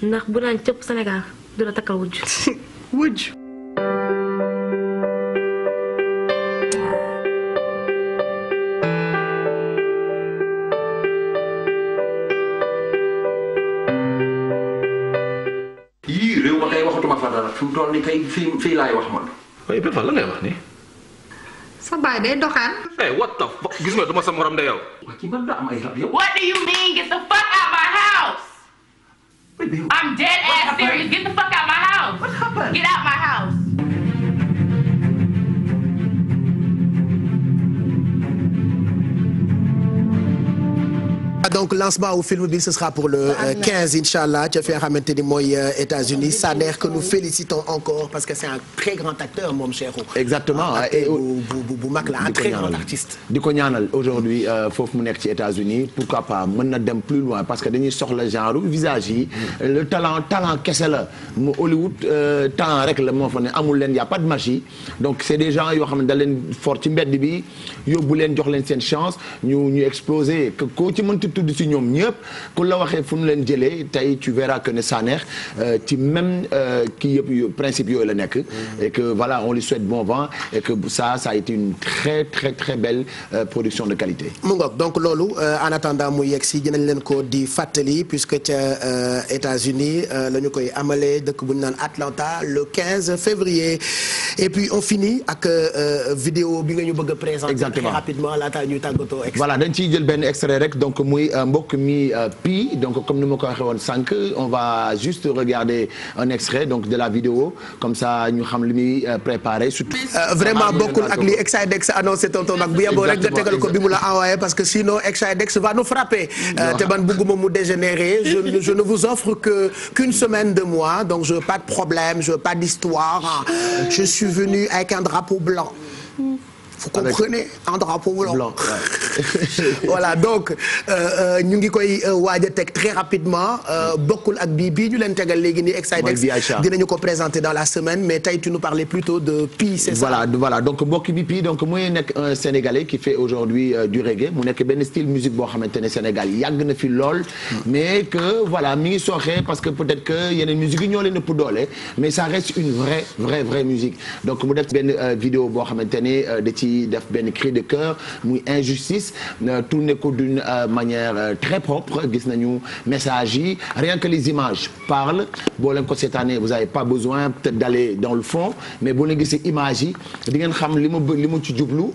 ndax bu naan cëpp Sénégal du la takkal wujj wujj yii réew ma kay waxatuma fa dara fi toll nii kay fii fii wax man. waaye Ibrahima la ngay wax nii. sa doxaan. eh what gis nga duma sa morom de yow. waa kii man rab yow. what do you mean get the I'm dead ass serious. Get the fuck out my house. What donc lancement wu film bi ce sera pour le 15 incha allah ca fi nga xamante ni mooy euh, États-Unis Sanér que nous félicitons encore parce que c'est un très grand acteur moom Cheikhou. exactement et bu bu mag la un très grand artiste. di ko ñaanal aujourd'hui euh, foofu mu nekk ci États-Unis pourquoi pas mën na dem plus loin parce que dañuy soxla genre visage yi. Hmm. le talent talent kese la mu Hollywood euh, talent rek la moo fa ne amul leen y a pas de magie donc c'est des gens yoo xam ne da leen fort ci mbedd bi. yóbbu leen jox leen seen chance ñu ñu explosé koo ci mënti tudd si ñoom ñëpp ku la waxee fu leen jëlee tey tu verras que ne Sanex euh, ci même euh, kii yëpp principe yooyu la nekk. Mm-hmm. et que voilà on lui souhaite bon vent et que ça ça a été une très très très belle euh, production de qualité. mu ngoog donc loolu en attendant mu yegg si dinañ leen ko di fàttali puisque ca États-Unis la ñu koy amalee dëkk bu ñu naan Atlanta le 15 février et puis on finit ak vidéo bi nga ñu bëgg présenter. exactement rapidement laata ñuy tàggatoo. voilà dañ ciy jël benn extrait rek donc muy euh, mbokk mi euh, donc comme ni ma ko waxee woon sànq on va juste regarder un extrait donc de la vidéo comme ça ñu xam li euh, préparé surtout. mu la envoyé parce que sinon Exidex va nous frapper. te man bëgguma mu dégénérer je je ne vous offre que qu'une semaine de moi je veux pas de problème je veux pas d'histoire je suis venu avec un drapeau blanc. Mm. vous comprenez en drapeau blanc voilà donc euh, euh, ñu ngi koy euh, waaj a teg très rapidement bokkul ak bii bii ñu leen tegal léegi nii Exidex dinañu ko présenter dans la semaine mais tey tu nous parlais plutôt de Pi c'est ça voilà voilà donc mbokk bi Pi donc mooy nekk un sénégalais qui fait aujourd'hui du mu nekk benn style musique boo xamante ne Sénégal yàgg fi lool hmm. mais que voilà mi ngi sooxee parce que peut-être que yeneen musique yi ñoo leen ëpp doole mais ça reste une vraie vraie vraie benn vidéo boo xamante ne ci def benn cri de cœur muy injustice euh, tourné ko d'une euh, manière euh, très propre gis nañu message yi rien que les images parlent boo leen ko seetaanee vous avez pas besoin peut-être d'aller dans le fond mais boo leen gisee image yi di ngeen xam li ma li ma ci jublu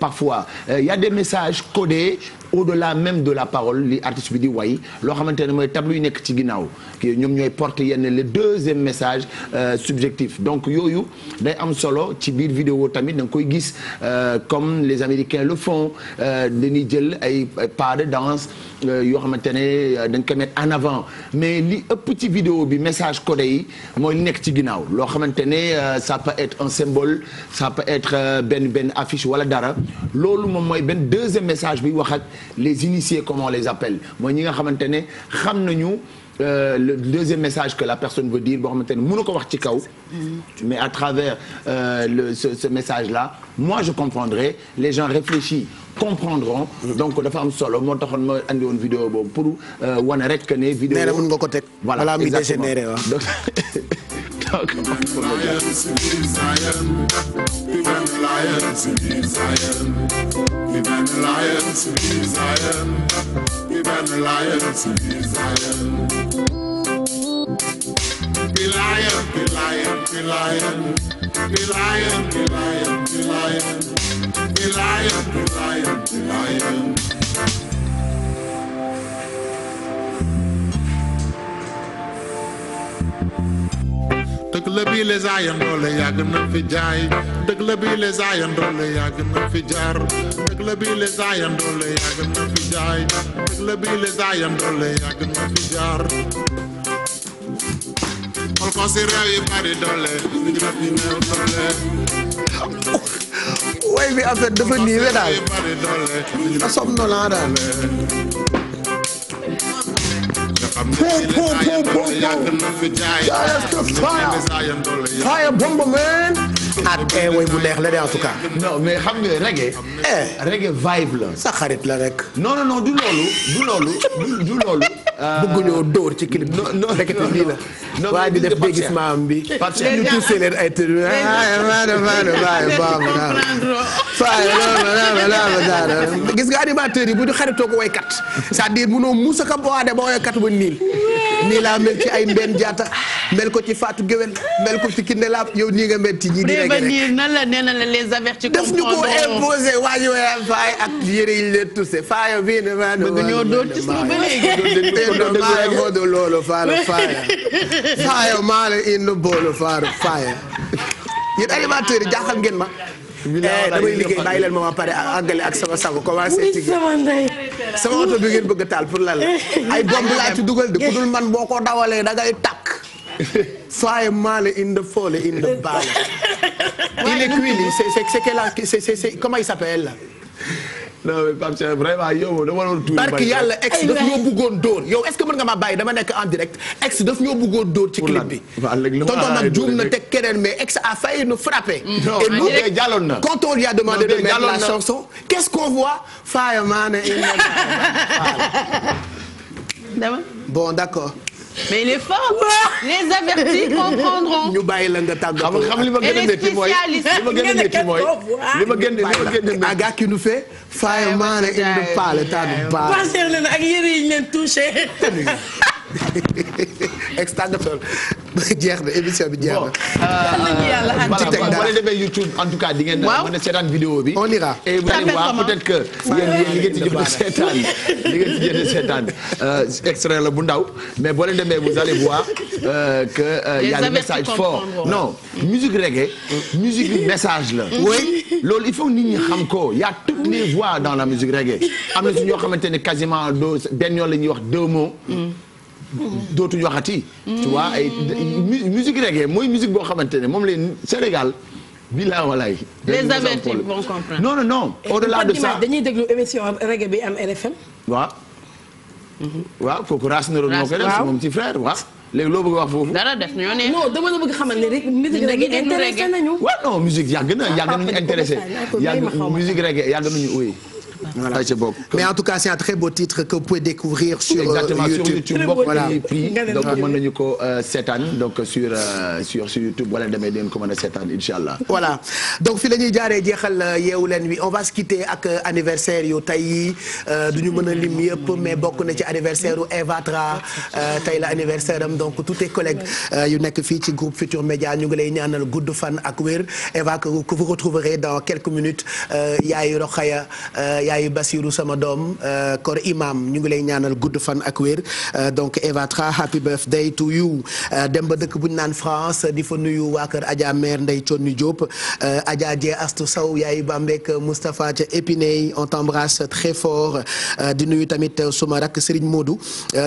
parfois il y a des messages codés au-delà même de la parole li artiste bi di way loo xamante ne mooy tableau yu nekk ci ginnaaw kii ñoom ñooy porter yenn le deuxième message euh, subjectif donc yooyu day am solo ci biir vidéo tamit da koy gis euh, comme les américains le font euh, dañuy jël ay pas de danse yoo xamante ne dañ koy mettre en avant mais li ëpp ci video bi message codé mooy nekk ci ginnaaw loo xamante ne ça peut être un symbole ça peut être benn benn affiche wala dara loolu moom mooy benn deuxième message bi wax ak les initiés comme on les appelle mooy ñi nga xamante ne xam nañu euh, le deuxième message que la personne veut dire boo xamante ne mënu ko wax ci kaw mais à travers euh, le ce, message la moi je comprendrai les gens réfléchis comprendront donc dafa am solo moo taxoon ma andi woon vidéo boobu pour euh, wane rek que ne vidéo voilà exactement talk about Lion, the lion, the lion, the lion, the lion, the lion, the lion. la bii les ayandoo la yàgg nañ fi jaay dëgg la bii les ayandoo la yàgg nañ fi jaar dëgg la bii les ayandoo la yàgg nañ fi jaay dëgg la bii les ayandoo la yàgg nañ fi jaar xool ko si réew yi bari doole ñu ngi fi néew doole way bi en fait dafa nii we daal a somnolent daal boom, boom, boom, boom, boom. Giants to fire. Fire bomb, man. ak ah, way eh, bu neex la de en tout cas. non mais xam nga reggae. Eh. reggae vibe la. sa xarit la rek. non non non du loolu du loolu du loolu. Euh, bëgguñoo dóor ci clip. non non non lii la. waaye di def dégg maam bi. parce que ñu tuusee leen ay tëdd. waaw gis nga animateurs yi bu ñu xaritoo ko waykat c'est-à-dire munoo Moussa Ka boo aadee ba waykat ba niil nii laa mel ci ay mbenn jaata mel ko ci Fatou Guewel mel ko ci Kinde Laab yow nii nga mel ci ñi. di prévenir la nee na la les avertis. def ñu ko imposé waa ñu faay ak yére yi leen toussé faayo bii ne maa ne. bëgg ñoo doon ci suñu ba léegi. maa ngi doon loolu faaro faaya maa la indi boolu faaro faaya yéen animateurs yi jaaxal ngeen ma. Eh, damay liggéey bàyyi leen ma ma pare ak sama sago commencé ci sama oto bi ngeen bëgg a taal pour lan la ay bomb laa dugal di dul man boo ko dawalee da ngay tàkk soye maale inde foole inde baale il est cuit c'est c'est c'est comment il s'appelle non mais Pape Cheikh vraiment yow dama doon tuur. barke yàlla ex daf ñoo bëggoon dóor yow est ce que mën nga maa bàyyi dama nekk en direct ex daf ñoo bëggoon dóor a clip bi. tonton nag juum na teg keneen mais ex a failli nous frapper. Mm. non mais jàlloon na quand on lui a demandé de mettre la chanson qu' est ce qu' on voit. faaya maana. dama bon d' accord. mais il est fort. les avertis comprendront. ñu bàyyi la nga tàggatoo xam li ma gën a métti mooy li ma gën a métti mooy li ma gën a métti mooy. aga ki nu fee. fireman in the pale. ak yére yi ñu leen touché. ex-tàggatoo jeex na émission bi jeex na. Euh, euh, ci teg daal boo demee YouTube en tout cas di ngeen. waaw mën a seetaan vidéo bi. on ira et vous allez voir peut-être que. yéen li ngeen ci jot a seetaan li ngeen ci jot a seetaan euh, extrait la bu ndaw mais boo leen demee vous allez voir que y a des messages forts non musique reggae. musique message la. oui loolu il faut nit ñi xam ko y a toutes les voix dans la musique reggae am na ci ñoo xamante ne quasiment doo benn yoon la ñuy wax deux mots. dootuñu waxati. tu vois ay musique reggae mooy musique boo xamante ne moom leen Sénégal. bilaa walaay. les avertis vont comprendre. non non non au-delà de ça dañuy déglu émission reggae bi am RFM. waaw. Mhm. waaw kooku na Ndero moo koy def moom ci frère waaw. léegi loo bëgg wax foofu. dara def ñoo ne. non dama la bëgg xamal ne rek. musique reggae intéressé nañu. waaw non musique yàgg na yàgg nañu intéressé. yàgg musique reggae yàgg voilà mais en tout cas c'est un très beau titre que vous découvrir sur euh, exactement YouTube. donc mën nañu ko euh, seetaan donc sur euh, a seetaan incha allah. voilà donc fi la ñuy jaaree jeexal yeewu leen wi on va se quitter ak anniversaire yu tey yi du ñu a lim yëpp mais bokk na ci anniversaire u Eva Tra tey la anniversaire am donc tous tes collègues yu nekk fii ci groupe Futur Média ñu ngi lay ñaanal gudd fan ak wér Eva que vous retrouverez dans quelques minutes yaay Rokhaya yaayu Basiru sama doom euh, kor imam ñu ngi lay ñaanal gudd fan ak wér euh, donc Eva Tra happy birthday to you euh, dem ba dëkk bu ñu naan France di fa nuyu waa kër Adja mère Ndeye Thionni Diop Adja Dieng Astou Sow yaayu Bambek Moustapha ca Épinay on t'embrasse très fort di nuyu tamit suma rakk Serigne Modou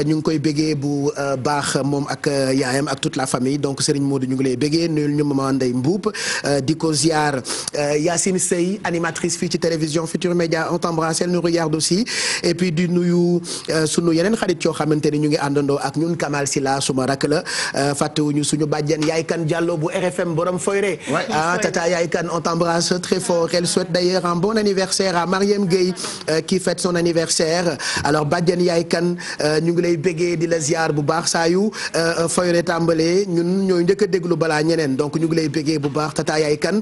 ñu ngi koy bégee bu baax moom ak yaayam ak toute la famille donc Serigne Modou ñu ngi lay bégee nuyul ñu maman Ndeye Mboup di ko ziar Yacine animatrice fii ci télévision embrasse elle nous di nuyu euh, sunu yeneen xarit yoo xamante ni ñu ngi àndandoo ak ñun Kamal Sila suma rak la euh, fàttewuñu suñu bàjjen yaay kan Diallo bu RFM borom foyre ah tata yaay kan euh, ñu ngi lay béggee di la ziar bu baax saa yu foyre tàmbalee ñun ñooy njëkk a déglu balaa ñeneen donc ñu ngi lay béggee bu baax tata yaay kan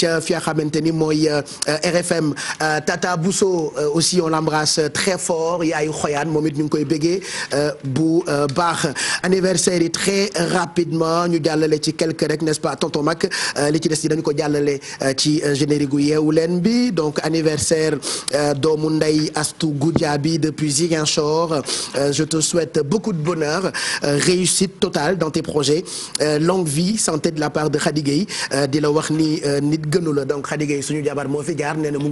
ca fi nga xamante mooy RFM tata Bousso Diallo euh, aussi on l'embrasse très fort yaayu xoyaan moom it ñu ngi koy béggee euh, bu euh, baax anniversaire yi très rapidement ñu jàllale ci quelque ne n'est-ce pas tonton li ci des yi dañu ko jàllale ci générique gu yeewu leen bi donc anniversaire doomu ndey Astu Goudiaby depuis Ziguinchor je te souhaite beaucoup de bonheur réussite totale dans tes projets longue vie santé de la part de Khady Gueye di la wax ni nit gënu la donc Khady Gueye suñu jabar moo fi jaar nee na mu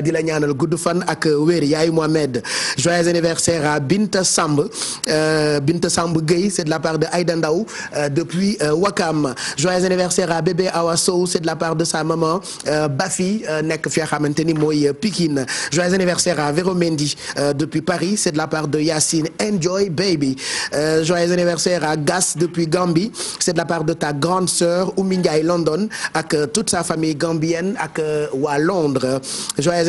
di la ñaanal gudd fan ak wér yaay Mohamed joyeux anniversaire à Binta Samb euh, Binta Samb Gueye c'est de la part de Aïda Ndaw euh, depuis Wakam euh, joyeux anniversaire à bébé Awa c'est de la part de sa maman Bafi nekk fi nga xamante ni mooy Pikine joyeux anniversaire à Véro Mendy depuis Paris c'est de la part de Yacine enjoy baby joyeux anniversaire à Gas depuis Gambie c'est de la part de ta grande sœur Oumi Ndiaye London ak toute sa famille gambienne ak waa Londres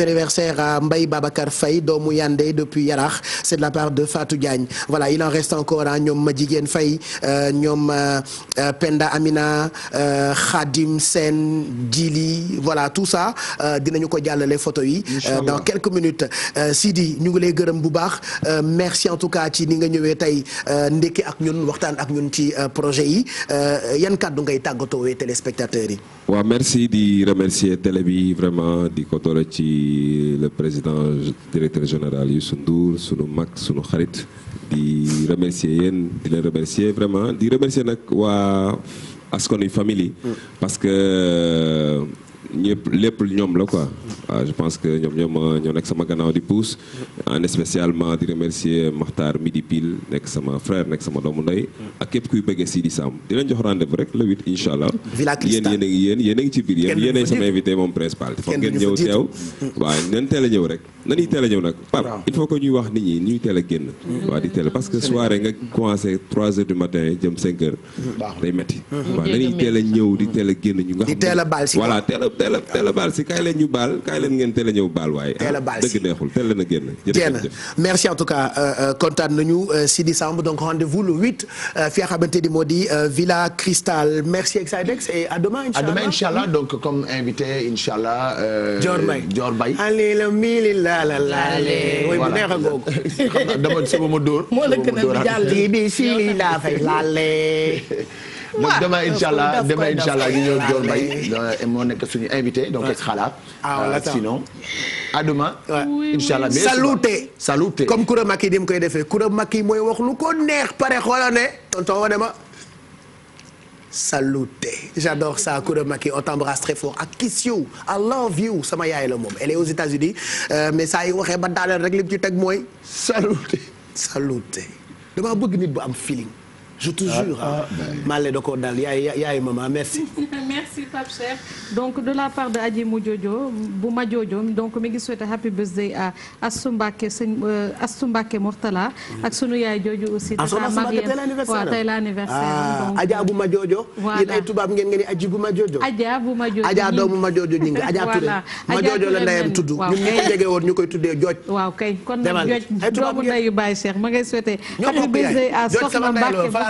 joyeux anniversaire à Mbaye Babacar Faye doomu Yandé depuis Yaraax c'est de la part de Fatou Diagne voilà il en reste encore à ñoom ma jigéen Faye euh, ñoom euh, euh, Penda Amina Khadim Sen Dili voilà tout ça dinañu ko jàllale photo yi dans quelques minutes Sidi ñu ngi lay gërëm bu baax merci en tout cas ci ni nga ñëwee tey ndekki ak ñun waxtaan ak ñun ci projet yi yan kàddu ngay tàggatoo wee téléspectateurs yi waa merci di remercier télé bi vraiment di ko doole ci le président directeur général Youssou Ndour sunu mag sunu xarit di remercier yéen di leen remercier vraiment di remercier nag waa Askan Wi famille mm. parce que ñëpp lépp ñoom la quoi waaw ah, je pense que ñoom ñoom nekk sama gannaaw di pousse en spécialement di remercier Makhtar Midi Pile nekk sama frère nekk sama doomu ndey ak képp kuy bëggee Sidi Sam di leen jox rendez-vous rek le huit incha allah yéen a ngi a ngi ci biir yéen yéen ay sama invité moom principal foog ngeen ñëw teew waaw nañ teel a ñëw rek nañuy teel a ñëw nag Pape il faut que ñuy wax nit ñi ñuy teel a génn mm-hmm. waaw di teel parce que soirée nga commencé trois mm-hmm. a a génn a Diop a teel a baal si kaay leen ñu baal kaay leen ngeen teel a ñëw baal waaye. teel a ah, baal si dëgg neexul teel leen a génn. jërëjëf merci en tout cas euh, euh, kontaan nañu 6 euh, décembre donc rendez-vous le 8 fi nga xamante Villa Cristal merci Exidex et à demain incha donc comme invité incha allah. Dior Mbaye Dior Mbaye. allez le mille la la la. allez voilà dama a ma dóor. moo la gën a jàll bi si lii laa fay laale. donc demain incha allah demain incha allah ñu ñëw Dior Mbaye moo nekk suñu invité donc xalaat. ah euh, sinon à demain. incha allah saluté saluté comme Koura Maki di mu koy defee Koura Maki mooy wax lu ko neex pare xoolal ne tonton wane ma. saluté j'adore ça Koura Maki on t'embrasse très fort ak kiss you I love you sama yaay la moom elle est aux États-Unis euh, mais saa yu waxee ba daaneel rek li mu ci teg mooy. saluté saluté damaa bëgg nit bu am feeling. je te jure da koo dal yaay yaay maman merci. merci Pape donc de la part de Adji Mujjojo bu ma joojoo donc mi ngi souhaité happy birthday à Astou Mbacké sëñ euh, Astou Mbacké Mortala. ak sunu yaay jooju aussi. ah la anniversaire waaw tey la anniversaire. Ah, donc Adja euh, bu ma joojoo. voilà yéen ay tubaab ngeen ngeen di Adji ma joojoo. Adja bu ma joojoo doomu ma joojoo ñu ngi Adja Touré. ma joojoo la ndeyam tudd ñun ko jege woon ñu koy tuddee jooj. waaw kay kon jooj doomu ndeyu Baye Cheikh ma ngay souhaité happy birthday à soxna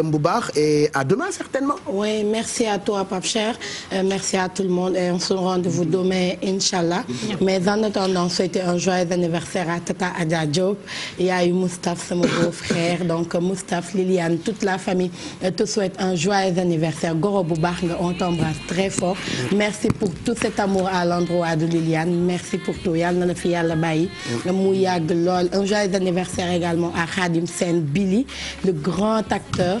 gërëm bu baax et à demain merci à toi Pape Cheikh euh, merci à mais en un joyeux anniversaire à Tata Adja Diop yaayu Moustaphe sama frère donc Moustaphe Liliane toute la famille euh, te souhaite un goro bu baax nga on t'embrasse très fort merci pour tout cet amour à l'endroit de Liliane merci pour tout yàlla la fi yàlla bàyyi mm. mu un joyeux anniversaire également à Khadim Sène Billy le grand acteur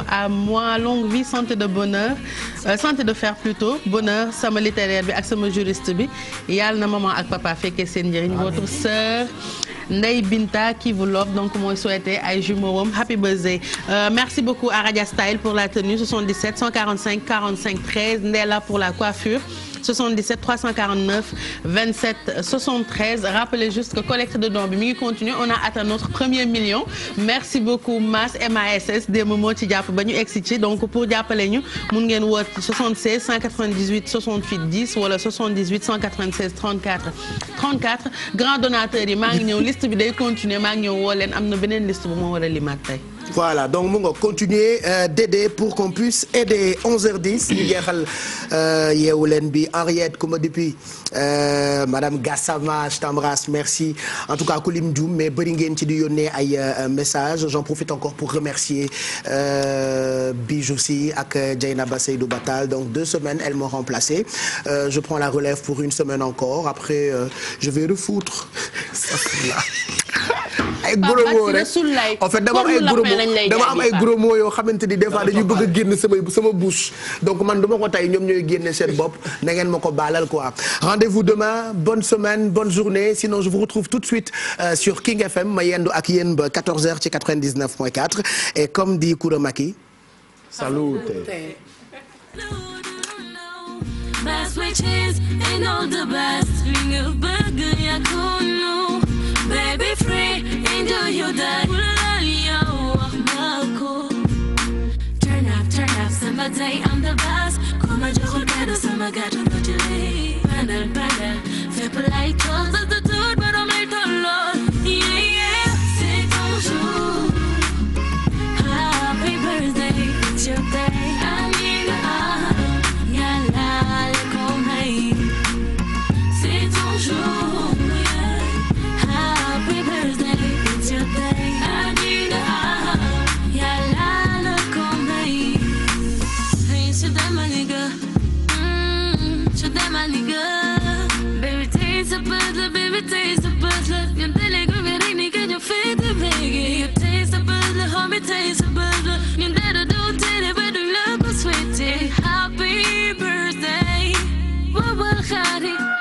à moi longue vie santé de bonheur euh, santé de faire plutôt bonheur sama littéraire bi ak sama juriste bi yal na maman ak papa fekkee seen njëriñ votre sœur Ndeye Binta qui vous love donc mooy souhaiter ay jumeaux happy birthday euh, merci beaucoup à Radia Style pour la tenue 77 145 45 13 Ndella pour la coiffure 77 349 27 73 rappelez juste que collecte de dons mi ngi continuer on a atteint notre premier million merci beaucoup Mass MASS démb moo ci jàpp ba ñu egsi ci donc pour jàppale ñu mun ngeen woote 76 198 68 10 wala 78 196 34 34 grand donateur yi maa ngi ñëw liste bi day continue maa ngi ñëw woo leen am na beneen liste bu ma war a limaat voilà donc mu nga continuer euh, d'aider pour qu'on puisse aider 11h10 ñu jeexal euh, yeewu leen bi Henriette Kouma depuis euh, madame Gassama je t'embrasse merci en tout cas ku lim Dioum mais bëri ngeen ci di yónnee ay message j'en profite encore pour remercier Bijou Sy ak Dieynaba Seydou Batal donc deux semaines elles m'ont remplacé je prends la relève pour une semaine encore après je vais refoutre ay gros mots rek en fait dama am ay gros mots dama am ay gros yoo xamante ni des fois bëgg génn sama sama bouche donc man du ma ko tey ñoom ñooy génne seen bopp na ngeen ma ko baalal ko rendez-vous demain bonne semaine bonne journée sinon je vous retrouve tout de suite euh, sur King FM ma yendu ak yéen ba 14h ci 99.4 et comme dit Koura Maki salute best be free into you that Turn up, turn up, summer day, I'm the boss Kuma juhu kado sama gato no delay Panel, panel, feel polite, cause of the it's a puzzle, baby, taste the puzzle. Yo te lego vereni que yo fete bege. You taste the puzzle, homie, taste the puzzle. You never don't tell it, but love is sweetie. Happy birthday, Wawa Khari.